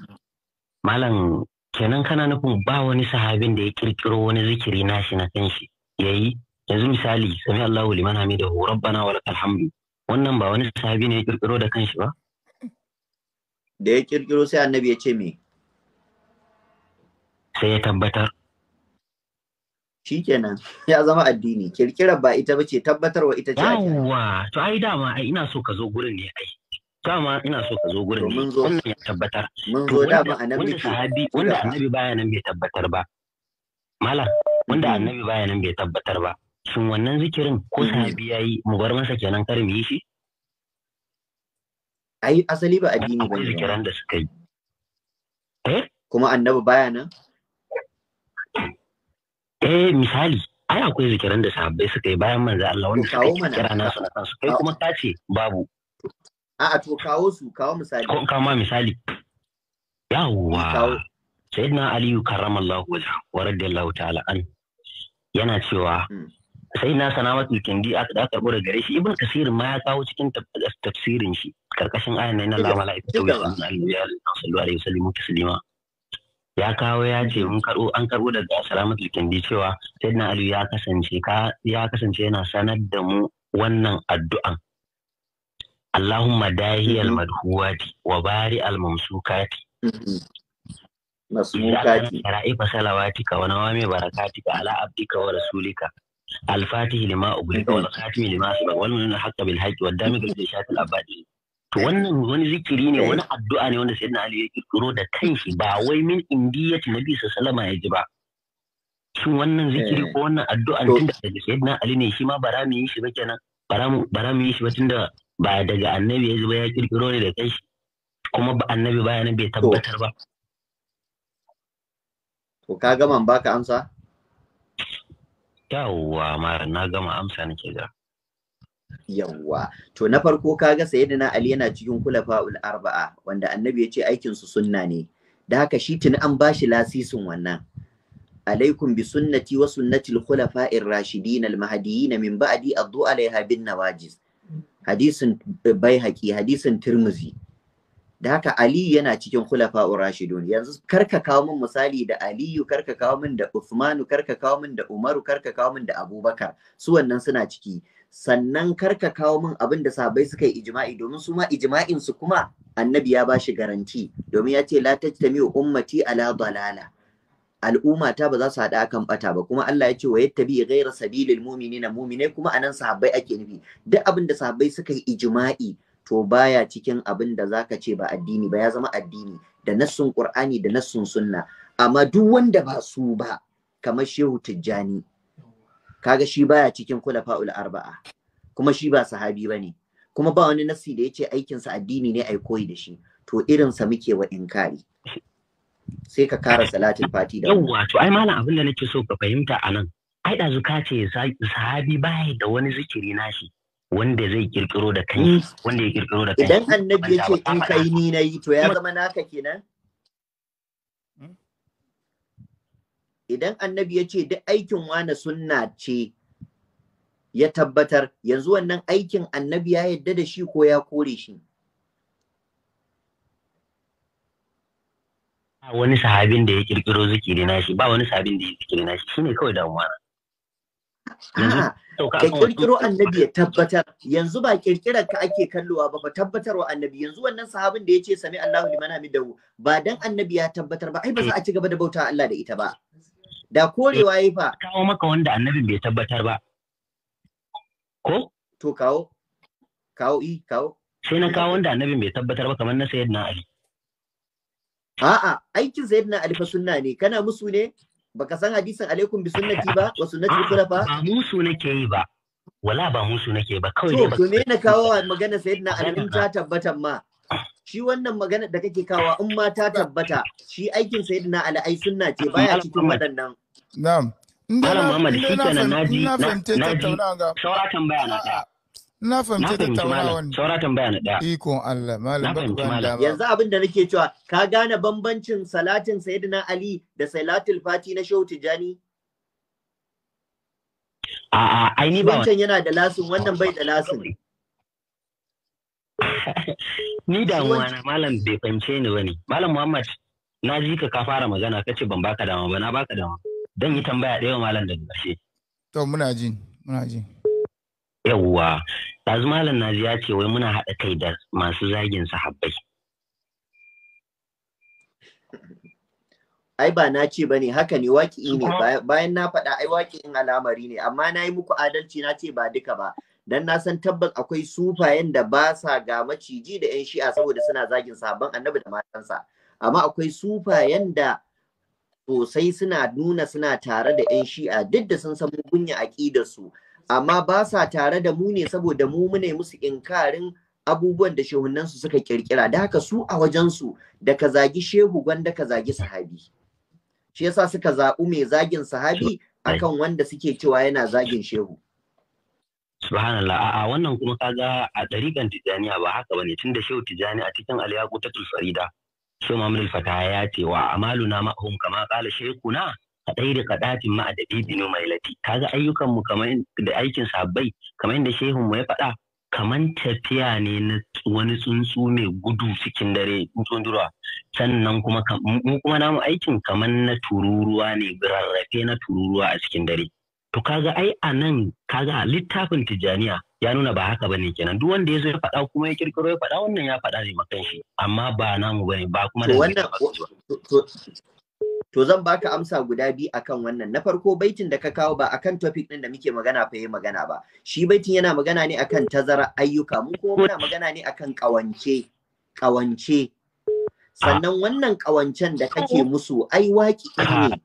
Malam, kenan kana nufin ba wani sahabin da ya kirkiro wani zikiri nashi na kanshi yayi yanzu misali sami Allahu liman hamidahu rabbana bana lakal hamdu wannan ba wani sahabi ne ya kirkiro da kanshi ba da ya kirkiro sai annabi ya ce me sai ya tabbatar kenan ya zama addini kirkirar ba ita ba ce tabbatarwa ita ce Yawwa, to ai dama ai ina so ka zo gurin ne ai dama ina so ka zo gurin ne wannan ya tabbatar mun zo dama annabi sahabi wanda annabi baya nan bai tabbatar ba mala wanda mm-hmm. annabi baya nan bai tabbatar ba shin wannan zikirin ko mhm. sahabi ya yi mu bar masa kenan kar mu yi shi ai asali ba addini ba zikiran da suka yi eh kuma annabi baya nan eh misali ai akwai zikiran da sahabbai suka yi bayan manzo Allah wanda suka yi kira nasu na kansu kai kuma ka ce babu a'a to kawo su kawo misali ko kawo ma misali yawwa sayyidina aliyu karramallahu wajha wa radiyallahu ta'ala an yana cewa hmm. sai na sanamatul kindi aka da karbo daga gare shi ibn kasir ma ya kawo cikin tafsirin shi karkashin ayan nan Allah malaika ta wuce sallallahu alaihi wasallam taslima ya kawo ya ce mun karbo an karbo daga salamat kindi cewa sayyidina ali ya kasance ya kasance yana sanar da mu wannan addu'an Allahumma dahi al mhm. madhuwati wa bari al mamsukati mhm. masmukati ra'ifa salawatika wa nawami barakatika ala abdika wa rasulika الفاتح لما أغلق والخاتم لما سبق والمؤمن الحق بالحق والدامق للشاة الأبدي to wannan wani zikiri ne wani addu'a ne wanda sayyidina Ali ya kirkiro da kanshi ba wai min indiyati nabi sallama ya ji ba shin wannan zikiri ko wannan addu'a tun da daga sayyidina Ali ne shi ma bara mu yi shi ba kenan bara mu yi shi ba tunda ba daga annabi ya ji ba ya kirkiro ne da kanshi kuma ba annabi baya nan bai tabbatar ba to ka ga man baka amsa yawwa mara na gama amsa nake ga yawwa to na farko kaga sayyidina ali yana cikin kulafa'ul arba'a wanda annabi ya ce aikin su sunna ne da haka shi tuni an bashi lasisin wannan alaikum bi sunnati wa sunnatil ar rashidin al mahdiyyin min ba'di ad-du'a Alayha bin nawajis hadisin baihaqi hadisin Tirmidhi. da haka Ali yana cikin khulafa rashidun yanzu karka kawo min misali da Aliyu karka kawo min da Uthmanu karka kawo min da Umaru karka kawo min da Abubakar su wannan suna ciki sannan karka kawo min abin da sabai suka yi ijma'i domin su ma ijma'in su kuma annabi ya bashi garanti domin ya ce la tajtami ummati ala dalala al'umma ta ba za su haɗu akan bata ba kuma Allah ya ce wa yattabi ghayra sabilil mu'minina mu'minai kuma anan sahabbai ake nufi duk abin da sahabbai suka yi ijma'i to baya cikin abin da zaka ce ba addini ba ya zama addini da nassun qur'ani da nassun sunna amma duk wanda ba su ba kamar shehu tijjani kaga shi baya cikin kulafa'ul arba'a kuma shi ba sahabi bane kuma ba wani nassi da ya ce aikinsa addini ne ai koyi da shi to irin sa muke wa inkari sai ka kara salatin fati da yawa to ai malam abin da nake so ka fahimta anan ai dazu ka ce sahabi baya da wani zikiri nashi wanda zai kirkiro da kai hmm. wanda ya kirkiro da kai idan annabi ya ce in kai ni na yi to ya zama naka kenan hmm? idan annabi ya ce duk aikin wani sunna ce ya tabbatar yanzu wannan aikin annabi ya yadda da shi ko ya kore shi wani sahabin da ya kirkiro zikiri na shi ba wani sahabin da ya zikiri na shi shine kawai damuwa ka kirkiro annabi ya tabbatar yanzu ba kirkirar ka ake kallowa ba ba wa annabi yanzu wannan sahabin da ya ce sami Allahu liman hamidahu ba dan annabi ya tabbatar ba ai ba za a ci gaba da bauta Allah da ita ba da korewa ya yi fa kawo maka wanda annabin bai tabbatar ba ko to kawo kawo i kawo sai na kawo wanda annabin bai tabbatar ba kamar na sayyidina Ali a'a aikin sayyidina Ali fa sunna ne kana musu ne baka san hadisin alaikum bi sunnati ba wa sunnati khulafa ba musu nake yi ba wala ba musu nake ba kawai ne ba to ne na kawo magana sayyidina alim ta tabbatar ma shi wannan magana da kake kawo in ma ta tabbata shi aikin sayyidina alai sunna ce baya cikin madannan na'am Malam Muhammad shi kenan naji na saura tambaya na ɗaya. Na fahimci tattaunawan. Saura tambaya na ɗaya. Ikon Allah, malam ba Yanzu abin da nake cewa ka gane bambancin salatin Sayyidina Ali da salatul Fati na Shehu Tijani? A'a, ai ni ba. Wancan yana da lasin, wannan bai da lasin. Ni da na malam bai fahimce ni bane. Malam Muhammad na ji ka ka fara magana ka ce ban baka dama ba na baka dama. Dan yi tambaya ɗaya malam da ƙarshe. To muna ji, muna ji. yawwa ɗazu malam nazi ya ce wai muna haɗa kai da masu zagin sahabbai ai ba na ce bane haka ne waƙi ne bayan na faɗa ai waƙi'in al'amari ne amma na yi muku adalci na ce ba duka ba dan na san tabbas akwai sufayen da ba sa ga maciji da yan shi'a saboda suna zagin sabon annabi da matansa amma akwai sufayen da sosai suna nuna suna tare da yan shi'a duk da sun san mugunya aƙidar su amma ba sa tare da mu ne saboda mu mune musu inkarin abubuwan da shehunansu suka kirkira da haka su a wajensu da ka zagi shehu gwanda ka zagi sahabi shi yasa suka zaɓu mai zagin sahabi akan wanda suke cewa yana zagin shehu subhanallah a'a wannan kuma kaga a ɗarikan tijaniya ba haka bane tunda shehu tijani a cikin alyaqutatul farida shehu mamul fataha ya ce wa amaluna ma'hum kama qala shaykhuna a da kaɗafin ma a dabi binu mai lati kaga ayyukanmu kamar da aikin sabbai kamar yadda mu ya faɗa kamar tafiya ne na wani tsuntsu mai gudu cikin dare tsuntsun durwa sannan kuma mu kuma namu aikin kamar na tururuwa ne rarrafe na tururuwa a cikin dare to kaga ai a nan kaga littafin tijjaniya ya nuna ba haka bane kenan duk wanda ya zo ya faɗa kuma ya kirkiro ya faɗa wannan ya faɗa ne makan shi amma ba namu bane ba kuma da wannan To zan baka amsa guda biyu akan wannan. Na farko baitin da ka kawo ba akan topic din da muke magana fa magana ba. Shi baitin yana magana ne akan tazara ayyuka, mu kuma muna magana ne akan kawance. Kawance. Sannan wannan kawancen da kake musu ai waki ne.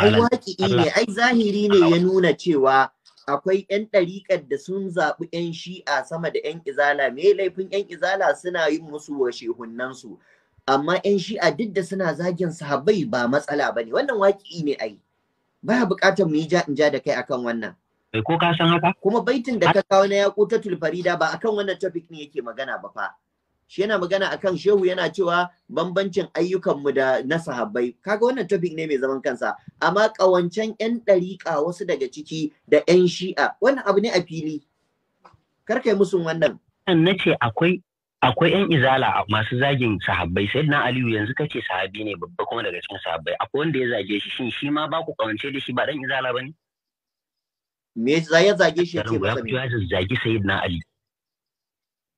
Ai waki ne, ai zahiri ne ya nuna cewa akwai 'yan ɗariƙar da sun zaɓi 'yan shi'a sama da 'yan izala me laifin 'yan izala suna yin musu wa shehunnansu. amma 'yan shi'a duk da suna zagin sahabbai ba matsala ba ne wannan waƙi ne ai ba buƙatar mu yi ja in da kai akan wannan ko ka san haka kuma baitin da ka kawo na ta tulfarida ba akan wannan topic ne yake magana ba fa shi yana magana akan shehu yana cewa bambancin ayyukan mu da na sahabbai kaga wannan topic ne mai zaman kansa amma ƙawancen 'yan ɗariƙa wasu daga ciki da 'yan shi'a wannan abu ne a fili kar kai musun wannan na ce akwai akwai yan izala masu zagin sahabbai sai na aliyu yanzu kace sahabi ne babba kuma daga cikin sahabbai akwai wanda ya zage shi shin shi ma ba ku kawance da shi ba dan izala bane me za ya zage shi yake ba sai ya zage na ali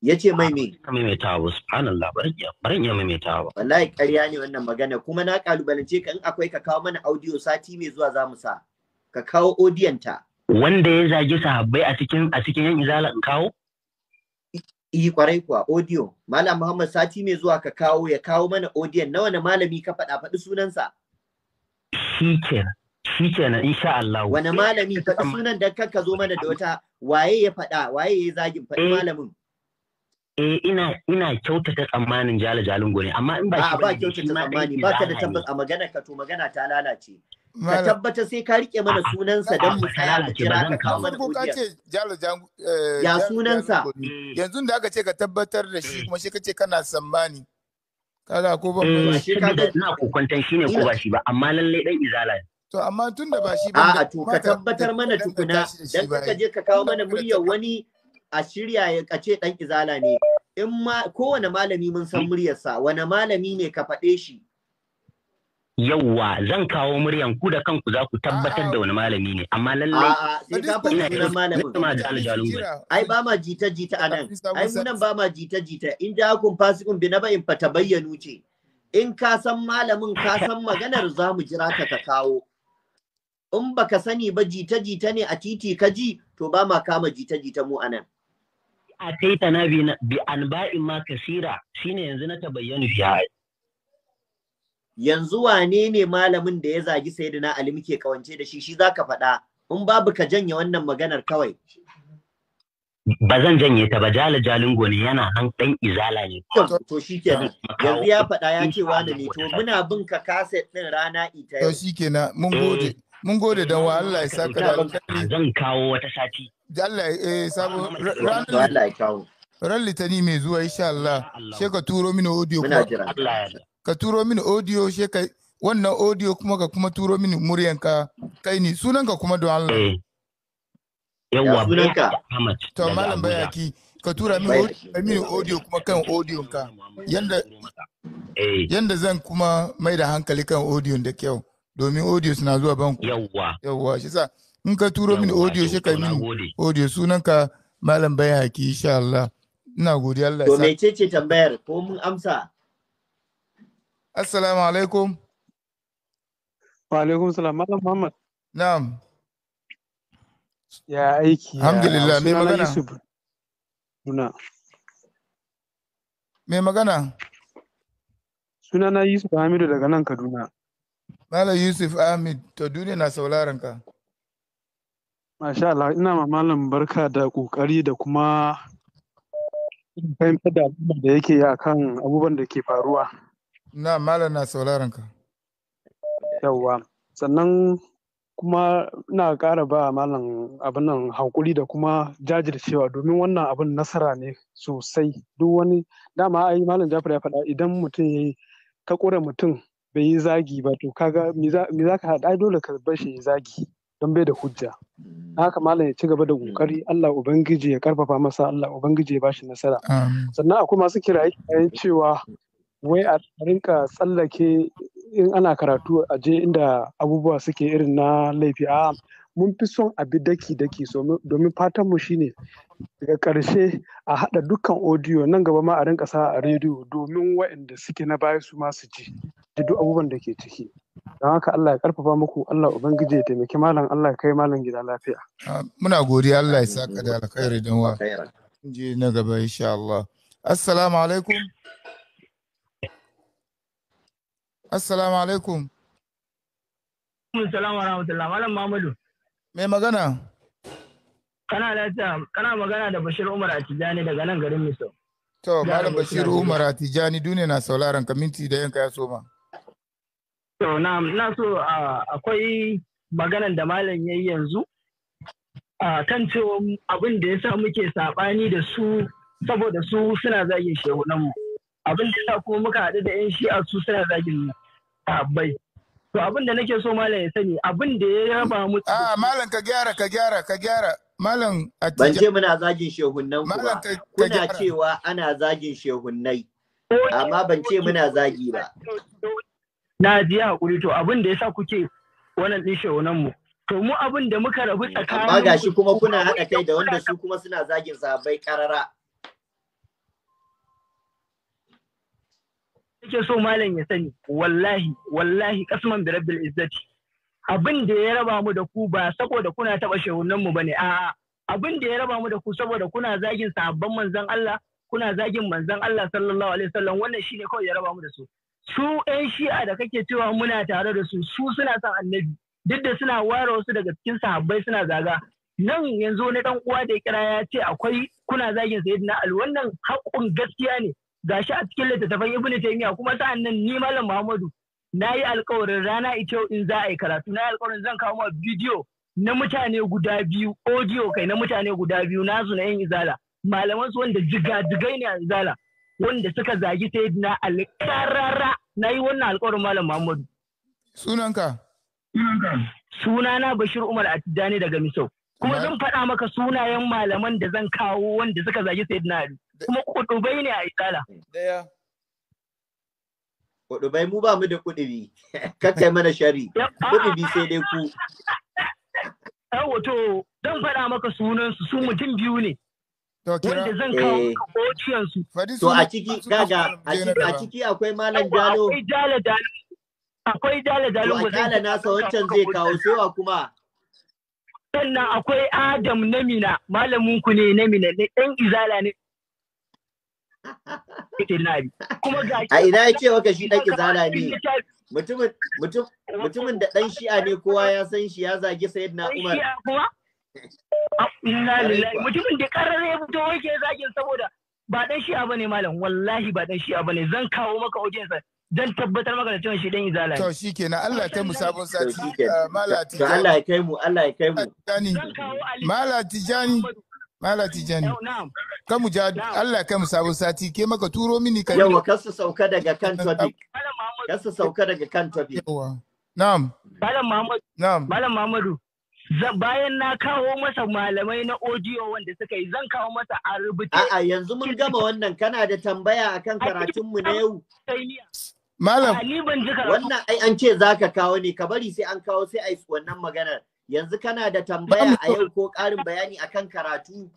yace mai me ka maimaita wa subhanallah barin ya barin ya maimaita wa wallahi ƙarya ne wannan magana kuma na kalubalance ka in akwai ka kawo mana audio sati mai zuwa za mu sa ka kawo audiyon ta wanda ya zage sahabbai a cikin a cikin yan izala in kawo Iyi kwarai kuwa audio. Malam Muhammad sati mai zuwa ka kawo ya kawo mana audio na wani malami ka faɗa faɗi sunansa. Shi kenan. Shi insha Allah. Wani malami faɗi sunan da ka zo mana da wata waye ya faɗa waye ya zagin faɗi eh. malamin. Eh ina ina kyautata tsammanin jala jalin gone amma in ba shi ba kyautata tsammani ba ka da tabbas a magana ka to magana ta lalace. ka tabbata sai ka rike mana sunansa don mu tsaya a kira ka kawo mana eh, ya sunansa eh. yanzu da aka ce ka tabbatar da shi kuma shi ce kana sammani kaga ko eh, ba shi kaga ina kokontan shine ko ba shi ba amma lalle dan izala to amma tun da ba shi ba a to ka tabbatar mana tukuna dan ka je ka kawo mana muryar wani a shirya ya kace dan izala ne in ma kowane malami mun san hmm. muryarsa wani malami ne ka faɗe shi yauwa zan kawo muryan ku da kanku za ku tabbatar da wani malami ne amma lallai ina ka faɗi sunan malamin ai ba ma jita jita anan ai nan ba ma jita jita in da kun fasikun bi na in fata bayyanu ce in ka san malamin ka san maganar za mu jira ka ka kawo in baka sani ba jita jita ne a titi ka ji to ba ma kama jita jita mu anan a kai ta na bi an ba'in ma kasira shine yanzu na tabayyanu fi yanzu wane ne malamin da ya zagi sayyidina Ali muke kawance da shi shi zaka faɗa in babu ka janye wannan maganar kawai ba zan janye ta ba jala jalin gone yana nan dan izala ne to shikenan yanzu ya faɗa ya ce wani ne to muna bin ka kaset din rana ita to shikenan mun eh. gode mun gode da wa Allah ya saka da alƙali zan kawo wata sati Allah eh sabo ranar Allah ya kawo ran litani mai zuwa insha Allah sai ka turo mini audio ko Allah ya ka turo mini audio she kai wannan audio kuma ka kuma turo mini ka kai ni sunanka kuma don Allah eh. yawwa sunanka to malam bayaki ka tura mini audio kuma kan audio ka yanda eh. yanda zan kuma mai da hankali kan audio da kyau domin audio suna zuwa ban ku yawwa yawwa shi sa in ka turo mini audio shi kai mini audio sunanka malam bayaki insha Allah ina godiya Allah to mecece tambayar ko mun amsa Assalamu alaikum. Wa alaikum salam Malam Muhammad. Na'am. Ya aiki. Alhamdulillah mai magana. Yusuf. Suna. Me magana. Sunana Yusuf Hamidu daga nan Kaduna. Malam Yusuf Ahmed, to duniya na sauraron Mashallah, ina ma malam barka da kokari da kuma fahimtar da al'umma da yake yi a kan abubuwan da ke faruwa. na malam na sauraron ka yawwa sannan kuma na ƙara ba malam abin nan haƙuri da kuma jajircewa domin wannan abin nasara ne sosai duk wani dama ai malam jafar ya faɗa idan mutum ya yi ka ƙure mutum bai yi zagi ba to kaga me za ka haɗa dole ka bar shi zagi don bai da hujja haka malam ya ci gaba da ƙoƙari Allah ubangiji ya karfafa masa Allah ubangiji ya bashi nasara sannan akwai masu kiraye cewa wai a rinka tsallake in ana karatu a je inda abubuwa suke irin na laifi a mun fi son abi daki-daki domin fatanmu shine daga karshe a haɗa dukkan audio nan gaba ma a rinka sa a rediyo domin waɗanda suke na baya su ma su da duk abubuwan da ke ciki don haka Allah ya karfafa muku Allah ubangiji ya taimaki malam Allah ya kai malam gida lafiya muna godiya Allah ya saka da alkhairi dan wa je na gaba insha Allah assalamu alaikum Assalamu alaikum. Assalamu rahmatullah. Malam Mahmudu. Mai magana? Kana lafiya, kana magana da Bashir Umar Atijani daga nan garin Miso. To, Malam Bashir Umar Atijani duniya na sauraron ka minti da yanka ya soma. To, na na so akwai maganan da malam yi yanzu. kan cewa abin da ya sa muke saɓani da su saboda su suna zagin shehunanmu. mu. abin da kuma muka haɗu da yan shi'a su suna zagin abai, to abin da nake so malam ya sani abin da ya raba mu a ah, malam ka gyara ka gyara ka gyara malam ban ce muna zagin shehunnan ku ba kuna cewa ana zagin shehunnai amma ban ce muna zagi ba na ji hakuri to abin da ya sa kuke wannan ɗin shehunan mu to mu abin da muka rabu tsakanin amma gashi kuma kuna haɗa kai da wanda su kuma suna zagin sabai karara Ike so malam ya sani wallahi wallahi kasman bi rabbil izzati abin da ya raba mu da ku ba saboda kuna taba shehunan mu bane a'a abin da ya raba mu da ku saboda kuna zagin sahabban manzon Allah kuna zagin manzon Allah sallallahu alaihi wasallam wannan shine kawai ya raba mu da su su ɗan shi'a da kake cewa muna tare da su su suna son annabi duk da suna ware wasu daga cikin sahabbai suna zaga nan yanzu wani dan uwa da ya kira ya ce akwai kuna zagin sayyidina al wannan haƙƙun gaskiya ne gashi a cikin littattafan Ibn Taymiyyah kuma sa'an nan ni Malam Muhammadu na yi alkawarin rana ita in za a yi karatu na yi alkawarin zan kawo ma bidiyo na mutane guda biyu audio kai na mutane guda biyu nasu na yin izala malaman su wanda jigajigai ne a izala wanda suka zagi sayyidina na karara na yi wannan alkawarin Malam Muhammadu sunanka sunana Bashir Umar Atijani daga Misau kuma zan faɗa maka sunayen malaman da zan kawo wanda suka zagi sayyidina Ali kuma kudubai ne a izala daya kudubai mu ba mu da kudubi kakka mana shari kudubi sai dai ku yawo to zan fada maka sunan su su mutum biyu ne wanda zan kawo eh. kociyan su to a ciki gaga a ciki akwai malam jalo akwai jalo dalo ba zai nasa wancan zai kawo sewa kuma sannan akwai adam namina malamin ku ne namina ne dan izala ne a ina yake maka shi dan izala ne mutumin da ɗan shi'a ne kowa ya san shi ya zagi sayyidina Umar ah, mutumin da karare fito yake zagin saboda ba ɗan shi'a bane malam wallahi ba dan shi'a bane zan kawo maka hujjansa zan tabbatar maka da cewa shi dan izala to shikenan Allah mu sabon sati mala Allah ya kai mu Allah ya kai mu tijani Malati Jani. Ka mu ja Allah kai mu sabon sati ke maka turo mini ka. Yawa kar su sauka daga kan topic. Kar su sauka daga kan topic. Yawa. Na'am. Malam Muhammadu. Na'am. Malam Muhammadu. Bayan na kawo masa malamai na audio wanda suka yi zan kawo masa a rubuce. A'a yanzu mun gama wannan kana da tambaya akan karatunmu na yau. Malam. Wannan ai an ce za ka kawo ne ka bari sai an kawo sai a yi wannan maganar. yanzu kana da tambaya a yau ko ƙarin bayani akan karatu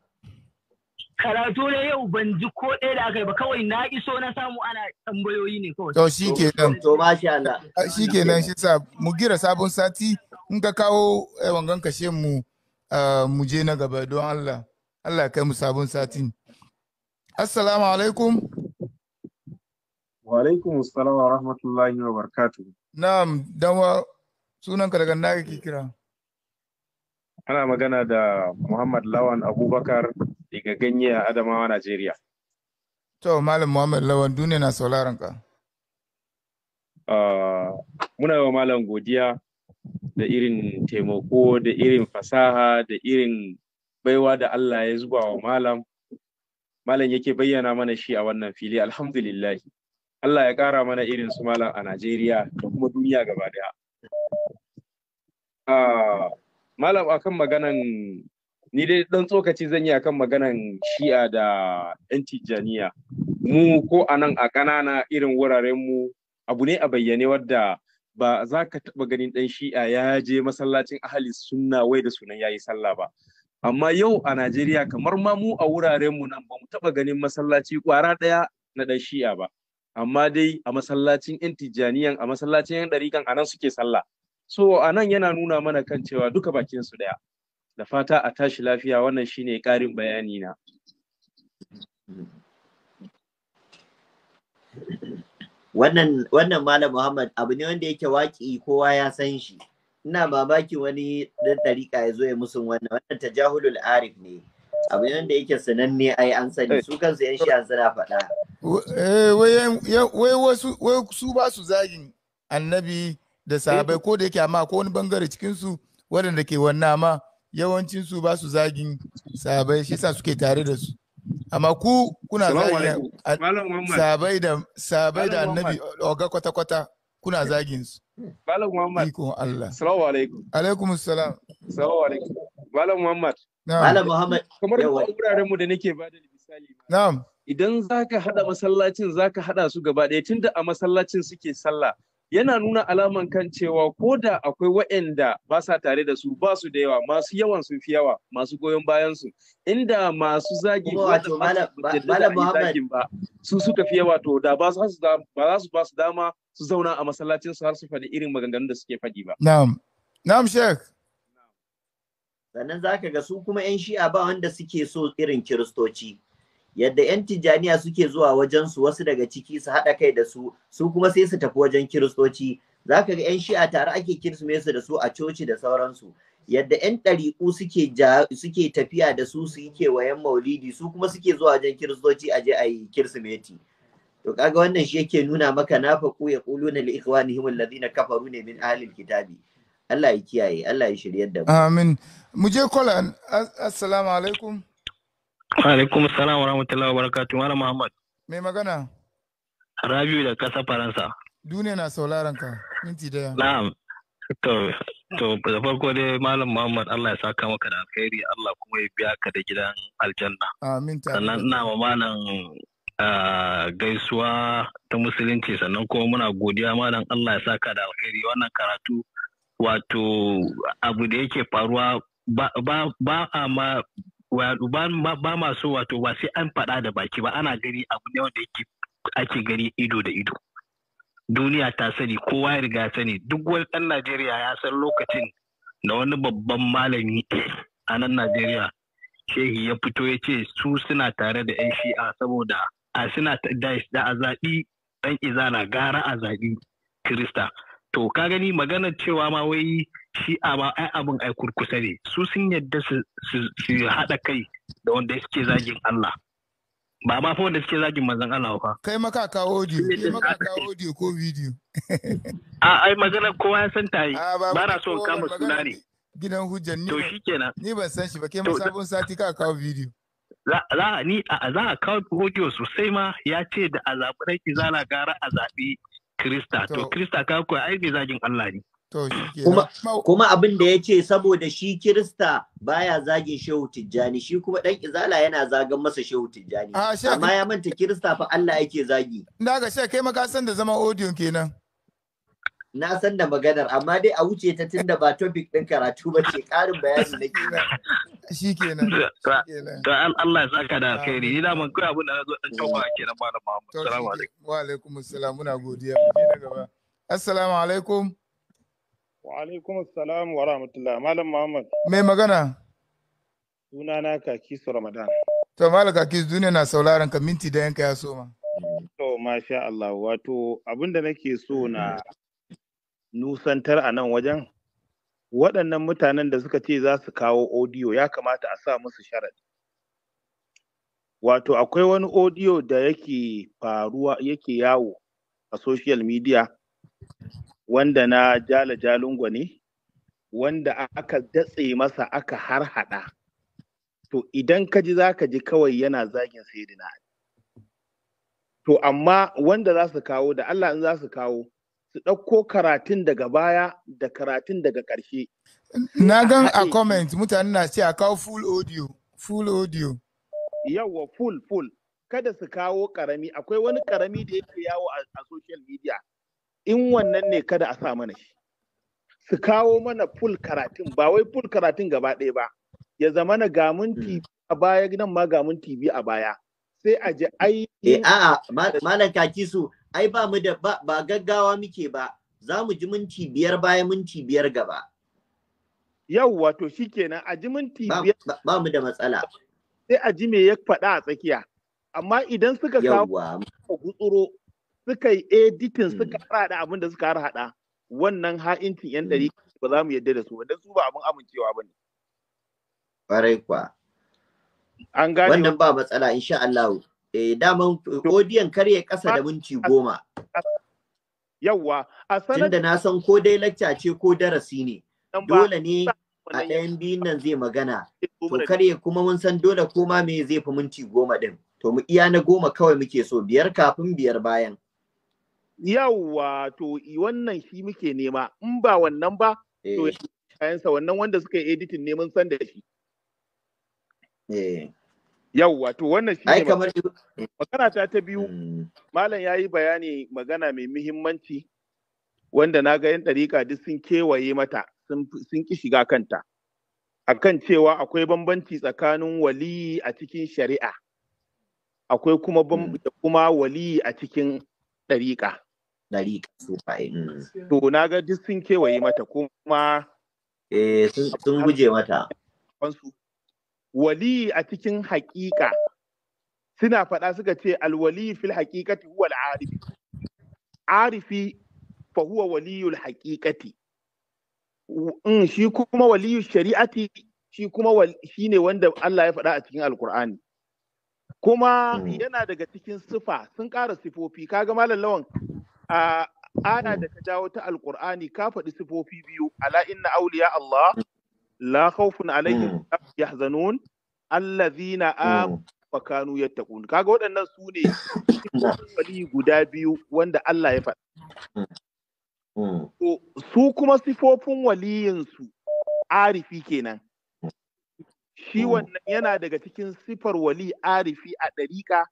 karatu ne yau ban ji ko ɗaya da aka yi ba kawai na iso na samu ana tambayoyi ne kawai to shi ke nan to masha Allah ah, shi ke nan shi sa mu gira sabon sati in ka kawo eh, wangan kashe mu ah, mu je na gaba don Allah Allah kai mu sabon satin assalamu alaikum wa alaikum assalam wa rahmatullahi wa barakatuh na'am dan sunanka daga nake kira ana magana da Muhammad Lawan Abubakar daga ganye a Adamawa, Najeriya. To, Malam Muhammad Lawan duniya na sauraron ka. Ah, muna yi wa Malam godiya da irin taimako, da irin fasaha, da irin baiwa da Allah ya zuba wa Malam. Malam yake bayyana mana shi a wannan fili, alhamdulillahi. Allah ya ƙara mana irin su Malam a Najeriya da kuma duniya gaba daya. Ah, malam akan maganan ni dai dan tsokaci zan yi akan maganan shi'a da yan tijjaniya mu ko a a ƙanana irin wuraren mu abu ne a bayyane wadda ba za ka taɓa ganin ɗan shi'a ya je masallacin ahali sunna wai da sunan yayi sallah ba amma yau a Najeriya kamar ma mu a wuraren mu nan ba mu taɓa ganin masallaci ƙwara ɗaya na ɗan shi'a ba amma dai a masallacin yan tijjaniyan a masallacin yan ɗarikan a nan suke sallah so a nan yana nuna mana kan cewa duka bakin su ɗaya da fata a tashi lafiya wannan shine ƙarin bayani na wannan wannan malam muhammad abu ne wanda yake waki kowa ya san shi ina babaki wani dan ɗariƙa ya zo ya musu wannan wannan tajahulul arif ne abu ne wanda yake sananne ai an sani su kansu yan shi'a suna faɗa eh, wai wasu wai su ba su zagin annabi da eh, sahabai ko da yake amma ko wani bangare cikin su waɗanda ke wanna ma yawancin su ba su zagin sahabai shi yasa suke tare da su amma ku kuna zagin sahabai da sahabai da annabi oga kwata kwata kuna zagin su Malam Muhammad. Iko Allah. Assalamu alaikum. Alaikum salam. Assalamu alaikum. Malam Muhammad. Malam Muhammad. Kamar wuraren mu da nake ba da misali. Na'am. Idan zaka hada masallacin zaka hada su gaba ɗaya tunda a masallacin suke sallah yana nuna alaman kan cewa ko da akwai waɗanda ba sa tare da su ba su da yawa masu yawan sun fi yawa masu goyon bayan su inda masu zagi ba su suka fi yawa to da ba za su ba su dama su zauna a masallacin su har su faɗi irin maganganun da suke faɗi ba. Na'am. Na'am Sheikh. Sannan zaka ga su kuma 'yan shi'a ba wanda suke so irin kiristoci. yadda 'yan Tijaniya suke zuwa wajen su wasu daga ciki su haɗa kai da su su kuma sai su tafi wajen kiristoci za ka ga 'yan shi'a tare ake kirsimeti da su a coci da sauransu yadda 'yan ɗariƙu suke suke tafiya da su su yi kewayen maulidi su kuma suke zuwa wajen kiristoci a je a yi kirsimeti to kaga wannan shi yake nuna maka na nafaku ya na li ikhwanihim alladhina kafaru ne min ahli kitabi. Allah ya kiyaye Allah ya shiryar da mu amin mu je kola assalamu alaikum Alaikum salam wa rahmatullahi wa barakatuh Malam Muhammad. Mai magana? Rabiu da ƙasa Faransa. Duniya na sauraron ka. Minti daya. Na'am. To, to da farko dai Malam Muhammad Allah ya saka maka da alkhairi Allah kuma ya biya ka da gidan aljanna. Amin ta. Sannan ina ma malam gaisuwa ta musulunci sannan kuma muna godiya malam Allah ya saka da alkhairi wannan karatu wato abu da yake faruwa ba ba ma ba masu wato ba sai an faɗa da baki ba ana gani abu ne wanda ake gani ido da ido duniya ta sani kowa ya riga sani duk wani ɗan najeriya ya san lokacin da wani babban malami a nan najeriya shehi ya fito ya ce su suna tare da 'yan shi'a saboda a suna da a zaɓi ɗan izana gara a zaɓi kirista to ka gani maganar cewa ma wai shi a ba ai abin ai kurkusa ne su sun yadda su haɗa kai da wanda suke zagin Allah ba ma fa wanda suke zagin manzon Allah fa kai maka ka audio kai maka ka audio ko video a ai magana kowa ya san tayi ba na so kama suna ne gidan hujjan ni to shikenan ni ban san shi ba kai ma sabon sati ka kawo video za ni za a kawo audio sosai ma ya ce da a zaɓi za na gara a zaɓi Krista to Krista ka kuwa ai zagin Allah ne kuma abin da ya ce saboda shi kirista baya zagin shehu tijjani shi kuma dan izala yana zagan masa shehu tijjani ah, amma ya manta kirista fa Allah yake zagi na ga shi kai maka san da zama audio kenan na san da maganar amma dai a wuce ta tunda ba topic din karatu ba ce karin bayani na ke shi kenan to an Allah ya saka da alkhairi ni da mun kai abin da na zo dan tauba kenan malam Muhammad assalamu alaikum wa alaikum assalam muna godiya mu na gaba assalamu alaikum Wa alaikum assalam wa rahmatullah. Malam Muhammad. Mai magana? Kakisu Ramadan. To Malam Kakisu duniya na sauraron ka minti da yanka ya soma. To masha Allah wato abinda nake so na nusantar a nan wajen waɗannan mutanen da suka ce za su kawo odiyo ya kamata a sa musu sharadi. Wato akwai wani odiyo da yake faruwa yake yawo a social media wanda na jala jalungwa ne wanda aka datse masa aka har hada to idan ka ji za ka ji kawai yana zagin sayidina to amma wanda za su kawo da Allah in za su kawo su ɗauko karatun daga baya da karatun daga ƙarshe na gan a comment mutane na ce a kawo full audio full audio yawa full full kada su kawo karami akwai wani karami da yake yawo a social media in wannan ne kada a sa mana shi su kawo mana full karatun ba wai full karatun gaba ɗaya ba ya zama na gamun tv hmm. a baya nan ma gamun tv a baya sai a je ai eh a'a malam kaki su ai ba mu da ba gaggawa muke ba za mu ji minti biyar baya minti biyar gaba yau wato shikenan a ji minti biyar ba mu da matsala sai a ji me ya faɗa a tsakiya amma idan suka kawo gutsuro suka yi editin hmm. suka haɗa abin da suka haɗa wannan ha'incin yan hmm. ɗari ba za mu yadda da su wanda su ba abin amincewa ba ne. Ƙwarai kuwa. An gane wannan ba matsala insha Allah. Eh daman odiyon karye ƙasa da minti goma. Yawwa a sanar Tunda na san ko dai lacca ce ko darasi ne. Dole ne a ɗayan biyun nan zai magana. To karye kuma mun san dole koma me zai fi minti goma ɗin. To mu iya na goma kawai muke so biyar kafin biyar bayan. yawwa to wannan shi muke nema in ba wannan ba to eh. kayansa wannan wanda suka yi editing neman san da shi eh. yawwa to wannan shi ne magana ta ta biyu hmm. malam ya yi bayani magana mai muhimmanci wanda na ga yan ɗariƙa duk sun kewaye mata sun ki shiga kanta kan cewa akwai bambanci tsakanin wali a cikin shari'a akwai kuma hmm. kuma wali a cikin ɗariƙa. Ɗariƙa su fa'i. Mm. To na ga duk sun kewaye mata kuma. Eh sun guje mata. Wali a cikin haƙiƙa suna faɗa suka ce alwali fil haƙiƙati huwa al'arifi. Arifi fa huwa waliyul haƙiƙati. In mm, shi kuma waliyul shari'ati shi kuma shi ne wanda Allah ya faɗa a cikin Alƙur'ani. kuma mm. yana daga cikin sifa sun ƙara sifofi kaga malam lawan a ana da ka jawo ta alkur'ani ka faɗi sifofi biyu ala inna auliya Allah la khawfun alaihim mm. yahzanun allazina mm. amanu wa kanu yattaqun kaga waɗannan su ne sifofi guda biyu wanda Allah ya faɗa su kuma sifofin waliyin su arifi kenan shi mm. wannan yana daga cikin sifar wali arifi a ɗariƙa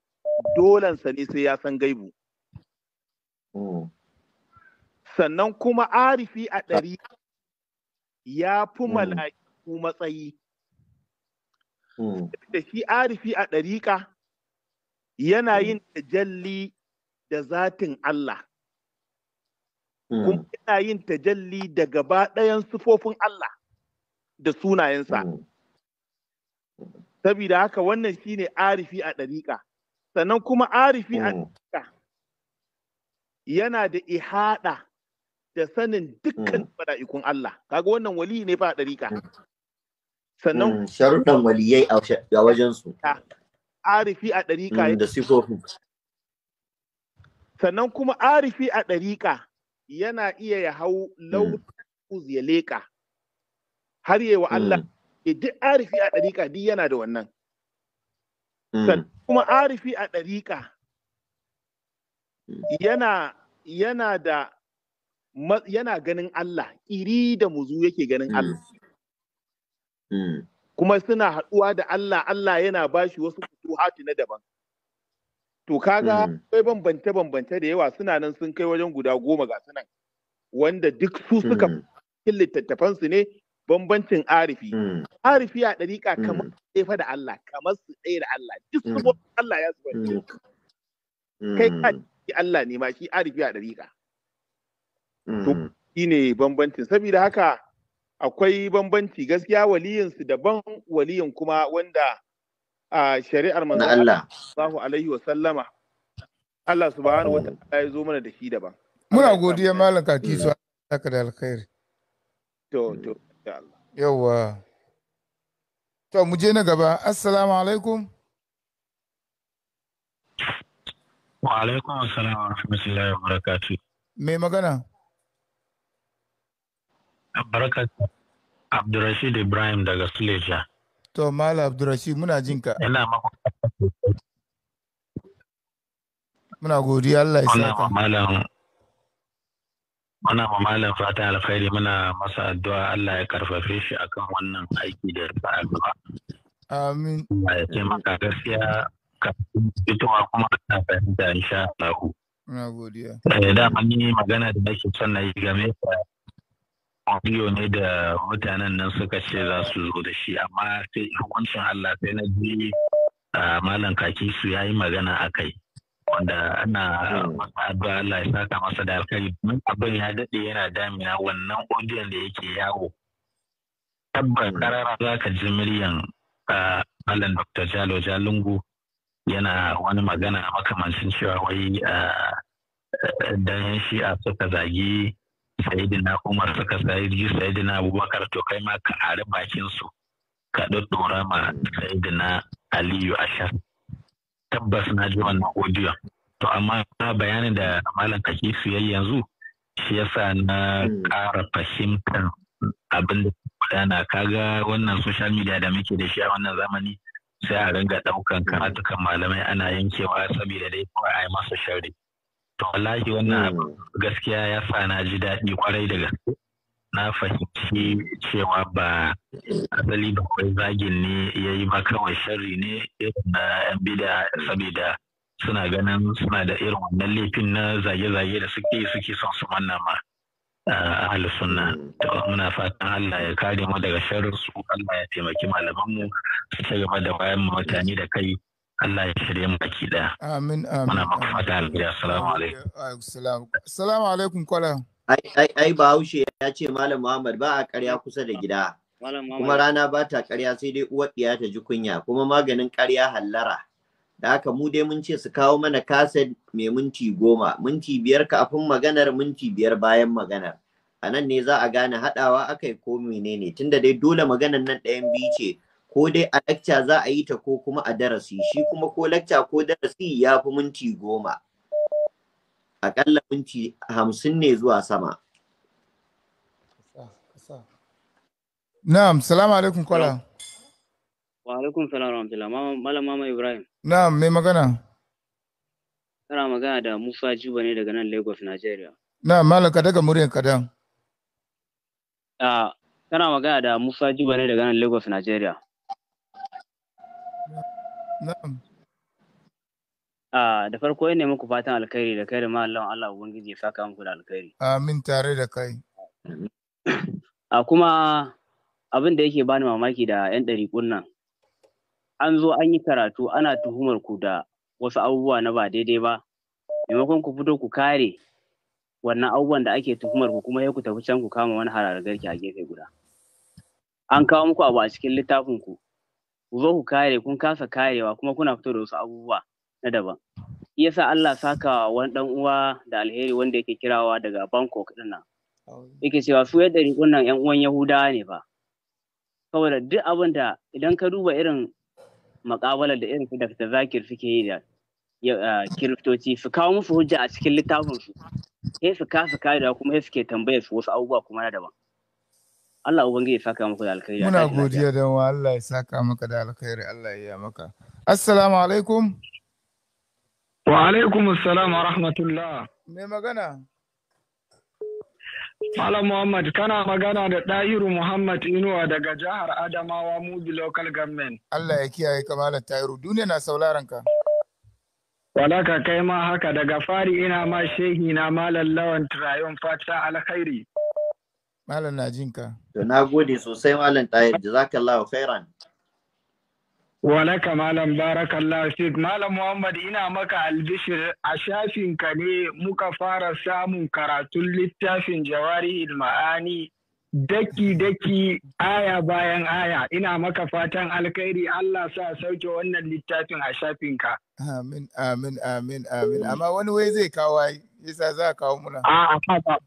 dolansa ne sai ya san gaibu mm. sannan kuma arifi a ɗariƙa ya fi mm. mala'iku matsayi da shi arifi a ɗariƙa yana yin tajalli da zatin Allah kuma yana yin tajalli da gaba ɗayan sufofin Allah da sunayensa. Sabida haka wannan shine arifi a ɗariƙa. Sannan kuma arifi a ɗariƙa mm. yana da ihaɗa da sanin dukkan mm. mala'ikun Allah. Kaga wannan wali ne fa a ɗariƙa. Mm. Sannan sharuɗan waliyai a wajensu. Arifi a ɗariƙa. Da sifofin. Sannan kuma arifi a ɗariƙa yana iya ya hau launin ya leƙa har yi wa Allah Eh, duk arifi a ɗariƙa duk yana da wannan hmm. kuma arifi a ɗariƙa yana yana da yana ganin Allah iri da muzu yake ganin hmm. Allah hmm. kuma suna haɗuwa da Allah Allah yana ba shi wasu futuhati na daban to kaga akwai bambance bambance da yawa suna nan sun kai wajen guda goma ga sunan wanda duk su suka cikin littattafansu ne bambancin arifi hmm. arifi a ɗariƙa hmm. kamar su ɗaya da Allah kamar su ɗaya da Allah duk hmm. su Allah ya su kai ka Allah ne ma shi arifi a ɗariƙa to shi ne bambancin saboda haka akwai bambanci gaskiya waliyinsu daban waliyin kuma wanda a shari'ar manzo Allah sallallahu alaihi wa sallama Allah subhanahu wa ta'ala ya zo mana da shi daban muna godiya malam kaki su haka da alkhairi to to insha Allah Yawwa. to mu je na gaba assalamu alaikum wa alaikum assalam wa rahmatullahi wa barakatuh Me magana barakat Abdurrashid Ibrahim daga Suleja. To Mala Abdurrashid muna jin ka. Ina maka. Muna godiya Allah ya saka. Malam Muna ma malam fatan alkhairi muna masa addu'a Allah ya karfafe shi akan wannan aiki da ya addu'a. Amin. Ya maka gaskiya fitowa kuma ana fahimta sha Allah. Na godiya. Eh, dama ni magana da nake son na yi game da audio ne da mutanen nan suka ce za su zo da shi amma sai hukuncin Allah sai na ji ah, malam kaki su yayi magana akai kai. wanda ana hmm. addu'a Allah ya saka masa da alkhairi abin ya daɗe yana damina wannan odiyar da yake yawo tabbas karara hmm. za ka ji miliyan, Malam Dr. Jalo Jalungu yana wani magana makamancin cewa wai dan shi a suka zagi sayidina Umar suka zagi sayidina Abubakar to kai ma ka ari bakin su ka ɗora ma sayidina Aliyu Ashar. tabbas na ji wannan audio to amma bayanin da malam kakisu yayi yanzu shi yasa na kara hmm. fahimtar abin da gudana kaga wannan social media da muke da shi a wannan zamani sai a ringa ɗaukan hmm. karatukan malamai ana yankewa saboda dai kawai a yi masa shari to wallahi wannan hmm. gaskiya ya sa na ji daɗi kwarai da gaske na fahimci cewa ba asali ba wai zagin ne ya yi ba kawai sharri ne irin na yan bida saboda suna ganin suna da irin wannan laifin na zage-zage da suke suke son su manna ma ahalus suna, to muna fatan Allah ya kare mu daga sharrin su Allah ya taimaki malaman mu su ci gaba da bayan mu mutane da kai Allah ya shirye mu baki daya amin amin muna maka fatan alheri assalamu alaikum assalamu alaikum kwala ai bahaushe ya ce malam muhammad ba a karya kusa da gida kuma rana ba ta karya sai dai uwar ɗiya ta ji kunya kuma maganin karya hallara da haka mu dai mun ce su kawo mana kaset mai minti goma minti biyar kafin maganar minti biyar bayan maganar a nan ne za a gane haɗawa akai ko menene tunda dai dole maganar nan ɗayan biyu ce ko dai a lacca za a yi ta ko kuma a darasi shi kuma ko lacca ko darasi ya fi minti goma aƙalla minti hamsin ne zuwa sama. Na'am, salamu alaikum kwala. Wa alaikum salam rahmatullah, Malama mama Ibrahim. Na'am, mai magana? Kana magana da Musa Juba ne daga nan Lagos, Nigeria. Na'am, malam ka daga muryar kadan. Kana ah, magana da Musa Juba ne daga nan Lagos, Nigeria. Na'am. da farko ne muku fatan alkhairi da kai da mallam Allah ubangiji ya saka muku da alkhairi amin tare da kai a kuma abin da yake bani mamaki da yan ɗari nan an zo an yi karatu ana tuhumar ku da wasu abubuwa na ba daidai ba maimakon ku fito ku kare wannan abubuwan da ake tuhumar ku kuma ya ku tafi can ku kama wani hararar ki a gefe guda an kawo muku abu a cikin littafin ku ku zo ku kare kun kasa karewa kuma kuna fito da wasu abubuwa na daban shi yasa Allah saka wani dan uwa da alheri wanda yake kirawa daga Bangkok din nan yake cewa su yadda rikon nan yan uwan Yahudawa ne ba saboda duk abin da idan ka duba irin makabalar da irin da ta zakir suke yi da kiristoci su kawo musu hujja a cikin littafin su sai su kasa da kuma sai suke tambayar su wasu abubuwa kuma na daban Allah ubangiji ya saka muku da alkhairi muna godiya da Allah ya saka maka da alkhairi Allah ya yi maka assalamu alaikum Wa alaikum assalam wa rahmatullah. Me magana? Malam Muhammad kana magana da Ɗahiru Muhammad Inuwa daga jihar Adamawa Mubi Local Government. Allah ya kiyaye ka Malam Tahiru, duniya na sauraron ka. Walaka kai ma haka daga fari ina ma shehi na Malam Lawan Trayon fata alkhairi. Malam na jinka. To na gode sosai Malam Tahiru, jazakallahu khairan. Walaka Malam Barakallah Sheikh Malam Muhammad ina maka albishir a shafin ka ne muka fara samun karatun littafin jawari ma'ani daki-daki aya bayan aya ina maka fatan alkhairi Allah sa sauke wannan littafin a shafinka. Amin, amin, amin, amin. Amma wani wai zai kawo yasa za a kawo muna a haba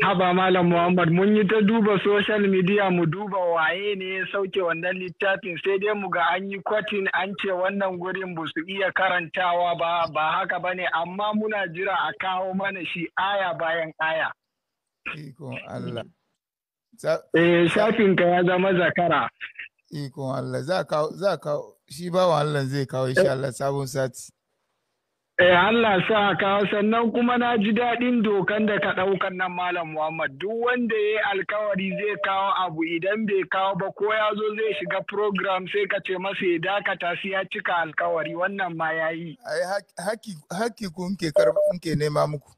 haba malam muhammad mun yi ta duba social media mu duba waye ne ya sauke wannan littafin sai dai mu ga an yi kwatin an ce wannan gurin ba su iya karantawa ba ba haka ne, amma muna jira a kawo mana shi aya bayan aya ikon Allah eh shafin ka ya zama zakara ikon Allah za kawo kawo shi bawan Allah zai kawo insha Allah sabon sati Eh Allah sa ka sannan kuma na ji daɗin dokan da ka ɗaukan nan Malam Muhammad duk wanda ya yi alkawari zai kawo abu idan bai kawo ba ko ya zo zai shiga program sai ka ce masa ya dakata sai ya cika alkawari wannan ma ya yi. Ai haki ku nke nema muku.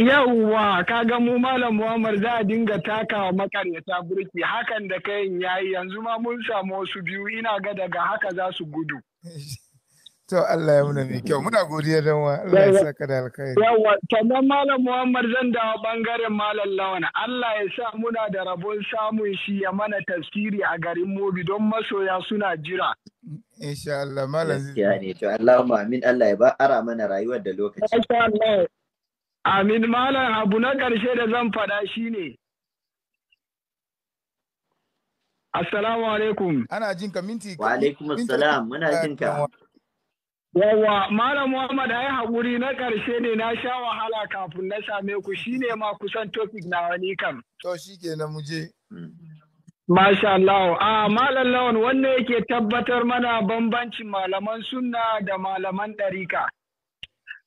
Yawwa kaga mu Malam Muhammad za a dinga takawa makaryata burki hakan da kayan yi, yanzu ma mun samu wasu biyu ina ga daga haka za su gudu. To Allah ya muna mai kyau. Muna godiya don wa Allah ya saka da alkhairi. Yawwa, sannan Malam Muhammad zan dawo bangaren Malam Lawan. Allah ya sa muna da rabon samun shi ya mana tafsiri a garin Mobi don masoya suna jira. Insha Allah Malam zai. Gaskiya ne, to Allahumma amin Allah ya ba ara mana rayuwar da lokaci. Insha Allah. Amin Malam abu na ƙarshe da zan faɗa shine. Assalamu alaikum. Ana jinka minti. Wa alaikum assalam, muna jinka. Yawwa, Malam Muhammad ai haƙuri na ƙarshe ne na sha wahala kafin na same ku shine ma kusan topic na wani kam. To shi ke na muje. Masha Allah. A ah, Malam Lawan wannan yake tabbatar mana bambancin malaman sunna da malaman ɗarika.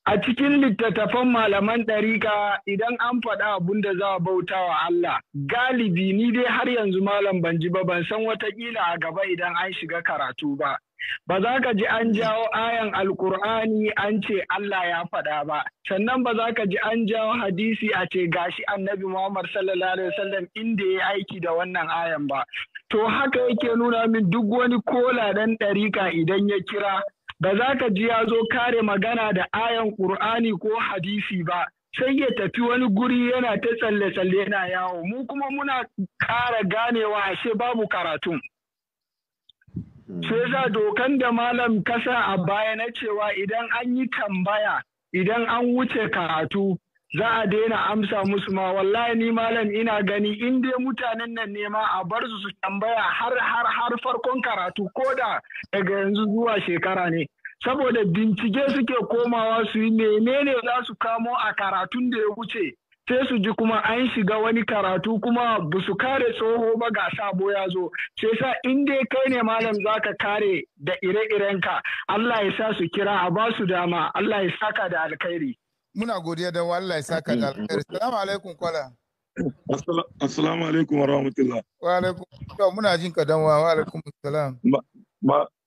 A cikin littattafan malaman ɗarika idan an faɗa abin da za a bauta wa Allah, galibi ni dai har yanzu malam ban ji ba ban san watakila a gaba idan an shiga karatu ba. ba za ka ji an jawo ayan alkur'ani an ce Allah ya faɗa ba sannan ba za ka ji an jawo hadisi a ce gashi annabi Muhammad sallallahu alaihi wasallam inda ya aiki da wannan ayan ba to haka yake nuna min duk wani kola dan ɗarika idan ya kira ba za ka ji ya zo kare magana da ayan Qur'ani ko hadisi ba sai ya tafi wani guri yana ta tsalle-tsalle yana yawo mu kuma muna ƙara ganewa ashe babu karatun. Mm. sai yasa dokan da malam kasa a baya na cewa idan an yi tambaya idan an wuce karatu za a daina amsa musu ma wallahi ni malam ina gani in dai mutanen nan nema a bar su su tambaya har har har farkon karatu ko da daga yanzu zuwa shekara ne saboda bincike suke komawa su yi menene za su kamo a karatun da ya wuce sai su ji kuma an shiga wani karatu kuma ba su kare tsoho ba ga sabo ya zo sai sa in dai kai ne malam zaka kare da ire-irenka Allah ya sa su kira a ba su dama Allah ya saka da alkhairi muna godiya da Allah ya saka da alkhairi assalamu alaikum kwala assalamu alaikum wa rahmatullah wa alaikum muna jin ka dan wa alaikum assalam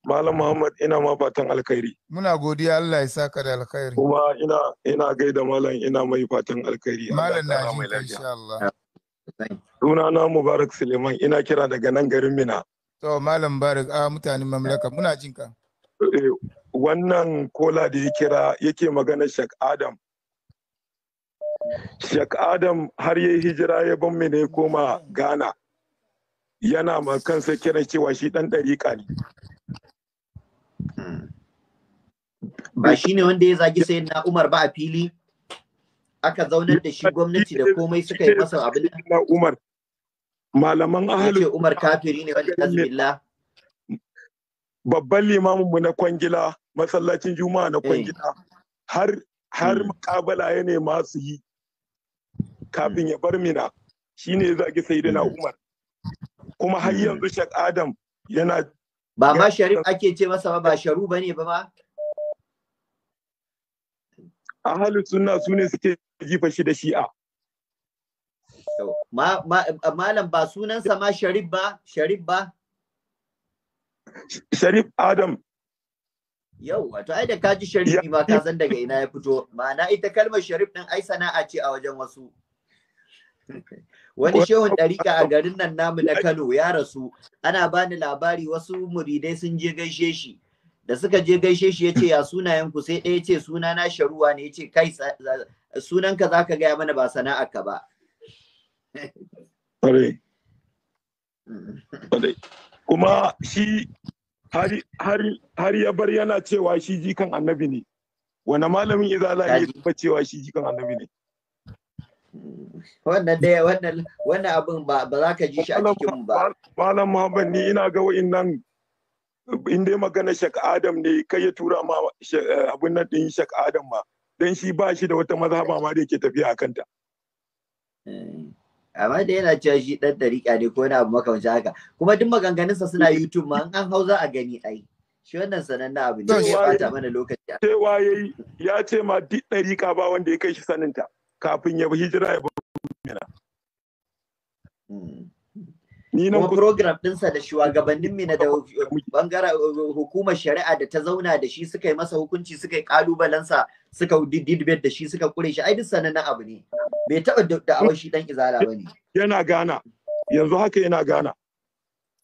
Malam Muhammad ina ma fatan alkhairi. Muna godiya Allah ya saka da alkhairi. Kuma ina ina gaida malam ina mai fatan alkhairi. Malam na ji insha Allah. Suna na Mubarak Suleiman ina kira daga nan garin Mina. To malam Mubarak a mutanen mamlaka muna jin ka. Eh, wannan kola da ya kira yake magana Shek Adam. Shek Adam har ya hijira ya mu ne koma Ghana. Yana ma kansa kiran cewa shi dan dariƙa ne. Hmm. ba shi ne wanda ya zagi sai na Umar ba a fili aka zaunar da shi gwamnati da komai suka yi masa abin da Umar malaman ahalu Umar kafiri ne wanda azbillah babban limamin mu na kwangila masallacin juma'a na eh. kwangila har har hmm. mukabala ya nema masu yi kafin hmm. ya bar mina shine ya zagi na Umar kuma har yanzu Sheikh Adam yana ba ma sharif ake ce masa ba ba sharu bane ba ma ahalu sunna su ne suke jifa shi da shi'a malam ba sunansa ma sharif ba sharif ba sharif adam yau wato ai da kaji sharifi ma ka san daga ina ya fito ma'ana ita kalmar sharif din ai sana'a ce a wajen wasu wani shehun ɗarika a garin nan namu na Kano ya rasu ana bani labari wasu muridai sun je gaishe shi da suka je gaishe shi yace ya sunayen ku sai ɗaya ce suna na sharuwa ne yace kai sunanka zaka gaya mana ba ka ba kuma shi har ya bar yana cewa shi jikan annabi ne wani malamin Allah ya zaba cewa shi jikan annabi ne wannan dai wannan wannan abin ba ba za ka ji shi a cikin ba malam Muhammad ni ina ga wa'annan in dai magana shak Adam ne kai ya tura ma eh, abin nan din shak Adam ma dan shi ba shi da wata mazhaba ma da yake tafiya akan ta eh, amma dai yana cewa shi dan dariƙa ne ko wani abu makamancin haka kuma duk maganganunsa suna YouTube ma an hau za a gani ai shi wannan sanannen abu ne ya bata mana lokaci cewa yayi ya ce ma duk dariƙa ba wanda ya kai shi saninta kafin ya bi hijira ya bar mina ni nan kuma program ɗinsa da shugabannin mina da bangaren uh, uh, hukumar shari'a da ta zauna da shi suka yi masa hukunci suka yi kalubalensa suka didbet da shi suka kure shi ai duk sanannen abu ne bai taɓa da awar shi dan izala ba ne yana gana yanzu haka yana gana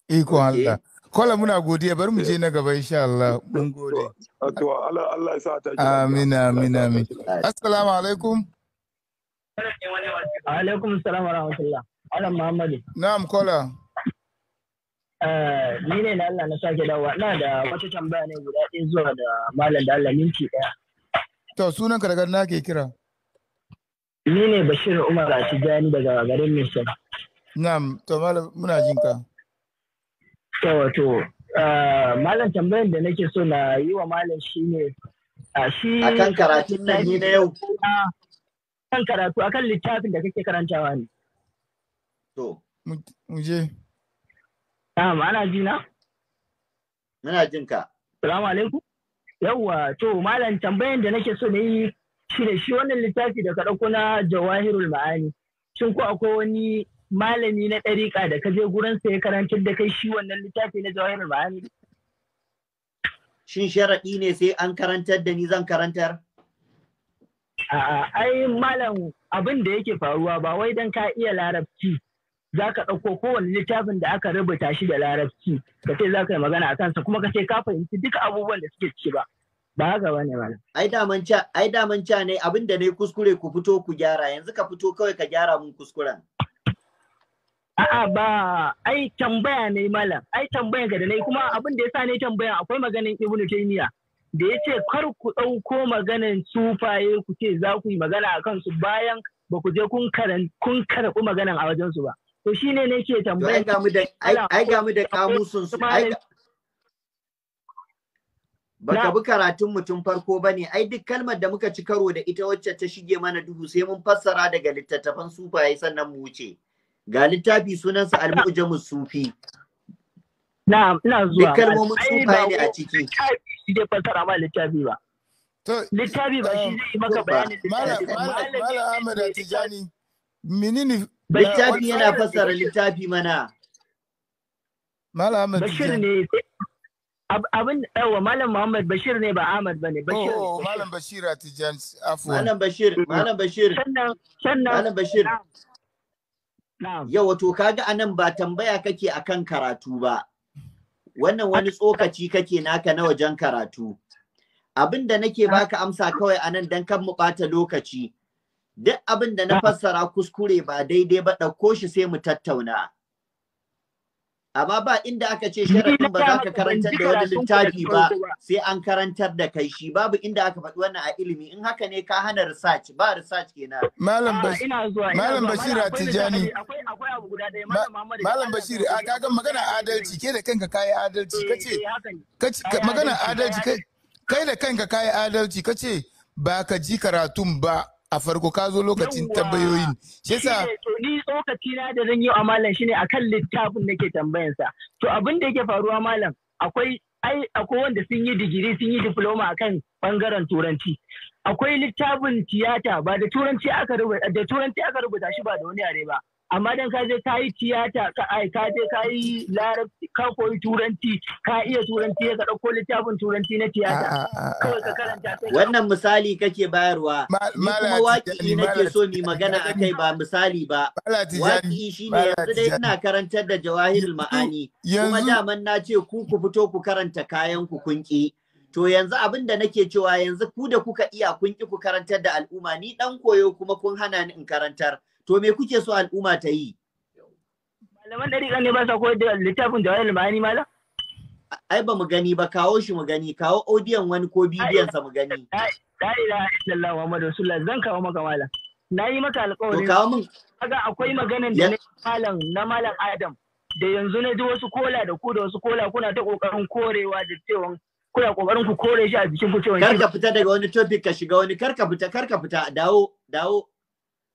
iko Allah Kola muna godiya bari mu je na gaba insha Allah mun gode. Allah Allah ya sa ta Amin amin amin. Assalamu alaikum. Alaikum salam wa rahmatullah. Alam Muhammadu. Na'am kola. Eh, ni ne na Allah na sake dawowa. Ina da wata tambaya ne guda ɗaya zuwa da malam da Allah minti ɗaya. To sunan ka daga na ke kira. Ni ne Bashir Umar a Tijjani daga garin Nisan. Na'am, to malam muna jin ka. To wato eh, malam tambayar da nake so na yi wa malam shine a shi akan karatun nan ne na yau. kan karatu akan littafin da kake karantawa ne. To. Muje. Na'am, ana ji na? Muna jin ka. Salamu alaikum. Yawwa, to malam tambayan da nake so na yi shi da shi wannan littafi da ka ɗauko na Jawahirul Ma'ani. Shin ko akwai wani malami na ɗariƙa da ka je gurinsa ya karantar da kai shi wannan littafi na Jawahirul Ma'ani? Shin sharaɗi ne sai an karantar da ni zan karantar? ai malam abin da yake faruwa ba wai dan ka iya larabci za ka ɗauko kowane littafin da aka rubuta shi da larabci ka ce za ka yi magana a kansa kuma ka ce ka fahimci duka abubuwan da suke ciki ba ba haka ba ne malam. ai daman ca ai daman ca ne abin da ne kuskure ku fito ku gyara yanzu ka fito kawai ka gyara mun kuskuren. A'a ba ai tambaya ne malam ai tambayan ka da nayi kuma abin da yasa ne tambayan akwai maganin Ibn Taymiyyah da ya ce kar ku ɗauko maganan sufaye ku ce za ku yi magana a kansu bayan ba ku je kun karɓi maganan a wajensu ba. To shi ne ke tambaya. Ai gamu da kamusun su Ba ka bi karatun mutum farko ba ne, ai duk kalmar da muka ci karo da ita wacce ta shige mana duhu sai mun fassara daga littattafan sufaye sannan mu wuce. Ga littafi sunansa al Sufi. Na'am, ina zuwa. Duk kalmomin sufaye ne a ciki. shi zai fassara ma littafi ba. Littafi ba shi zai yi maka bayanin littafi. Mala Ahmad Tijani, menene littafi yana fassara littafi mana. Mala Ahmed Bashir ne abin yawa Malam Muhammad Bashir ne ba Ahmad ba ne. Oh, oh Malam Bashir Tijani, afuwa. Malam Bashir, Malam Bashir. sannan. Malam Bashir. Yau wato kaga anan ba tambaya kake akan karatu ba. wannan wani tsokaci kake naka na wajen karatu abin da nake baka amsa kawai a nan don kan mu ɓata lokaci duk abin da na fassara kuskure ba daidai ba ɗauko shi sai mu tattauna amma ba inda aka ce sharadin ba za ka karantar da wani littafi ba sai an karantar da kai shi babu inda aka faɗi wannan a ilimi in haka ne ka hana research ba research kenan malam ah, bashir malam bashir tijani malam bashir a kaga magana adalci ke da kanka kai adalci kace eh, magana adalci kai da kanka kai adalci kace ba ka ji karatun ba a farko ka zo lokacin tambayoyin shi yasa to ni tsokaci na da zan yi a malam shine akan littafin nake tambayansa to abin da yake faruwa malam akwai ai akwai wanda sun yi digiri sun yi diploma akan bangaren turanci akwai littafin tiyata ba da turanci aka rubuta shi ba da wani yare ba amma dan ka je ka yi tiyata ka ai ka je ka yi ka koyi turanci ka iya turanci ka dauko littafin turanci na tiyata wannan misali kake bayarwa ni kuma waki nake so mi magana akai ba misali ba waki shine yanzu dai ina karantar da jawahirul ma'ani kuma daman na ce ku ku fito ku karanta kayan ku kunki To yanzu abin da nake cewa yanzu ku da kuka iya kunki ku karantar da al'umma ni dan koyo kuma kun hana ni in karantar. to me kuke so al'umma ta yi malaman dariƙa ne ba sa koyar da littafin wani ma'ani mala? ai ba mu gani ba kawo shi mu gani kawo odiyon wani ko bidiyon sa mu gani la ilaha illallah muhammadu rasulullah zan kawo maka mala. na yi maka alƙawarin kawo min kaga akwai maganan da malam na malam adam da yanzu na ji wasu kola da ku da wasu kola kuna ta kokarin korewa da cewa kuna kokarin ku kore shi a jikin ku cewa kar ka fita daga wani topic ka shiga wani kar ka fita kar ka fita dawo dawo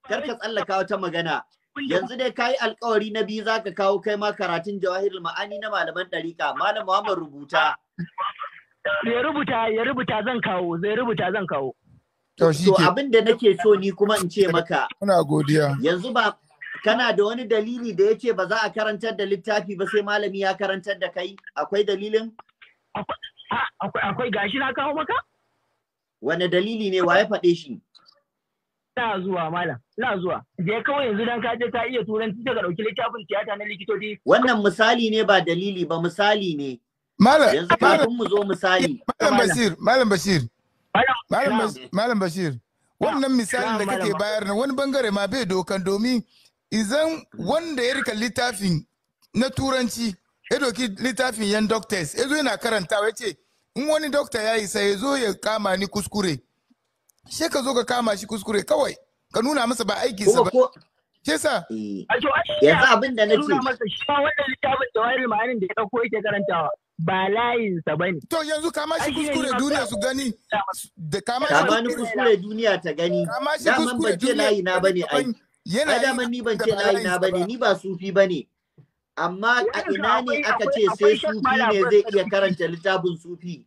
kar ka tsallaka wata magana yanzu dai kayi alkawari na biyu zaka kawo kai ma karatun jawahirul ma'ani na malaman dariƙa malam Muhammad rubuta ya rubuta ya rubuta zan kawo zai rubuta zan kawo to abin da nake so ni kuma in ce maka ina godiya yanzu ba kana da wani dalili da yace ba za a karantar da littafi ba sai malami ya karantar da kai akwai dalilin akwai gashi na kawo maka wani dalili ne wa ya faɗe shi na zuwa mala, na zuwa je kawai yanzu dan ka je ka iya turanci ka dauki littafin tiyata na likitoci wannan misali ne ba dalili ba misali ne malam yanzu kafin mu zo misali malam basir malam basir malam basir wannan misalin da kake bayar na wani bangare ma bai dokan domin izan wanda ya rika littafin na turanci ya doki littafin yan doctors ya zo yana karantawa ya ce in wani dokta ya isa ya zo ya kama ni kuskure she ka zo ka kama shi kuskure kawai ka nuna masa ba aiki sa ba ke sa eh. ya yanzu abin da nake nuna masa shi wanda ya littafin da wayar ma'anin da ya dauko yake karantawa ba layin sa bane to yanzu kama shi kuskure duniya su gani da kama shi kuskure duniya ta gani kama shi kuskure duniya layi na bane ai yana da man ni ban ce layi na bane ni ba sufi bane amma a ina ne aka ce sai sufi ne zai iya karanta littafin sufi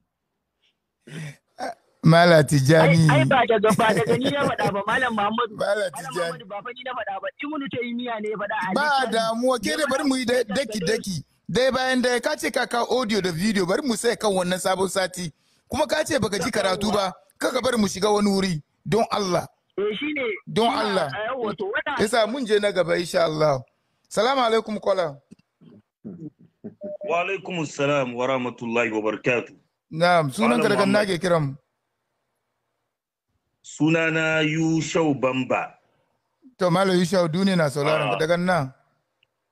Mala Tijani. Ai ba da gaba da gani na faɗa ba Malam Muhammadu. Mala Tijani. ba fa na faɗa ba Ibnu miya ne faɗa. Ba damuwa ke da bari mu yi daki daki. Dai bayan da ka ce ka kawo audio da video bari mu sai kan wannan sabon sati. Kuma ka ce baka ji karatu ba kaka bari mu shiga wani wuri don Allah. Eh shine. Don Allah. Eh, Yasa mun je na gaba insha Allah. Salamu alaikum kola. Wa alaikum salam wa rahmatullahi wa barakatuh. Na'am ka daga nake kiran mu. sunana yushau bamba to malam yushau duniya na sauraron ka ah. daga nan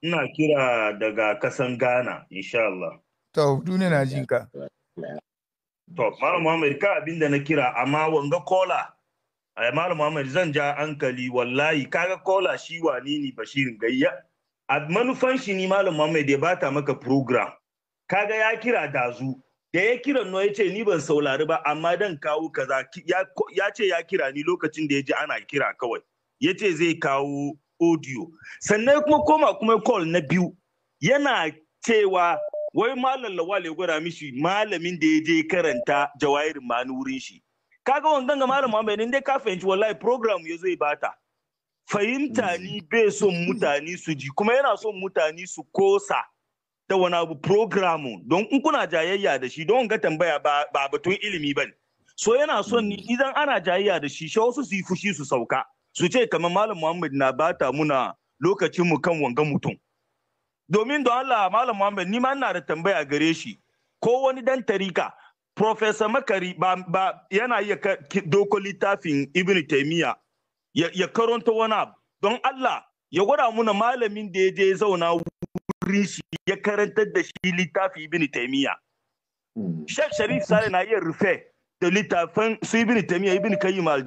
ina kira daga kasan ghana insha Allah to duniya na jin ka to malam muhammad ka abinda na kira amma wanga kola ai eh, malam muhammad zan ja hankali wallahi kaga kola shi wani ne bashirin gayya a manufan shi ni malam muhammad ya bata maka program kaga ya kira dazu da ya kira no ya ce ni ban saurari ba amma dan kawo kaza ya ce ya kira ni lokacin da ya ji ana kira kawai ya ce zai kawo audio sannan kuma koma kuma call na biyu yana cewa wai malam lawal ya gwada mishi malamin da ya je karanta jawairin ma wurin shi kaga wangan ga malam Muhammad in dai ka fahimci wallahi program ya zai bata fahimta ni bai son mutane su ji kuma yana son mutane su kosa da wani abu programu don in kuna jayayya da shi don ga tambaya ba batun ilimi ba so yana son ni idan ana jayayya da shi shi wasu su yi fushi su sauka su ce kamar malam muhammad na bata muna lokacin mu kan wanga mutum domin don allah malam muhammad ni ma ina da tambaya gare shi ko wani dan tarika Profesa Makari ba, yana iya doko littafin Ibn Taimiyya ya, ya karanta wani abu don Allah ya gwada muna malamin da ya je zauna prince ya karantar da shi littafi ibn taimiyya hmm. Sheikh Sharif Sale na iya rufe da littafin su ibn taimiyya ibn kayyim al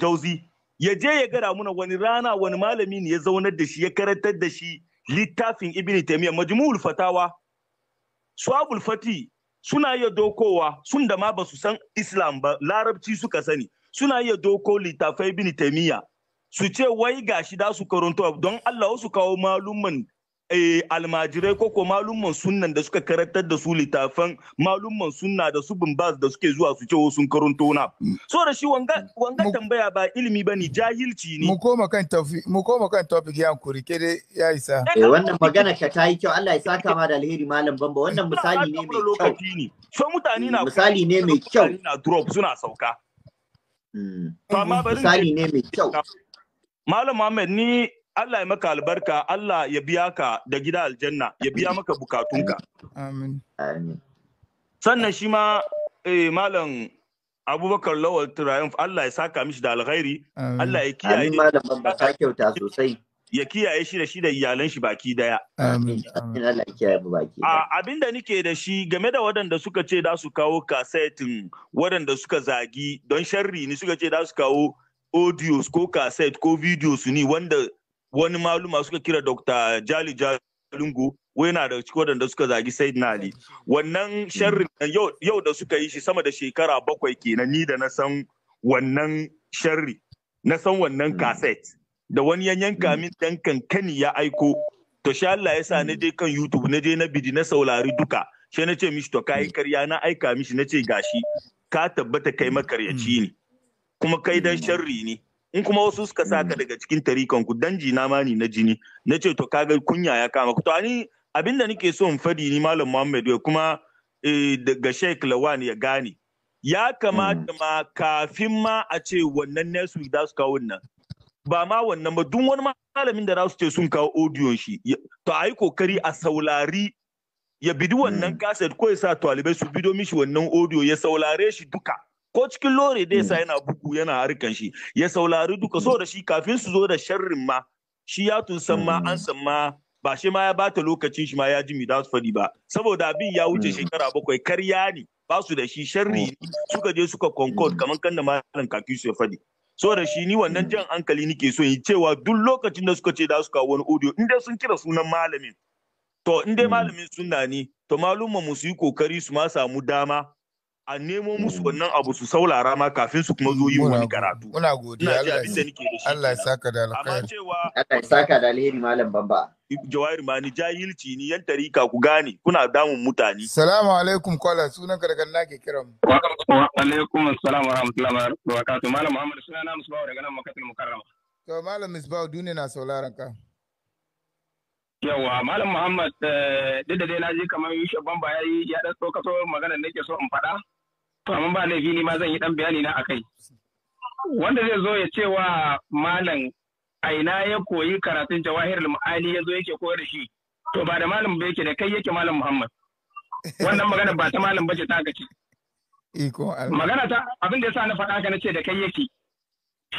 ya je ya gara muna wani rana wani malami ne ya zaunar da shi ya karantar da shi littafin ibn taimiyya majmu'ul fatawa suabul fati suna iya dokowa sun da ma ba su san islam ba larabci suka sani suna iya doko littafai ibn taimiyya su ce wai gashi da su karanto don Allah su kawo malumman Eh, almajirai ko ko malumman sunnan da suka karantar da su littafan malumman sunna da su bimbas da suke zuwa su cewa sun karanto na so da shi wanga tambaya ba ilimi ba ni jahilci ne mu koma kan topic ya kuri ke dai ya isa eh, wannan magana ka ta yi kyau Allah ya sa ma da alheri malam bamba wannan misali ne mai kyau so mutane na misali ne mai kyau na drop suna sauka hmm. misali ne mai kyau malam Muhammad ni Allah ya maka albarka Allah ya biya ka da gida aljanna ya biya maka bukatunka amin sannan shi ma eh, malam abubakar lawal triumph Allah ya saka mishi da alkhairi Allah ya kiyaye amin malam ba ta kyauta sosai ya kiyaye shi da shi da iyalan shi baki daya amin Allah ya kiyaye mu baki daya abinda nike da shi game da waɗanda suka ce da su kawo kasetin waɗanda suka zagi don sharri ne suka ce da su kawo audios ko kaset ko videos ni wanda wani maluma suka kira Dr. Jali wai yana da cikin waɗanda suka zagi Said Ali. Wannan sharrin yau da suka yi shi sama da shekara bakwai kenan ni da na san wannan sharri, na san wannan kaset. Mm. Da wani ya yanka dan mm. kankani ya aiko, to sha Allah ya sa na mm. je kan YouTube na je na bidi na saurari duka. shi na ce mishi to kai karya na aika mishi na ce gashi ka tabbata kai makaryaci ne. Kuma kai dan sharri ne. in kuma wasu suka saka ka mm. daga cikin tarikan ku danji na mani na jini na ce to kaga kunya ya kama ku to ani abin da nake so in fadi ni malam Muhammad ya kuma eh, daga Sheikh Lawan ya gane ya kamata mm. ma kafin ma a ce wannan next week da su kawo nan ba ma wannan ba duk wani malamin da za su ce sun kawo audio shi to ayi kokari a saulari ya bidi wannan kaset mm. ko ya sa talibai su bido mishi wannan audio ya saulare shi duka ko cikin lore dai sa hmm. yana bugu yana harkan shi ya saurari duka so da shi kafin su zo da sharrin ma shi ya tun san ma hmm. an san ma ba shi ma ya bata lokacin shi ma ya ji da fadi ba saboda abin ya wuce hmm. shekara bakwai karya ne ba su da shi sharri suka je suka concord kamar kan da malam kafin su ya fadi so da shi ni wannan jan hankali nake so yi cewa duk lokacin da suka ce da su wani audio in sun kira sunan malamin to in malamin suna ne to malumma mu su yi kokari su ma samu dama a nemo musu wannan abu su saurara ma kafin su kuma zo yi wani karatu. Muna godiya Allah ya shi. Allah saka da alkhairi. Allah ya saka da alheri malam bamba. Jawahir ma ni jahilci ni yan tarika ku gane kuna damun mutane. Salamu alaikum kwala sunan ka daga nake kiran mu. Wa alaikum assalam wa rahmatullahi wa barakatuh. Malam Muhammad sunana Musbahu daga nan Makkatul Mukarrama. To malam Musbahu duniya na sauraron ka. Yawa, Malam Muhammad, eh, duk da dai na ji kamar Yusuf Bamba ya yi ya ɗan tsokato maganar nake ke so in faɗa. to amma ba laifi ni ma zan yi dan bayani na akai wanda zai zo ya ce wa malam aina ya koyi karatun jawahirul ma'ani ya zo yake koyar shi to ba da malam ba yake da kai yake malam muhammad wannan magana ba ta malam ba ce ta gaci iko magana ta abin da yasa na faɗa ka nace da kai yake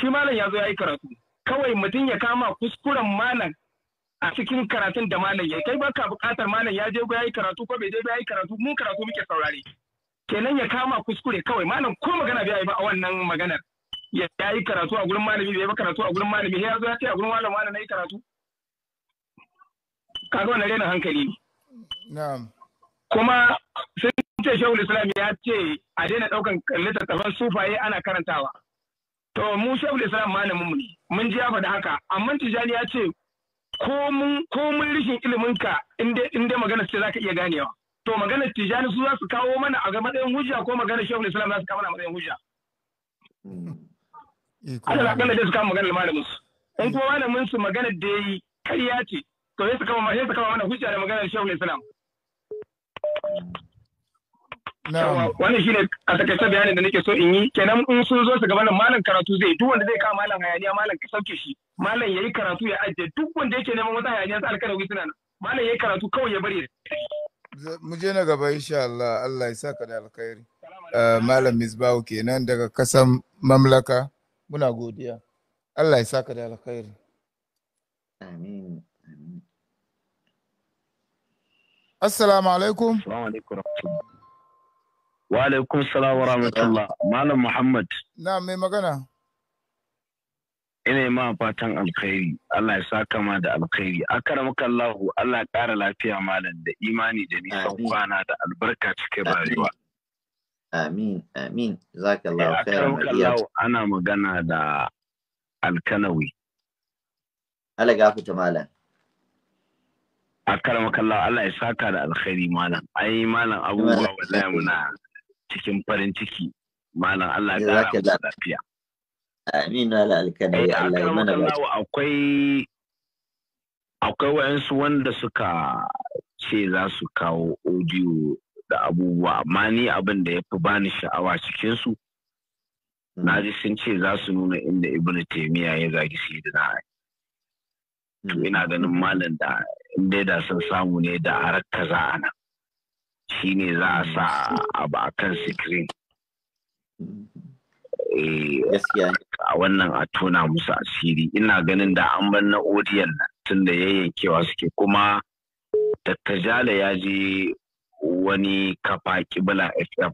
shi malam ya zo ya yi karatu kawai mutum ya kama kuskuren malam a cikin karatun da malam ya kai baka bukatar malam ya je ya yi karatu ko bai je ya yi karatu mun karatu muke saurare kenan ya kama kuskure kawai malam ko magana bai yi ba a wannan maganar ya yi karatu a gurin malami bai ba karatu a gurin malami ya zo ya ce a gurin malam malam yi karatu Ka ga wannan rena hankali ne na'am kuma sun ce shehu islam ya ce a daina daukan littattafan sufaye ana karantawa to mu shehu islam malamin mu ne mun ji ya faɗi haka amma tijani ya ce ko mun rishin ilimin ka inda inda magana ce zaka iya ganewa to magana tijani su za su kawo mana a matsayin hujja ko magana shehu islam za su kawo mana a matsayin hujja ana da kalla dai su kawo magana malamin su in kuma eh. malamin su magana da ya yi karya ce to sai su kawo mana hujja da maganar shehu islam wannan shine a takaice bayanin da nake so in yi kenan in sun zo su gabanin malam karatu zai duk wanda zai kawo malam hayaniya malam ka sauke shi malam yayi karatu ya ajiye duk wanda yake neman wata hayaniya sai alkarawi suna nan malam yayi karatu kawai ya bari mu je na gaba insha Allah Allah ya saka da alkhairi eh, malam Misbahu kenan daga kasan mamlaka muna godiya Allah ya saka da alkhairi amin Assalamu alaikum. Wa alaikum salam wa rahmatullah. Malam Muhammad. Na mai magana. ina ma fatan alkhairi Allah ya saka ma da alkhairi akaramaka Allah Allah ya kara lafiya malam da imani da nisan kwana da albarka cikin rayuwa amin amin zaka Allah eh, khairan Allah ana magana da alkanawi Allah fita malam akaramaka Allah Allah ya saka da alkhairi malam ai malam abubuwa wallahi muna cikin farin ciki malam Allah ya kara lafiya Aminu ala alkanawi eh, Allah ya mana ba Akwai akwai wayansu wanda suka ce za su kawo audio da abubuwa amma ni abin da ya fi bani sha'awa cikin su hmm. na ji sun ce za su nuna inda ibn taimiya ya zagi sayyidina to hmm. ina ganin malam da inda da sun samu ne da har kaza a nan ne za a sa hmm. abu a kan sikirin Eh, a wannan a tona musu asiri ina ganin da an bar na odiyan nan tun da yayyankewa suke kuma Dr. ya je wani kafa kibla FM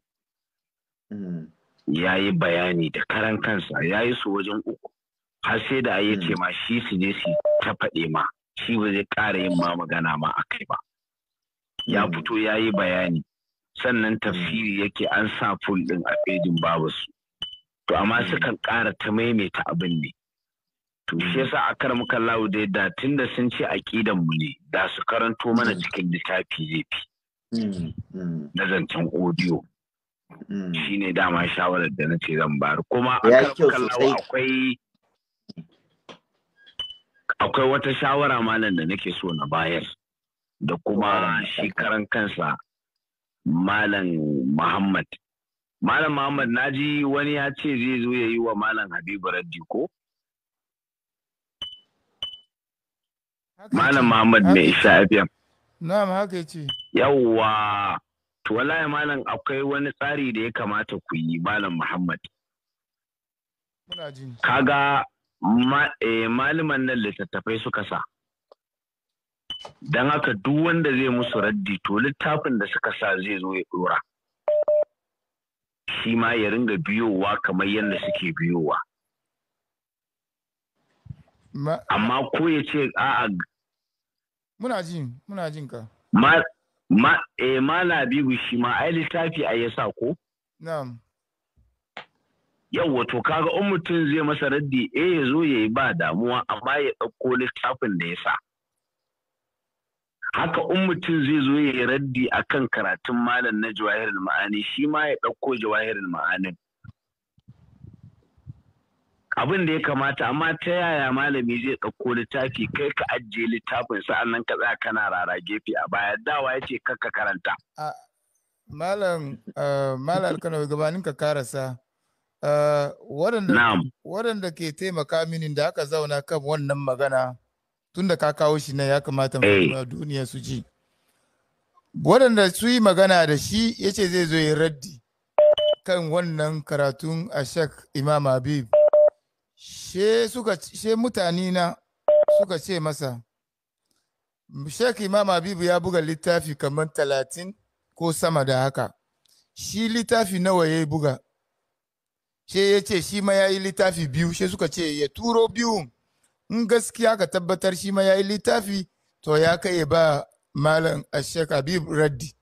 hmm. ya yi bayani da karan kansa ya yi su wajen uku har sai da ayi ce hmm. ma shi su je su ta faɗe ma shi ba zai ƙara yin ma magana ma a kai ba ya hmm. fito ya yi bayani sannan tafsiri yake an sa ful ɗin a fejin babu su to amma hmm. sukan ƙara ta maimaita abin ne to shi hmm. yasa a kar muka dai da tunda sun ce aƙidan mu ne da su karanto mana hmm. cikin littafi zai fi na zancen audio ne dama shawarar da na ce zan bayar kuma a kar muka akwai akwai wata shawara malam da nake so na bayar da kuma shi karan kansa malam Muhammad Malam Muhammad naji wani ya ce zai zo ya yi wa Malam Habibu raddi ko? Malam Muhammad mai isa FM. Na'am haka ce. Yawwa. To wallahi malam akwai wani tsari da ya kamata ku yi malam Muhammad. Kaga malaman eh, nan littattafai suka sa. Don haka duk wanda zai musu raddi to littafin da suka sa zai zo ya dora. shi ma ya ringa biyowa kamar yadda suke biyowa. Amma ko ya ce a'a. Muna jin, muna jin ka. Ma, ma, eh, ma labibu shi ma ai littafi a yasa ko? Na'am. Yawwa to kaga in mutum zai masa raddi eh ya zo ya yi ba damuwa amma ya ɗauko littafin da ya sa. haka in mutum zai zo ya raddi akan karatun malam na jawahirin ma'ani shi ma ya ɗauko jawahirin ma'anin abin da ya kamata amma ta yaya malami zai ɗauko littafi kai ka ajiye littafin sa'annan ka tsaya kana rara gefe a baya dawa ya ce ka karanta malam malam alkanawa gabanin ka karasa waɗanda ke taimaka mini da aka zauna kan wannan magana tun da ka kawo shi nan ya kamata eh. duniya su ji waɗanda su yi magana da shi ya ce zai zo ya raddi kan wannan karatun a shek imam habib she, she suka ce masa shek imam habib ya buga littafi kamar talatin ko sama da haka shi littafi nawa ya buga she ya ce shi ma ya yi littafi biyu she suka ce ya turo biyun in gaskiya ka tabbatar shi ma ya yi littafi to ya kai ba malam ashek habib raddi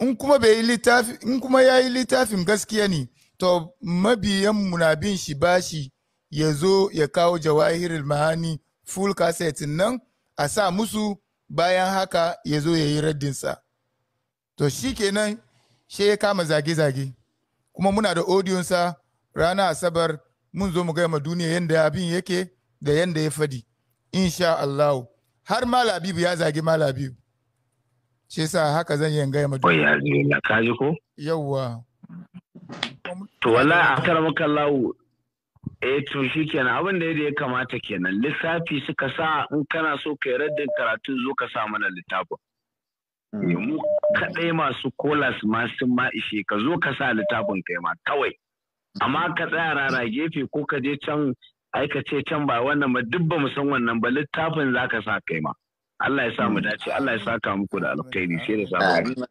in kuma bai yi littafi in kuma ya yi littafin gaskiya ne to mabiyan muna bin shi bashi ya zo ya kawo jawahirul mahani full cassette nan a sa musu bayan haka ya zo ya yi raddinsa to shi kenan shi ya kama zage-zage kuma muna da odiyonsa ranar asabar mun zo mu gaya ma duniya yadda abin yake da yanda ya fadi insha Allah har malabibu ya zagi malabibu shi sa haka zan yi gaya madu ya zai ka kaji ko yawwa to wala a tara maka lawo eh to shi kenan abin da ya kamata kenan lissafi suka sa in kana so kai raddin karatu zo ka sa mana littafin hmm. mu kaɗai masu kolas ma sun ma ishe ka zo ka sa littafin kai ma kawai amma ka tsaya rara gefe ko ka je can aikace can ba wannan ba duk ba mu san wannan ba littafin za ka sa kai ma Allah ya sa mu dace Allah ya saka muku da alkhairi sai da samu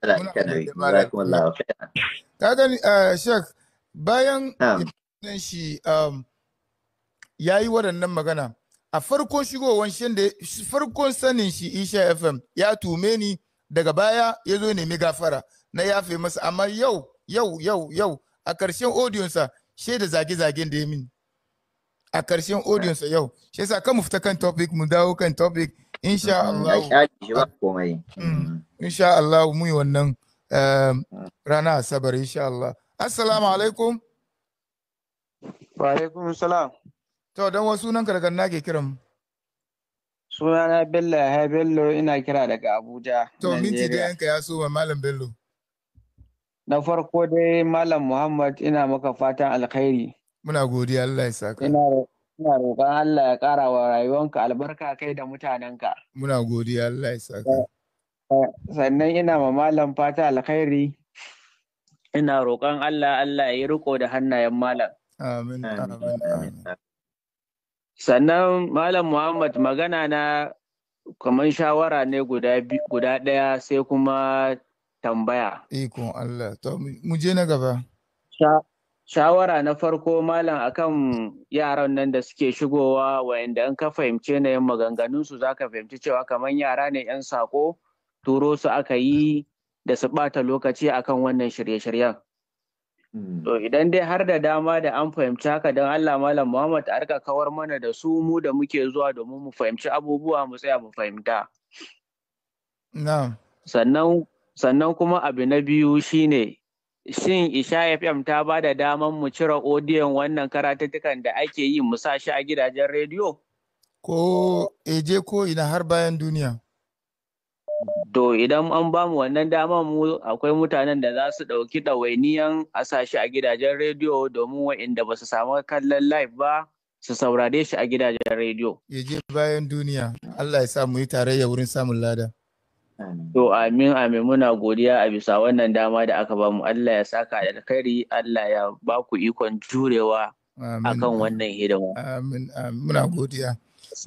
ka gani eh, shek bayan nan shi um, yi waɗannan magana a farkon shigowar shi da farkon sanin shi Isha FM ya tume ni daga baya ya zo nemi gafara na yafe masa amma yau yau yau yau a ƙarshen odiyonsa shaida zage-zagen da ya mini a ƙarshen audience yau shi yasa kan mu fita kan topic mu dawo kan topic insha mm, Allah ah, mm. Mm. insha Allah mu yi wannan eh, rana asabar insha Allah assalamu alaikum wa alaikum salam to dan wasu sunan karkar na ke kiran sunana Bello ya Bello ina kira daga Abuja to minti da yanka ya so malam Bello na farko dai malam Muhammad ina maka fatan alkhairi Muna godiya Allah ya saka. Ina roƙon Allah ya ƙara wa rayuwanka albarka kai da mutanenka. Muna godiya Allah ya saka. Eh, eh, sannan ina ma malam fata alkhairi. Ina roƙon Allah Allah ya yi riko da hannayen malam. Amin. Amin. Sannan Malam Muhammad magana na kamar shawara ne guda ɗaya sai kuma tambaya. Ikon Allah, to mu je na gaba. shawara na farko malam akan yaran nan da suke shigowa wayanda in ka fahimce na yin maganganun su zaka fahimci cewa kamar yara ne yan sako turo su aka yi da su bata lokaci akan wannan shirye-shiryen hmm. to idan dai har da dama da an fahimci haka don Allah malam Muhammad a rika kawar mana da su mu da muke zuwa domin mu fahimci abubuwa mu tsaya mu fahimta sannan sannan kuma abu na biyu shine shin Isha FM ta ba da daman mu cire odiyon wannan karatuttukan da ake yi mu a gidajen rediyo? Ko eje eh, ko ina har bayan duniya. To idan an ba mu wannan daman mu akwai mutanen da za su ɗauki ɗawainiyan a sa a gidajen rediyo domin wa'inda ba su samu kallon live ba su saurare shi a gidajen rediyo. Eje bayan duniya, Allah ya sa mu yi tarayya wurin samun lada. To amin amin muna godiya a bisa wannan dama da aka bamu Allah ya saka da alkhairi Allah ya ba ku ikon jurewa akan wannan hidima. Amin amin muna godiya.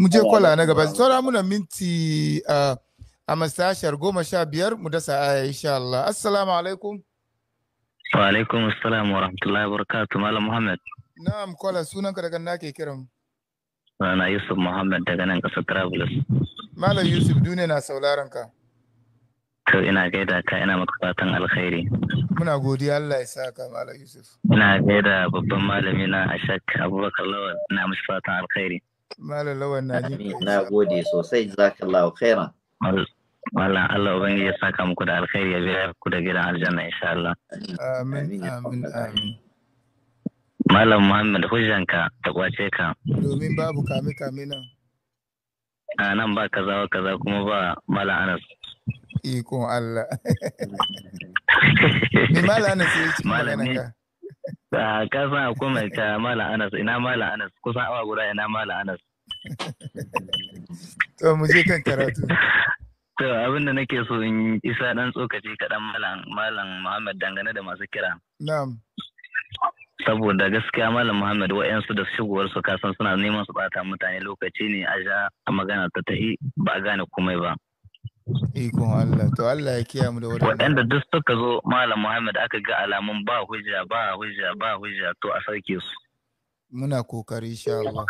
Mu je kwala na gaba saura muna minti a masashar goma sha biyar mu dasa aya insha Allah. Assalamu alaikum. Wa alaikum assalam wa rahmatullahi wa barakatu Malam Muhammad. Na'am kwala sunanka daga ke kiran. Sunana Yusuf Muhammad daga nan kasar Travelers. Malam Yusuf duniya na sauraron ka. To ina gaida ka ina maka fatan alkhairi. Muna godiya Allah ya sa ka Malam Yusuf. Ina gaida babban malami na Ashak Abubakar Lawal ina mishi fatan alkhairi. Malam Lawal na ji. Na gode sosai jazakallahu khairan. Wallan Allah Ubangiji ya saka muku da alkhairi ya biya ku da gidan aljanna insha Allah. Amin amin amin. Malam Muhammad hujjanka ta kwace ka. Domin babu kame kame nan. A nan ba kaza wa kaza kuma ba Malam Anas. Ikon Allah. Ni mala Anas ya ci ka. Ba ka san akwai mai ta mala Anas ina mala Anas kusan awa guda ina mala Anas. To mu je kan karatu. To abin da nake so in isa dan tsokaci kaɗan malam malam Muhammad dangane da masu kira. Na'am. Saboda gaskiya malam Muhammad wa'yansu da shigowar su kasan suna neman su bata mutane lokaci ne a ja a magana ta ta'i, ba a gane komai ba. Ikon Allah, to Allah ya kiyamu da waɗanda. Waɗanda duk suka zo Malam Muhammad aka ga alamun ba hujja ba hujja ba hujja to a sauke su. Muna kokari sha Allah.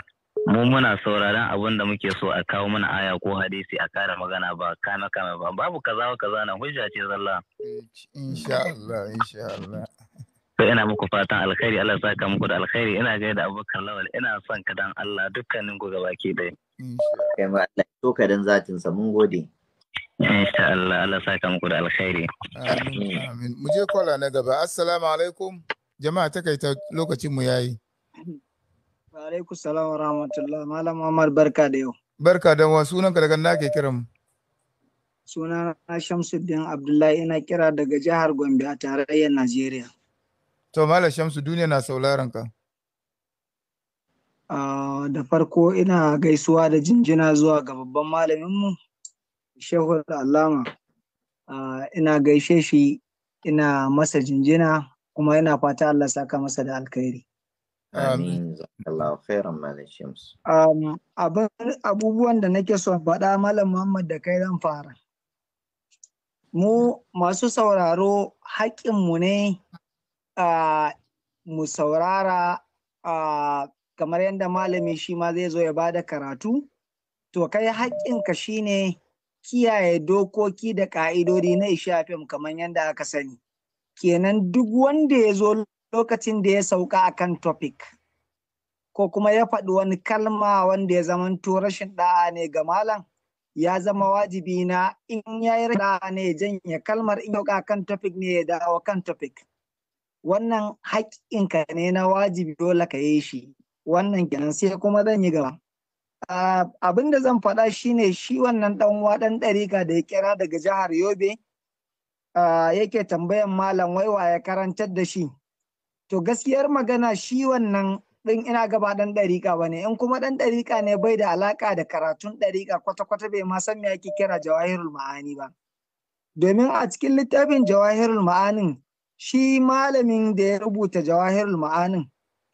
Mu muna sauraron abin da muke so a kawo mana aya ko hadisi a kare magana ba kana kame ba babu kaza wa kaza nan hujja ce zalla. Insha Allah, insha Allah. to ina muku fatan alkhairi Allah ya saka muku da alkhairi ina gaida da Abubakar Lawal ina son ka dan Allah dukkanin ku gabaki ɗaya. Kai ma Allah to ka dan zatin sa mun gode. Insha Allah, Allah saka muku da alkhairi. Amin, amin. Mu je kwala na gaba. Assalamu alaikum. Jama'a takaita lokacin mu yayi. Wa alaikum salam wa rahmatullah. Malam Muhammad barka da yau. Barka da wa sunan ka daga na ke kiran mu. Suna na Shamsuddin Abdullahi ina kira daga jihar Gombe a tarayyar Najeriya. To Malam Shamsu duniya na sauraron ka. da farko ina gaisuwa da jinjina zuwa ga babban malaminmu shehu allama ina gaishe shi ina masa jinjina kuma ina fata Allah saka masa da alkhairi Amin. Um, abubuwan da nake so faɗa Malam Muhammad da kai zan fara. Mu masu sauraro haƙƙinmu ne mu saurara kamar yadda malami shi ma zai zo ya bada karatu. To kai haƙƙinka ne. kiyaye dokoki da ka'idodi na ishafim kamar yadda aka sani kenan duk wanda ya zo lokacin da ya sauka akan topic ko kuma ya faɗi wani kalma wanda ya zamanto rashin ɗa'a ne ga malam ya zama wajibi na in ya yi ɗa'a ne ya janye kalmar in sauka kan topic ne ya dawo kan topic wannan haƙƙinka ne na wajibi dole ka yi shi wannan kenan sai kuma zan yi gaba Ah, abin da zan faɗa shine shi wannan ɗan uwa ɗan ɗarika da ya kira daga jihar Yobe ah, yake tambayan malam waiwa ya karantar da shi. To gaskiyar magana shi wannan ɗin ina gaba ɗan ɗarika ba ne, in kuma ɗan ɗarika ne bai da alaƙa da karatun ɗarika kwata-kwata bai ma san me ake kira jawahirul ma'ani ba. Domin a cikin littafin jawahirul ma'anin shi malamin da ya rubuta jawahirul ma'anin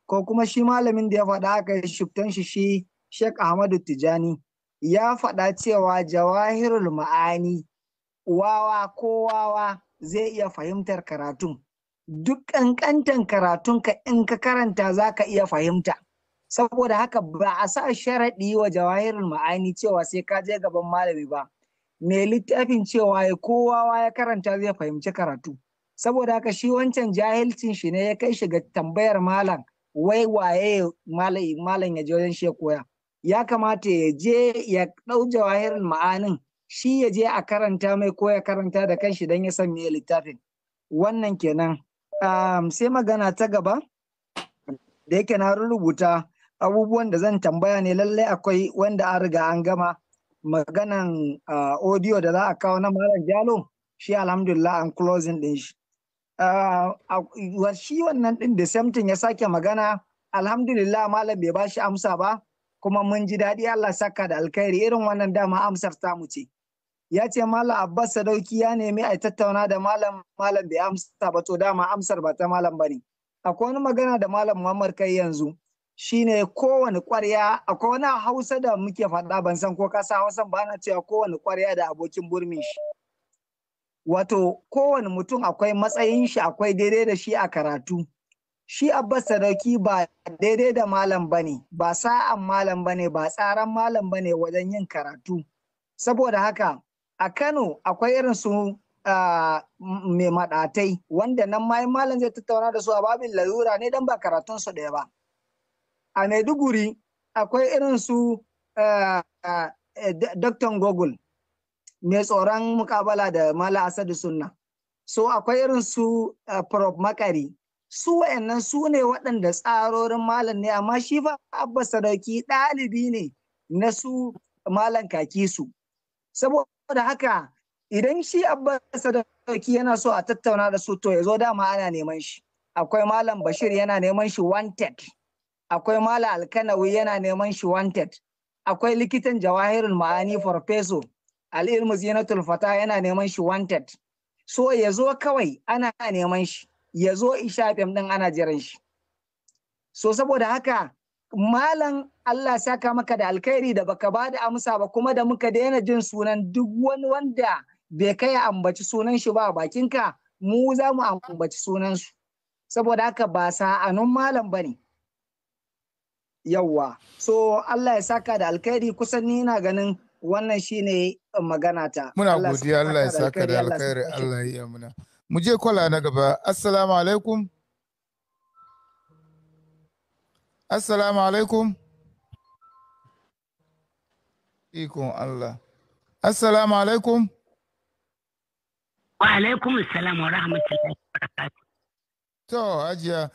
ko kuma shi malamin da ya faɗa aka yi shi shi Sheikh Ahmadu Tijani ya faɗa cewa jawahirul ma'ani wawa ko wawa zai iya fahimtar karatun. Duk ƙanƙantan ka in ka karanta za ka iya fahimta. Saboda haka ba a sa sharaɗi wa jawahirul ma'ani cewa sai ka je gaban malami ba. Mai littafin cewa ya kowawa ya karanta zai fahimci karatu. Saboda haka shi wancan jahilcin shi ne ya kai shi ga tambayar malam wai waye malam ya je wajen shi ya koya. ya kamata ya je ya ɗau jawahirin ma'anin shi ya je a karanta mai ko ya karanta da kanshi don ya san littafin wannan kenan sai magana ta gaba da yake na rubuta abubuwan da zan tambaya ne lallai akwai wanda an riga an gama maganan audio da za a kawo na malam jalo shi alhamdulillah an closing din shi shi wannan din da samtin ya sake magana alhamdulillah malam bai bashi amsa ba kuma mun ji daɗi Allah saka da alkhairi irin wannan dama amsar ta mu ce. Ya ce Malam Abbas Sadauki ya nemi a tattauna da Malam Malam bai amsa ba to dama amsar ba ta Malam ba ne. Akwai wani magana da Malam Muhammad kai yanzu shine kowane ƙwarya akwai wani Hausa da muke faɗa ban san ko kasa sa Hausan ba na cewa kowane ƙwarya da abokin burmin shi. Wato kowane mutum akwai matsayin shi akwai daidai da shi a karatu. shi Abbas Sadauki ba daidai da malam bane, ba sa'an malam bane, ba tsaran malam bane wajen yin karatu. Saboda haka a Kano akwai irin su mai maɗatai wanda nan ma malam zai tattauna da su a babin lalura ne don ba karatun su ɗaya ba. A Maiduguri akwai irin su eh, Dr. Google mai tsoron mukabala da Mala Asadu Sunna. So akwai irin su eh, Prof Makari su wayannan su ne waɗanda tsarorin malam ne amma shi fa abba sadauki ɗalibi ne na su malam kaki su saboda haka idan shi abba sadauki yana so a tattauna da su to ya zo dama ana neman shi akwai malam bashir yana neman shi wanted akwai malam alkanawi yana neman shi wanted akwai likitan jawahirul ma'ani farfeso al'ilmu zinatul fata yana neman shi wanted so ya zo kawai ana neman shi ya zo sha fm din ana jiran shi so saboda haka malam Allah saka maka da alkhairi da baka ba da amsa ba kuma da muka daina jin sunan duk wani wanda bai kai ya ambaci sunan shi ba a bakinka mu za mu ambaci sunan su saboda haka ba sa'anun malam ba ne yawwa so Allah ya saka da alkhairi kusan ni na ganin wannan shine magana ta muna godiya Allah ya saka da alkhairi Allah ya yi amina. mu je kwala na gaba assalamu alaikum assalamu alaikum ikon Allah assalamu alaikum wa alaikum assalamu wa rahmatullahi wa barakatuh to ajiya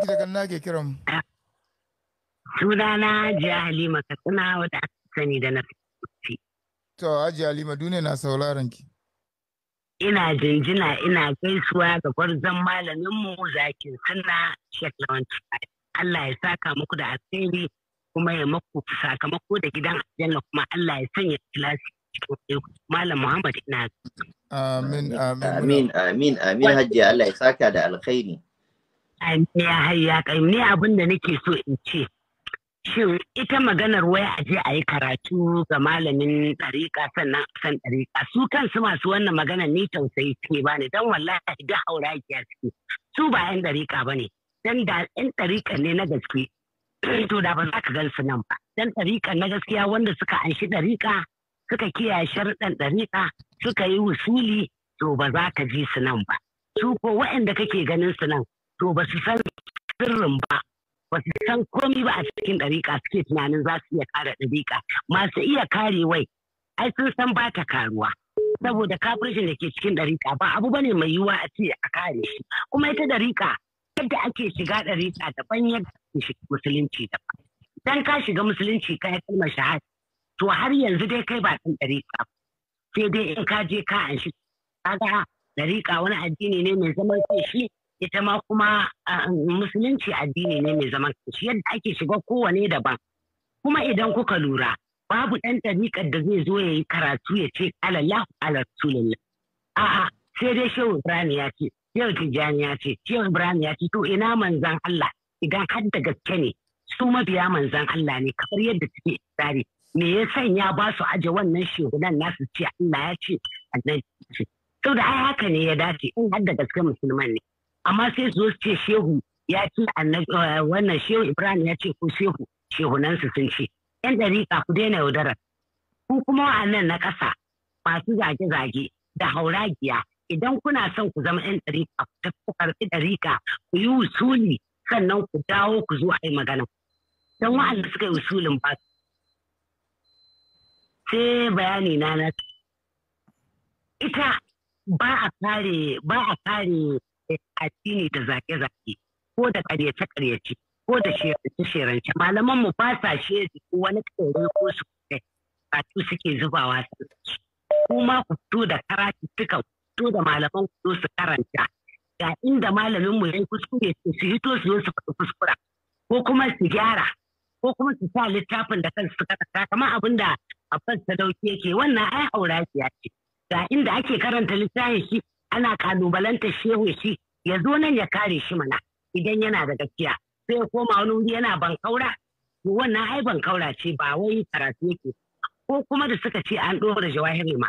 ki daga na ke kiran mu. sunana ajiya halima katsina wadda aka sani da na to ajiya halima duniya na sauraron ki ina jinjina ina gaisuwa ga gwarzon mu zakin suna Sheikh Lawan Allah ya saka muku da asiri kuma ya maku sakamako da gidan aljanna kuma Allah ya sanya kilasi Malam Muhammad ina Amin amin amin amin hajji Allah ya saka da alkhairi Amin ya hayya kai ni abin da nake so in ce Shin ita maganar waya a je a yi karatu ga malamin ɗariƙa sannan san ɗariƙa su kansu masu wannan magana ni tausayi suke bani don wallahi duk haurakiya suke su ba 'yan ɗariƙa ba ne don da 'yan ɗariƙa ne na gaske to da ba za ka gan su nan ba dan ɗariƙa na gaskiya wanda suka anshi ɗariƙa suka kiyaye sharuɗan ɗariƙa suka yi wusuli to ba za ka ji su nan ba su ko waɗanda kake ganin su nan to ba su san sirrin ba ba su san komi ba a cikin ɗariƙa suke tunanin za su iya ƙara ɗariƙa masu iya kare wai ai sun san ba ta karuwa saboda kafircin da ke cikin ɗariƙa ba abu bane mai yiwuwa a ce a kare shi kuma ita ɗariƙa yadda ake shiga ɗariƙa daban yadda ake shiga musulunci daban dan ka shiga musulunci ka yi kalmar shahada to har yanzu dai kai ba ɗan ɗariƙa sai dai in ka je ka an shi kaga ɗariƙa wani addini ne mai zaman kai shi ita ma kuma musulunci addini ne mai zaman kanshi yadda ake shiga kowane daban kuma idan kuka lura babu ɗan ɗariƙar da zai zo ya yi karatu ya ce alallahu ala rasulillah a'a sai dai shehu ibrahim ya ce shehu tijjani ya ce shehu ibrahim ya ce to ina manzan allah idan har da gaske ne su mabiya manzan allah ne kamar yadda suke tsari me ya sanya ba su aje wannan shehunan nasu ce allah ya ce annabi ce saboda ai haka ne ya dace in har da gaske musulman ne amma sai su ce shehu ya ce eh, wannan shehu ibrahim ya ce ku shehu shehunansu sun ce yan dariƙa ku daina yaudara ku kuma wa'annan na ƙasa masu zage-zage da hauragiya idan kuna son ku zama yan dariƙa ku karɓi dariƙa ku yi usuli sannan ku dawo ku zo a yi magana don wa'anda suka yi usulin ba sai bayani na na ita ba a kare ba a kare addini da zaƙe-zaƙe ko da ƙaryace-ƙaryace ko da shirance-shirance malaman mu ba sa shezi ko wani kare ko su batu suke zubawa su kuma ku fito da karatu duka fito da malaman ku su karanta ga inda malamin mu yayi kuskure su hito su su faɗi kuskura ko kuma su gyara ko kuma su sa littafin da kansu suka saka kamar abin da Abbas Sadauki yake wannan ai hauraciya ce ga inda ake karanta littafin shi ana kalubalanta shehu shi ya zo nan ya kare shi mana idan yana da gaskiya sai ya koma wani wuri yana bankaura to wannan ai bankaura ce ba wai karatu yake ko kuma da suka ce an dora jawahiri ma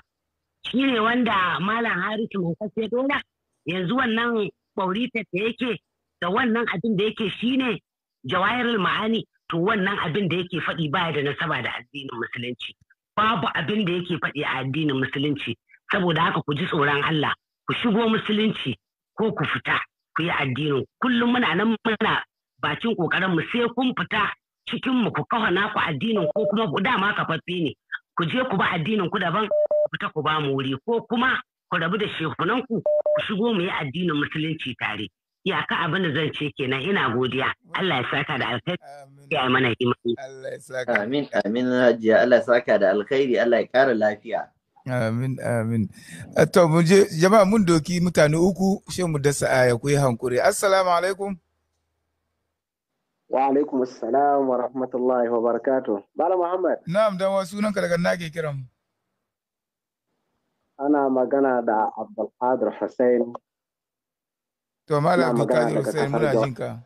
shi ne wanda malam harisu mai kashe dora yanzu wannan bauritar da yake da wannan abin da yake shine jawahirul ma'ani to wannan abin da yake faɗi baya da nasaba da addinin musulunci babu abin da yake faɗi a addinin musulunci saboda haka ku ji tsoron Allah ku shigo musulunci ko ku fita ku yi addinin kullum muna nan muna bakin kokarin mu sai kun fita cikin mu ku kawa naku addinin ko kuma ku dama kafaffe ne ku je ku ba addinin ku daban ku fita ku ba mu wuri ko kuma ku rabu da shehunan ku ku shigo mu yi addinin musulunci tare Ya ka abin da zan ce kenan ina godiya Allah ya saka da alkhairi ya mana imani Allah ya saka amin amin hajiya Allah ya saka da alkhairi Allah ya kara lafiya Amin, amin. Eh, to, mun je, jama'a mun doki mutane uku, shi mu dasa aya ku yi hankuri. Assalamu alaikum. Wa alaikum assalam wa rahmatullahi wa barakatu. Bala Muhammad. Na'am, dan wa sunan ka daga nake kiran. Ana magana da Abdulkadir Hussein. To, Malam Abdulkadir Hussein muna jin ka.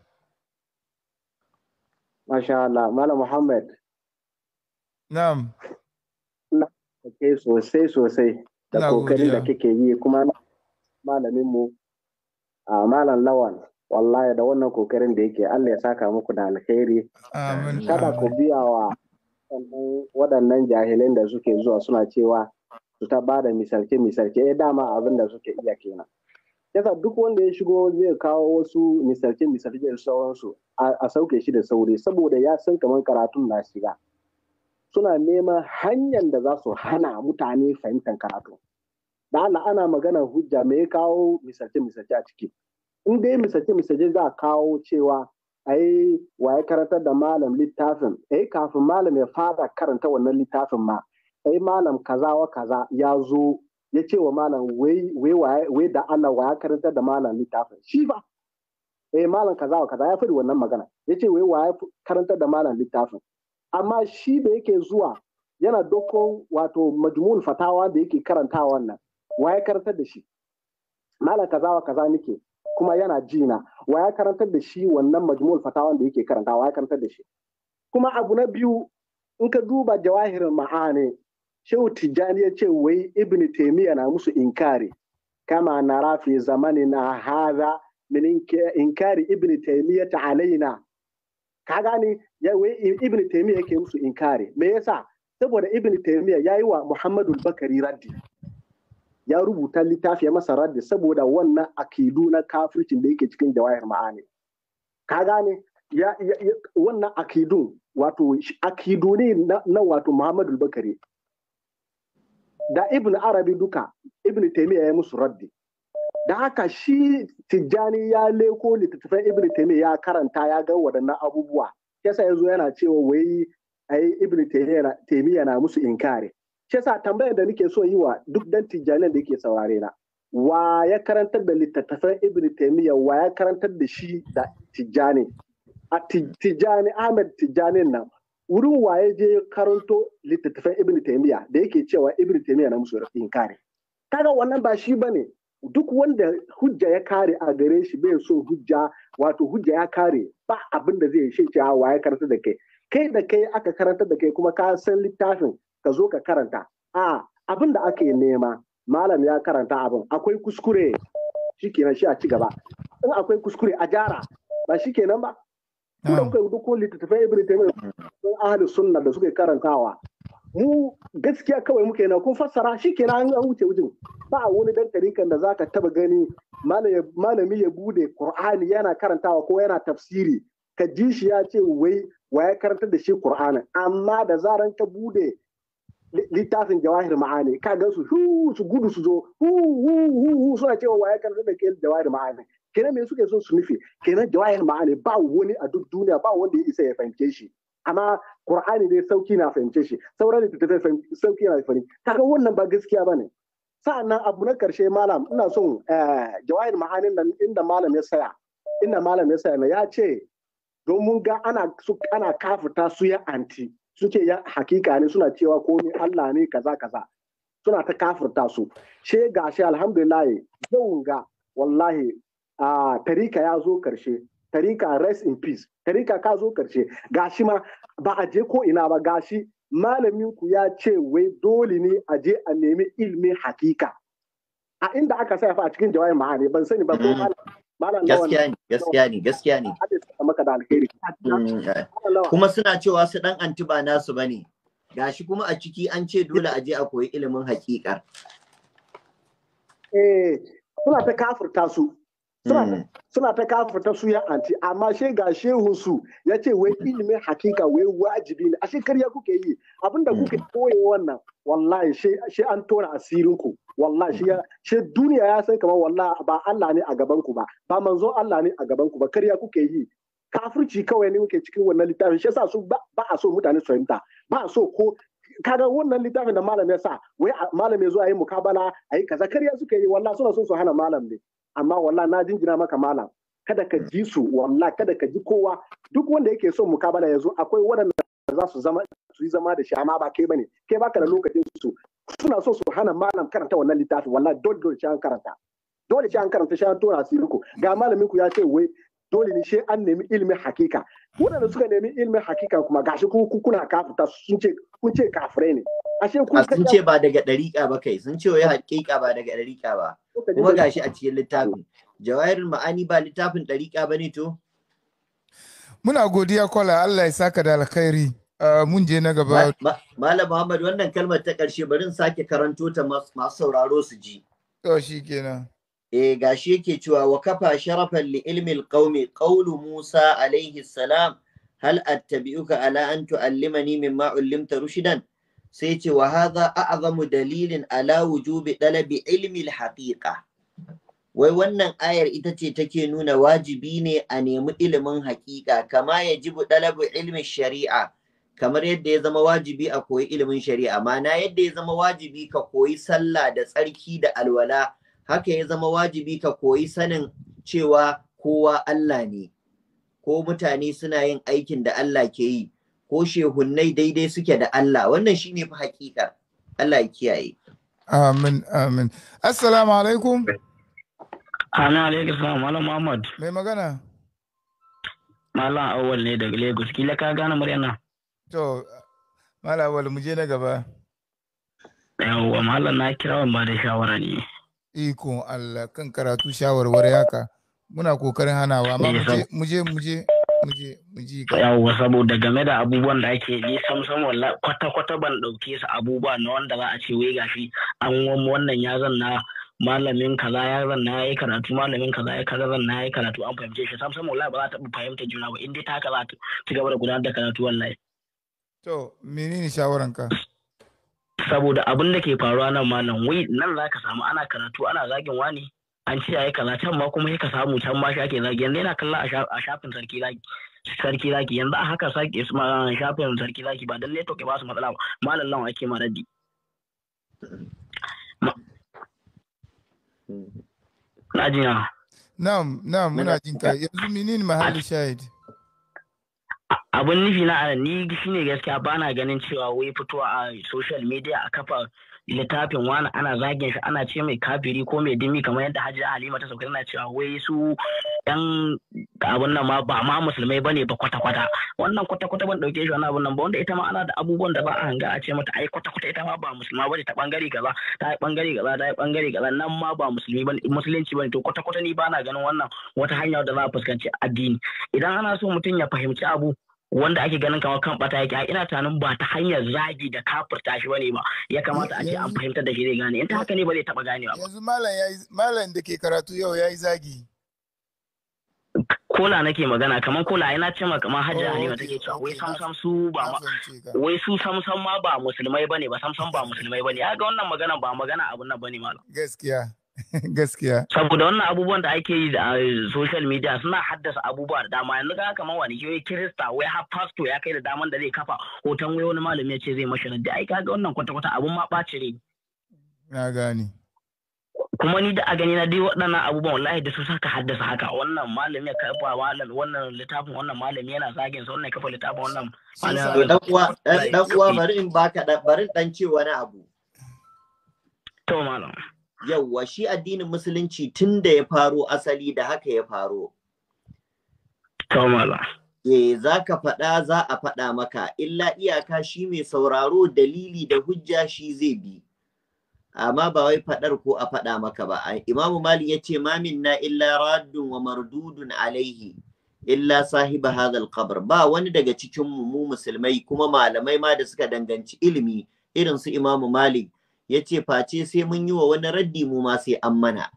Masha Allah, Malam Muhammad. Na'am. kai sosai sosai da kokarin da kake yi kuma malamin mu a malam lawan wallahi da wannan kokarin da yake Allah ya saka muku da alheri. kada ku biya wa waɗannan jahilin da suke zuwa suna cewa su ta ba da misalke misalke eh dama abin da suke iya kenan yasa duk wanda ya shigo zai kawo wasu misalke misalke da sauransu a sauke shi da sauri saboda ya san kamar karatun na shiga suna neman hanyar da za su hana mutane fahimtar karatu da Allah ana magana hujja me ya kawo misalce misalce a ciki in dai misalce misalce za a kawo cewa ai wa ya karantar da malam littafin ai eh, kafin malam ya fara karanta wannan littafin ma ai malam kaza wa kaza ya zo ya ce wa malam wai da Allah wa ya karantar da malam littafin shi ba eh malam kaza wa kaza ya fi wannan magana ya ce wai wa ya karantar da malam littafin amma shi da yake zuwa yana doko wato majmul fatawa da yake karanta wannan wa ya karantar da shi malam kaza wa kaza nake kuma yana jina wa ya karantar da shi wannan majmul fatawa da yake karanta wa ya karantar da shi kuma abu na biyu in ka duba jawahirin ma'ani shehu tijjani ya ce wai ibn taimiyya na musu inkari kama na rafi zamani na haza min inkari ibn taimiyya ta alaina ka gane ibn taymiya yake musu inkari me yasa saboda ibn ya yi wa muhammadul bakari raddi ya rubuta littafi masa raddi saboda wannan akidu na kafircin da yake cikin jawahir ma'ani ka ya wannan akidu wato akidu ne na wato muhammadul bakari da ibn arabi duka ibn taymiya ya musu raddi Da haka shi Tijjani ya leko littattafan Ibn Taymiyyah ya karanta ya ga waɗannan abubuwa. Yasa ya zo yana cewa wai ai Ibn Taymiyyah na musu inkari. kare. yasa tambayar da nake so yi wa duk dan Tijjani da yake saurare na. Wa ya karantar da littattafan Ibn Taymiyyah wa ya karantar da shi da Tijjani. A Tijjani Ahmed Tijjani nan wurin waye je karanto littattafan Ibn Taymiyyah da yake cewa Ibn Taymiyyah na musu inkari. Kaga wannan ba shi bane duk wanda hujja ya kare a gare shi bai so hujja wato hujja ya kare ba abin da zai shi cewa wa ya karanta da kai kai da kai aka karanta da kai kuma ka san littafin ka zo ka karanta a abin da aka yi nema malam ya karanta abin akwai kuskure shikenan shi a ci gaba in akwai kuskure a jara ba shi shikenan ba kuma kai duk ko littattafai ibn sun ahli sunna da suke karantawa mu gaskiya kawai muke yana kun fassara shi na an wuce wujin ba wani dan kan da ka taba gani malami ya bude qur'ani yana karantawa ko yana tafsiri ka ji shi ya ce wai ya karantar da shi qur'ani amma da zaran ka bude littafin jawahir ma'ani ka gan su su gudu su zo hu suna cewa ya karantar da ke jawahir ma'ani kenan me suke so su nufi kenan jawahir ma'ani ba wani a duk duniya ba wanda ya isa ya fahimce shi amma Qur'ani dai sauki na fahimce shi sauran littattafai sauki na fahimce kaga wannan ba gaskiya bane sa'annan abu na karshe malam ina son eh, jawahir ma'anin nan inda malam ya saya inda malam ya saya ya ce don mun ga ana su ana kafuta su ya anti suke ya hakika ne suna cewa ko ni Allah ne kaza kaza suna ta kafurta su she gashi alhamdulillah yau ga wallahi a ah, tarika ya zo karshe tarika rest in peace tarika ka zo karshe gashi ma ba a je ko ina ba gashi malamin ku ya ce wai dole ne a je a nemi ilmi hakika a inda aka sa a cikin jawabin ma'ani ban sani ba ko mm. gaskiya ne gaskiya ne gaskiya ne mm, eh. kuma suna cewa su dan anti ba nasu bane gashi kuma a ciki an ce dole a je a koyi ilimin hakika eh suna ta kafurta su Mm. suna ta kafa ta suya anti amma she ga shehu su ya ce wai ilimin hakika wai wajibi ne ashe ya kuke yi abinda mm. kuke koye wannan wallahi she an tona asirin ku wallahi she duniya ya san kamar wallahi ba Allah ne a gaban ku ba ba manzo Allah ne a gaban ku ba karya kuke yi kafirci kawai ne muke cikin wannan littafin shi yasa su ba a so mutane su fahimta ba a so ko kaga wannan littafin da malam ya sa wai malam ya zo a yi mukabala a yi kaza karya suke yi wallahi suna so su hana malam ne amma wallahi na jinjina maka malam kada ka ji su wallahi kada ka ji kowa duk wanda yake son mukabala yanzu akwai waɗanda za su zama su yi zama da shi amma ba kai bane kai baka da lokacin su suna so su hana malam karanta wannan littafin wallahi dole dole shi an karanta dole shi an karanta shi an tona asiri ku ga malamin ku ya ce wai dole ne shi an nemi ilimin hakika waɗanda suka nemi ilimin hakika kuma gashi ku kuna kafuta sun ce kun ce kafirai ne ashe kun sun ce ba daga dariƙa ba kai sun ce wai hakika ba daga dariƙa ba kuma gashi a cikin littafin jawahirul ma'ani ba littafin dariƙa ba ne to muna godiya kwala Allah ya saka da alkhairi mun je na gaba malam Muhammad wannan kalmar ta ƙarshe bari sake karanto ta masu sauraro su ji to shikenan eh gashi yake cewa wa kafa sharafan li ilmil qaumi qawlu Musa alaihi salam hal attabi'uka ala an tu'allimani mimma ullimta rushidan sai ce wa hadha a'zamu dalilin ala wujubi dalabi ilmi al wai wannan ayar ita ce take nuna wajibi ne a nemi ilimin haƙiƙa kama ya jibu dalabu ilmin shari'a kamar yadda ya zama wajibi a koyi ilimin shari'a mana yadda ya zama wajibi ka koyi sallah da tsarki da alwala haka ya zama wajibi ka koyi sanin cewa kowa Allah ne ko mutane suna yin aikin da Allah ke yi ko shehunnai daidai suke da Allah wannan shine fa hakika Allah ya kiyaye amin amin assalamu alaikum ana alaikum salam malam Muhammad mai magana malam awwal ne daga Lagos kila ka gane muryana to malam awwal mu je na gaba yawwa malam na kira ba da shawara ne Iko Allah kan karatu shawarwar yaka muna kokarin hanawa amma muje muje muje muje yawwa saboda game da abubuwan da ake yi sam sam walla kwata kwata ban dauke su abubuwa na wanda za a ce wai gashi an wannan ya zanna malamin kaza ya zanna ya yi karatu malamin kaza ya kaza zanna ya yi karatu an fahimce shi sam sam wallahi ba za ta fahimta juna ba in dai ta haka za ta ci gaba da gudanar da karatu wallahi to menene ka saboda abin da ke faruwa nan ma nan wai nan za ka samu ana karatu ana zagin wani an ce yayi kaza can ma kuma ka samu can ma shake zagi yanzu yana kalla a shafin sarki zagi sarki zaki yanzu a haka sake shafin sarki zaki ba dan ke ba su matsala ba malallan ake ma raddi na jin na'am na'am muna jin ka yanzu menene mahalli shahid Abin nufi na ni shine gaskiya ba na ganin cewa wai fitowa a social media a kafa littafin wani ana zagin shi ana ce mai kafiri ko mai dimi kamar yadda hajji halima ta sauke na cewa wai su yan abun nan ma ba ma musulmai bane ba kwata kwata wannan kwata kwata ban dauke shi wani abun nan ba wanda ita ma ana da abubuwan da ba a hanga a ce mata ai kwata kwata ita ma ba musulma bane ta bangare kaza ta yi bangare kaza ta yi bangare kaza nan ma ba musulmi bane musulunci bane to kwata kwata ni ba na ganin wannan wata hanya da za a fuskanci addini idan ana so mutum ya fahimci abu wanda ake ganin kamar kan bata yake ina tunanin ba ta hanyar zagi da kafurta shi bane ba ya kamata a ce an fahimtar da shi zai gane in ta haka ne ba zai taba ganewa ba yanzu malam yayi malam da ke karatu yau yayi zagi kola nake magana kamar kola ina ce ma kamar hajji oh, halima take cewa wai samsam su ba wai su samsam ma ba musulmai bane ba samsam ba musulmai bane ga wannan magana ba magana abun nan bane malam gaskiya gaskiya saboda wannan abubuwan da ake yi a social media suna haddasa abubuwa da dama yanzu ga kamar wani yoyi kirista wai har pastor ya kai da daman da zai kafa hoton wai wani malami ya ce zai mashi Da ai kaga wannan kwata-kwata abun ma ɓaci ne na gane kuma ni da a gani na dai waɗannan abubuwan wallahi da su saka haddasa haka wannan malami ya kafa malam wannan littafin wannan malami yana zagin sa wannan kafa littafin wannan malami dan uwa dan uwa bari in baka bari dan ce wani abu to malam yawwa shi addinin musulunci tun da ya faro asali da haka ya faro kamala eh za ka faɗa za a faɗa maka illa iyaka shi mai sauraro dalili da hujja shi zai bi amma ba wai faɗar ko a faɗa maka ba imamu malik ya ce mamin na illa raddun wa mardudun alaihi illa sahiba hadal qabr ba wani daga cikin mu musulmai kuma malamai ma da suka danganci ilimi irin su imamu malik Ya ce, face sai mun yi wa wani raddi mu ma sai an mana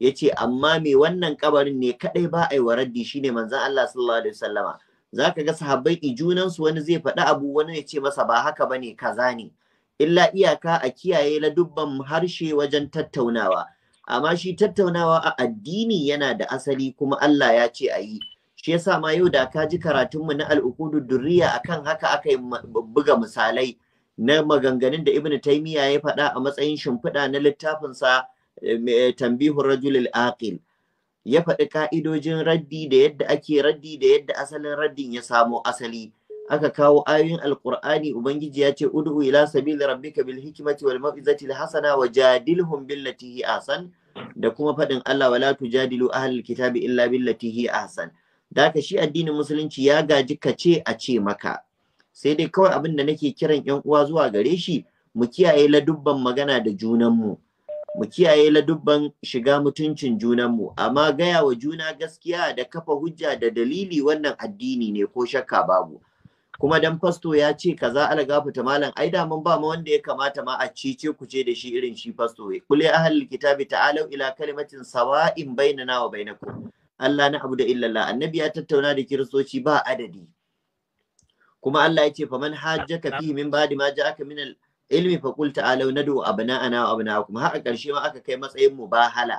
Ya ce, amma me wannan kabarin ne kadai ba a yi wa raddi shine manzan Allah sallallahu alaihi wasallama zaka ga sahabbai ijunan su wani zai faɗi abu wani ya ce masa ba haka bane kaza ne illa iyaka a kiyaye la dubban harshe wajen tattaunawa amma shi tattaunawa a addini yana da asali kuma Allah ya ce a yi shi yasa ma yau da ka ji karatunmu na al'ukudu durriya akan haka aka buga misalai na maganganun da Ibn Taymiyyah ya faɗa a matsayin shimfiɗa na littafinsa eh, eh, rajul rajulil aqil ya faɗi ka'idojin raddi da yadda ake raddi da yadda asalin raddin ya samo asali aka kawo ayoyin alqur'ani ubangiji ya ce ud'u ila sabil rabbika bil hikmati wal maw'izati al hasana wa jadilhum billati hi ahsan da kuma faɗin Allah wala tujadilu ahlal kitabi illa billati hi ahsan da shi addinin musulunci ya gaji kace a ce maka sai dai kawai abin da nake kiran yan uwa zuwa gare shi mu kiyaye ladubban magana da junanmu mu kiyaye ladubban shiga mutuncin junanmu amma gaya wa juna gaskiya da kafa hujja da dalili wannan addini ne ko shakka babu kuma dan fasto ya ce kaza ta malam ai da mun ba mu wanda ya kamata ma a cice ku ce da shi irin shi fasto kul ya ahlul kitabi ta'alu ila kalimatin sawa'in bainana wa bainakum Allah na abu da illallah annabi ya tattauna da kiristoci ba adadi kuma Allah ya ce man hajjaka fihi min ba'di ma ja'aka min al-ilmi fa qul ta'alu nadu abna'ana wa abna'akum har a ƙarshe ma aka kai matsayin mubahala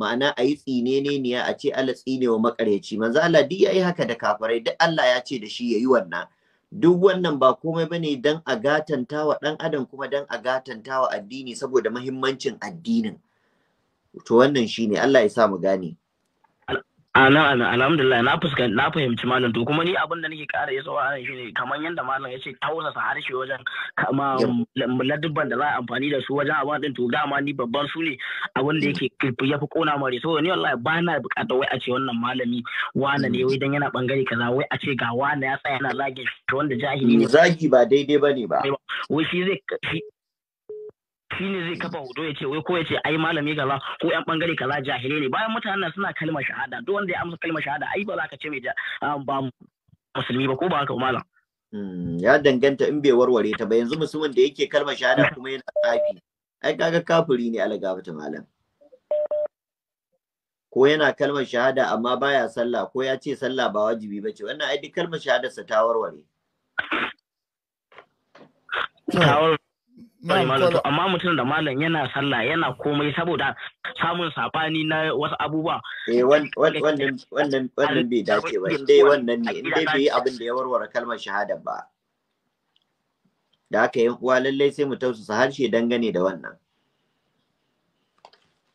ma'ana ayi tsine ne a ce Allah tsine wa makareci manzo Allah duk yayi haka da kafirai duk Allah ya ce da shi yayi wannan duk wannan ba komai bane dan a gatanta wa dan adam kuma dan a gatanta wa addini saboda muhimmancin addinin to wannan shine Allah ya sa mu gane alhamdulillah na fuska na fahimci malam to kuma ni abin da nake kara ya a anan shine kamar yadda malam ya ce tausasa harshe wajen kama ladubban da za a amfani da su wajen abin din to dama ni babban su ne abin da yake ya fi kona mare saboda ni wallahi ba na buƙatar wai a ce wannan malami wane ne wai dan yana bangare kaza wai a ce ga wane ya tsaya yana zagin shi wanda jahili ne zagi ba daidai bane ba wai shi zai shi ne zai kafa hoto ya ce wai ko ya ce ai malami kaza ko yan bangare kaza jahilai ne bayan mutanen suna kalmar shahada duk wanda ya amsa kalmar shahada ai ba za ka ce mai ah, ba musulmi ba ko ba haka malam hmm, ya danganta in bai warware ta ba yanzu musulmin da yake kalmar shahada kuma yana kafi ai kaga kafiri ne alagafata malam ko yana kalmar shahada amma baya sallah ko ya ce sallah ba wajibi ba ce wannan ai duk kalmar shahadarsa ta warware amma mutum da malam yana sallah yana komai saboda samun sabani na wasu abubuwa eh wannan wannan bai dace ba inda wannan ne inda bai yi abin da ya warware kalmar shahada ba da aka yi uwa lallai sai mu tausasa harshe dangane da wannan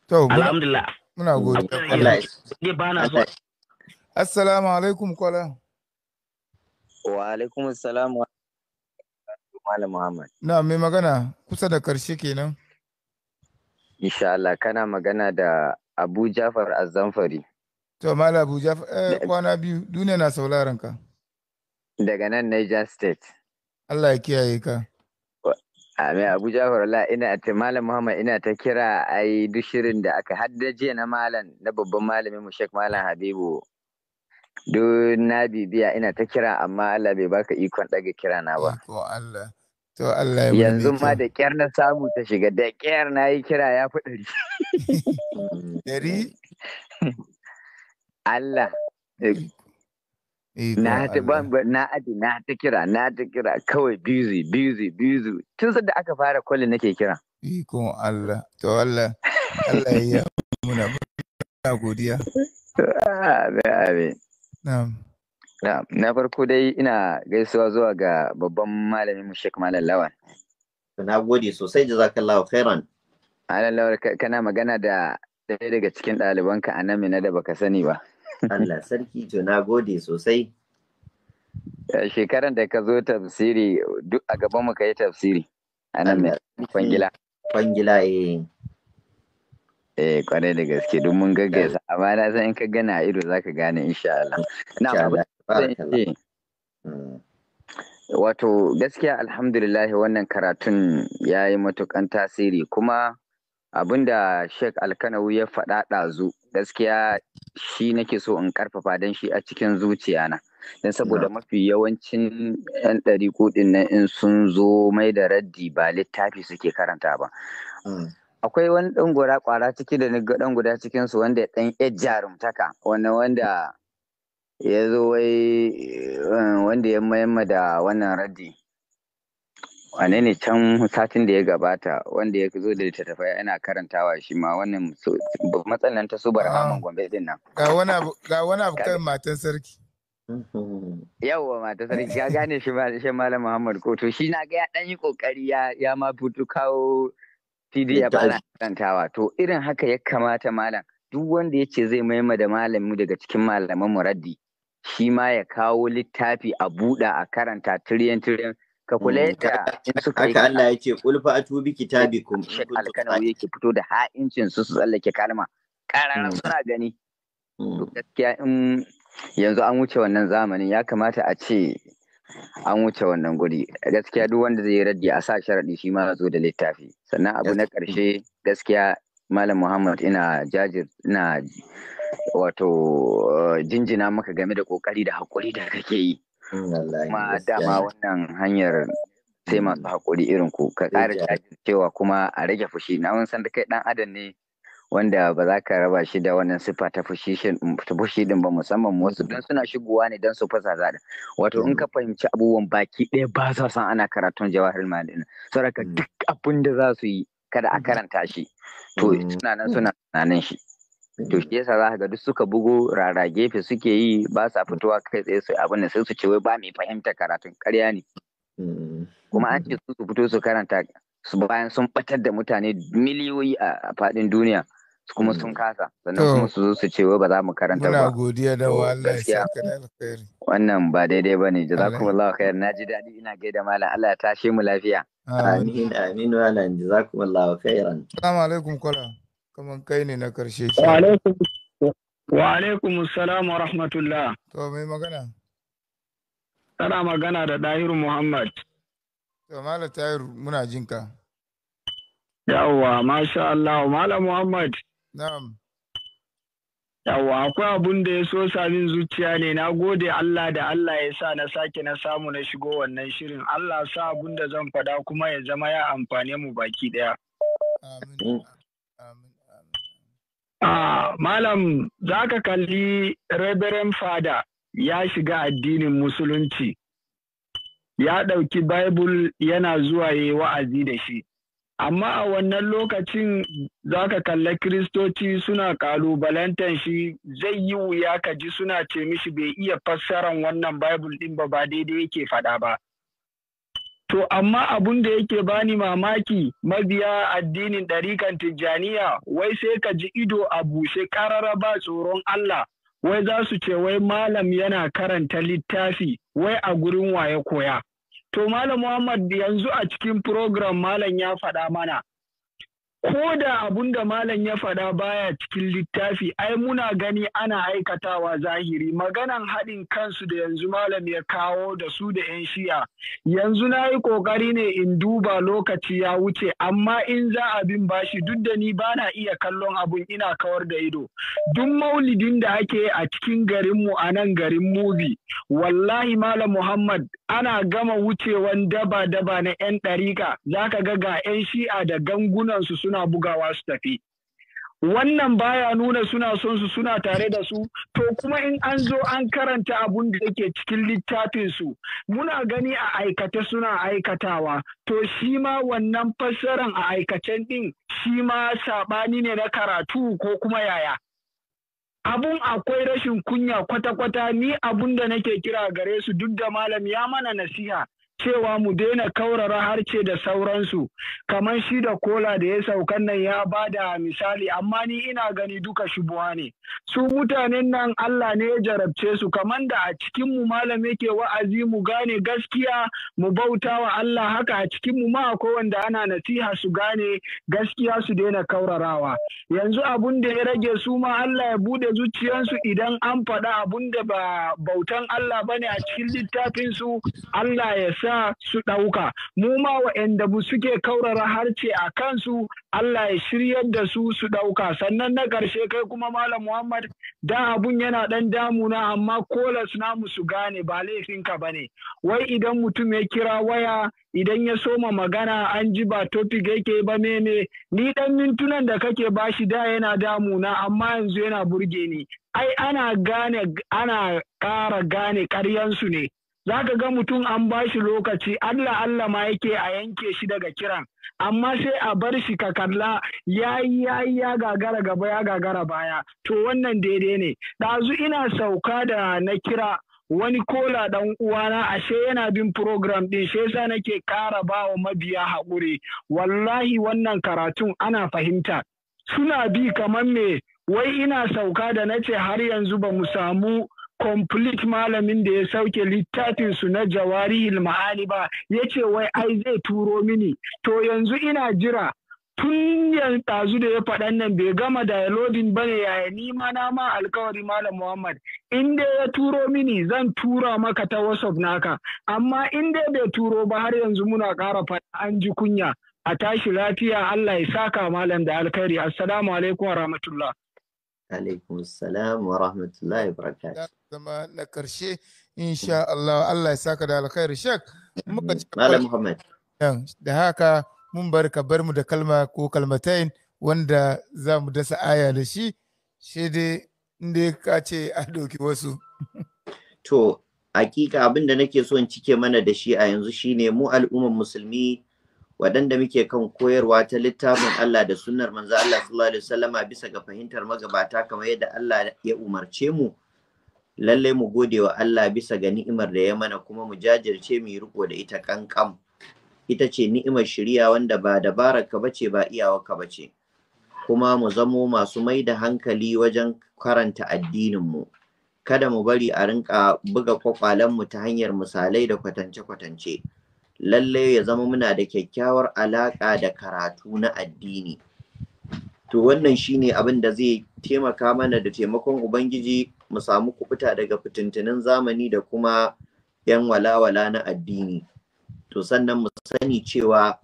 to alhamdulillah muna godiya assalamu alaikum kola wa alaikum alaikum. Malam Muhammad. Na mai magana kusa da karshe kenan. Insha Allah kana magana da Abu Jafar Azamfari. To Malam Abu Jafar eh, kwana biyu duniya na sauraron ka. Daga nan Niger State. Allah ya kiyaye ka. Amin Abu Jafar Allah ina ta Malam Muhammad ina ta kira ai duk shirin da aka haddaje na malam na babban malamin mu Sheikh Malam Habibu duk na bibiya ina ta kira amma Allah bai baka ikon daga kira na ba. To Allah. To Allah ya Yanzu ma da kyar na samu ta shiga da kyar na yi kira ya fi ɗari. Ɗari? Allah. Na ta ban na aji na ta kira na ta kira kawai busy busy busy tun da aka fara kwallon nake kira. Iko Allah. To Allah. Allah ya muna muna godiya. Amin amin. Na farko dai ina gaisuwa zuwa ga babban malamin mu Sheikh Malam Lawan. Na gode sosai jazakallahu khairan. Malam Lawan kana magana da ɗaya daga cikin ɗalibanka a nan mina da baka sani ba. Allah sarki to na gode sosai. Shekaran da ka zo tafsiri duk a gaban mu ka yi tafsiri a nan mina. Kwangila. Kwangila eh. Eh kwarai da gaske duk mun gaggaisa amma na san in ka gana ido zaka gane insha Allah. Na hmm. Wato gaskiya alhamdulillah wannan karatun ya yi matukan tasiri kuma da Sheikh Alkanawu ya faɗa ɗazu gaskiya shi nake so in karfafa don shi a cikin zuciyana. Don saboda mafi yawancin 'yan ɗari kudin nan in sun zo mai da raddi ba littafi suke karanta ba. Hmm. akwai wani ɗan gora ƙwara ciki da ɗan guda cikin su wanda ɗan 'yar jarumtaka wani wanda ya zo wai eh, wanda ya mayamma da wannan raddi wane ne can satin da ya gabata wanda ya zo da littattafai yana karantawa shi ma wannan matsalan ta subar hamun ah. gombe din nan ga wani abu kan matan sarki yawwa matan sarki ya gane shi malam muhammad ko to shi na ga ya dan yi kokari ya ma fito kawo Fidi ya bana karantawa to irin haka ya kamata malam duk wanda ya ce zai maima da malami daga cikin malaman muraddi shi ma ya kawo littafi a buɗa a karanta tiriyan tiriyan ka kula mm, yadda suka haka Allah ya ce kulfa atubi kitabikum alkanawa yake fito da ha'incin su su tsallake kalma karara mm. suna gani mm. gaskiya in yanzu an wuce wannan zamanin ya kamata a ce an wuce wannan guri gaskiya duk wanda zai raddi a sa sharaɗi shi ma zo da littafi sannan abu na ƙarshe gaskiya malam muhammad ina jajir ina wato eh, jinjina maka game da kokari da haƙuri da kake yi kuma dama wannan hanyar sai masu mm. haƙuri irin ku ka ƙara cewa kuma a rage fushi na wani san kai ɗan adam ne wanda ba za ka raba shi da wannan siffa ta fushi din ba musamman wasu mm. don suna shigowa ne don su fasa zaɗa wato in ka mm. fahimci abubuwan baki ɗaya ba sa san ana karatun jawahar madina saboda mm. duk abin da za su yi kada a karanta shi to suna nan suna nan shi to shi yasa za ga duk suka bugo rara gefe suke yi ba sa fitowa kai tsaye su abin da sai su ce wai ba mai fahimta karatun karya ne kuma an ce su fito su karanta su bayan sun batar da mutane miliyoyi a faɗin duniya kuma mm. sun kasa sannan kuma su zo su ce wai ba za mu karanta ba. Muna godiya da wallahi sai Wannan ba daidai bane jazakumullahu khair na ji dadi ina gaida malam Allah ya tashi mu lafiya. Amin amin malam jazakumullahu khairan. Assalamu alaikum kula kaman kai ne na karshe shi. Wa alaikum wa alaikum assalam wa rahmatullah. To mai magana. Kana magana da Dahiru Muhammad. To Malam Tahiru muna jinka. Yawwa, masha Allah, Malam Muhammad, Na'am. Yawwa akwai abun da ya so samun zuciya ne na gode Allah da Allah ya sa na sake na samu na shigo wannan shirin Allah sa abun da zan faɗa kuma ya zama ya amfane mu baki ɗaya. Mm. Ah, Malam za ka kalli Reverend Fada ya shiga addinin Musulunci, ya ɗauki Bible yana zuwa yi wa'azi da shi. amma a wannan lokacin za ka kalla kiristoci suna kalubalantan shi zai yi wuya ka ji suna ce mishi bai iya fassaran wannan bible ɗin ba ba daidai yake faɗa ba To amma abun da yake bani mamaki mabiya addinin ɗarikan Tijjaniya wai sai ka ji ido a bushe ƙarara ba tsoron Allah wai za su ce wai malam yana karanta littafi wai a gurin waye koya. To Malam Muhammad yanzu a cikin program Malam ya faɗa mana ko da abun da malam ya faɗa baya cikin littafi ai muna gani ana aikatawa zahiri maganan haɗin kansu da yanzu malam ya kawo da su da 'yan shi'a yanzu na yi ƙoƙari ne in duba lokaci ya wuce amma in za abin bashi duk da ni ba na iya kallon abun ina kawar da ido duk maulidin da ake a cikin garinmu a nan garin mubi wallahi malam muhammad ana gama wucewan daba-daba na 'yan ɗarika za ga ga 'yan shi'a da gangunansu sun suna bugawa su tafi wannan baya nuna suna son su suna tare da su to kuma in an zo an karanta abun da yake cikin littafinsu, muna gani a aikata suna aikatawa to shi ma wannan fassaran a aikacen ɗin shi ma sabani ne na karatu ko kuma yaya abun akwai rashin kunya kwata-kwata ni abun da nake kira gare su duk da malam ya mana nasiha cewa mu daina kaurara harce da sauransu kamar shi da kola da ya saukan nan ya ba da misali amma ni ina gani duka shubuwa ne su mutanen nan Allah ne ya jarabce su kamar da a cikin mu malam yake wa'azi mu gane gaskiya mu bautawa Allah haka a cikin mu ma akwai wanda ana nasiha su gane gaskiya su daina kaurarawa yanzu abun da ya rage su ma Allah ya bude zuciyansu idan an faɗa abun da ba bautan Allah bane a cikin littafin su Allah ya sa su ɗauka. Mu ma wa'yanda suke kaurara harce a kansu Allah ya shirya da su su ɗauka. Sannan na ƙarshe kai kuma Malam Muhammad da abun yana ɗan damuna amma kolas namu su gane ba laifinka ba ne. Wai idan mutum ya kira waya idan ya soma magana an ji ba topic yake ba mene ni dan mintunan da kake bashi da yana damuna amma yanzu yana burge ni ai ana gane ana ƙara gane karyansu ne za ka ga mutum an ba shi lokaci Allah Allah ma yake a yanke shi daga kiran amma sai a bar shi ka kalla ya yi ya gagara gaba ya gagara baya to wannan daidai ne ɗazu ina sauka da na kira wani kola dan uwana ashe yana bin program din shi yasa nake kara ba mabiya haƙuri wallahi wannan karatun ana fahimta suna bi kamar me wai ina sauka da nace har yanzu ba mu samu complete malamin da ya sauke littafin su na jawarihil ma'ani ba yace wai ai zai turo mini to yanzu ina jira tun yan tazu da ya faɗan nan bai gama dialogin ba ne yaya ni ma na ma alkawari malam muhammad in dai ya turo mini zan tura maka ta whatsapp naka amma in dai bai turo ba har yanzu muna ƙara faɗa an ji kunya a tashi lafiya allah ya saka malam da alkhairi assalamu alaikum wa rahmatullah alaikum salam wa rahmatullahi wa zama na karshe insha Allah Allah ya saka da alkhairi shek muka ci malam muhammad da haka mun bar ka bar mu da kalma ko kalmatain wanda za mu dasa aya da shi shi dai inda ka ce a doki wasu to hakika abin da nake so in cike mana da shi a yanzu shine mu al'ummar musulmi waɗanda muke kan koyarwa ta littafin Allah da sunnar manzo Allah sallallahu alaihi wasallama bisa ga fahimtar magabata kamar yadda Allah ya umarce mu lalle mu gode wa Allah bisa ga ni'imar da ya mana kuma mu jajirce mu riko da ita kankam ita ce ni'imar shiriya wanda ba baraka bace ba iyawarka bace kuma mu zamo masu mai da hankali wajen karanta addinin mu kada mu bari a rinka buga mu ta hanyar misalai da kwatance-kwatance. lalle ya zama muna da kyakkyawar alaƙa da karatu na addini to wannan shine abin da zai taimaka mana da taimakon ubangiji mu samu kubuta daga fitintunan zamani da kuma yan walawala na addini to sannan mu sani cewa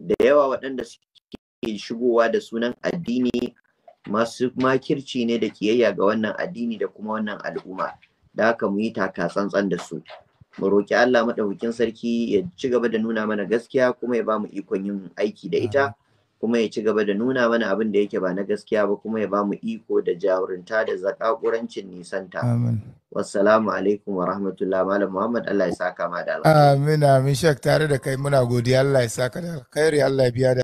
da yawa waɗanda suke shigowa da sunan addini masu makirci ne da kiyayya ga wannan addini da kuma wannan al'umma da haka mu yi taka tsantsan da su mu roki Allah madaukakin sarki ya ci gaba da nuna mana gaskiya kuma ya ba mu ikon yin aiki da ita kuma ya ci gaba da nuna mana abin da yake ba na gaskiya ba kuma ya ba mu iko da jawurinta da zakakurancin nisanta wassalamu alaikum wa rahmatullah malam muhammad Allah ya saka ma da alkhairi amin amin shek tare da kai muna godiya Allah ya saka da kairi Allah ya biya da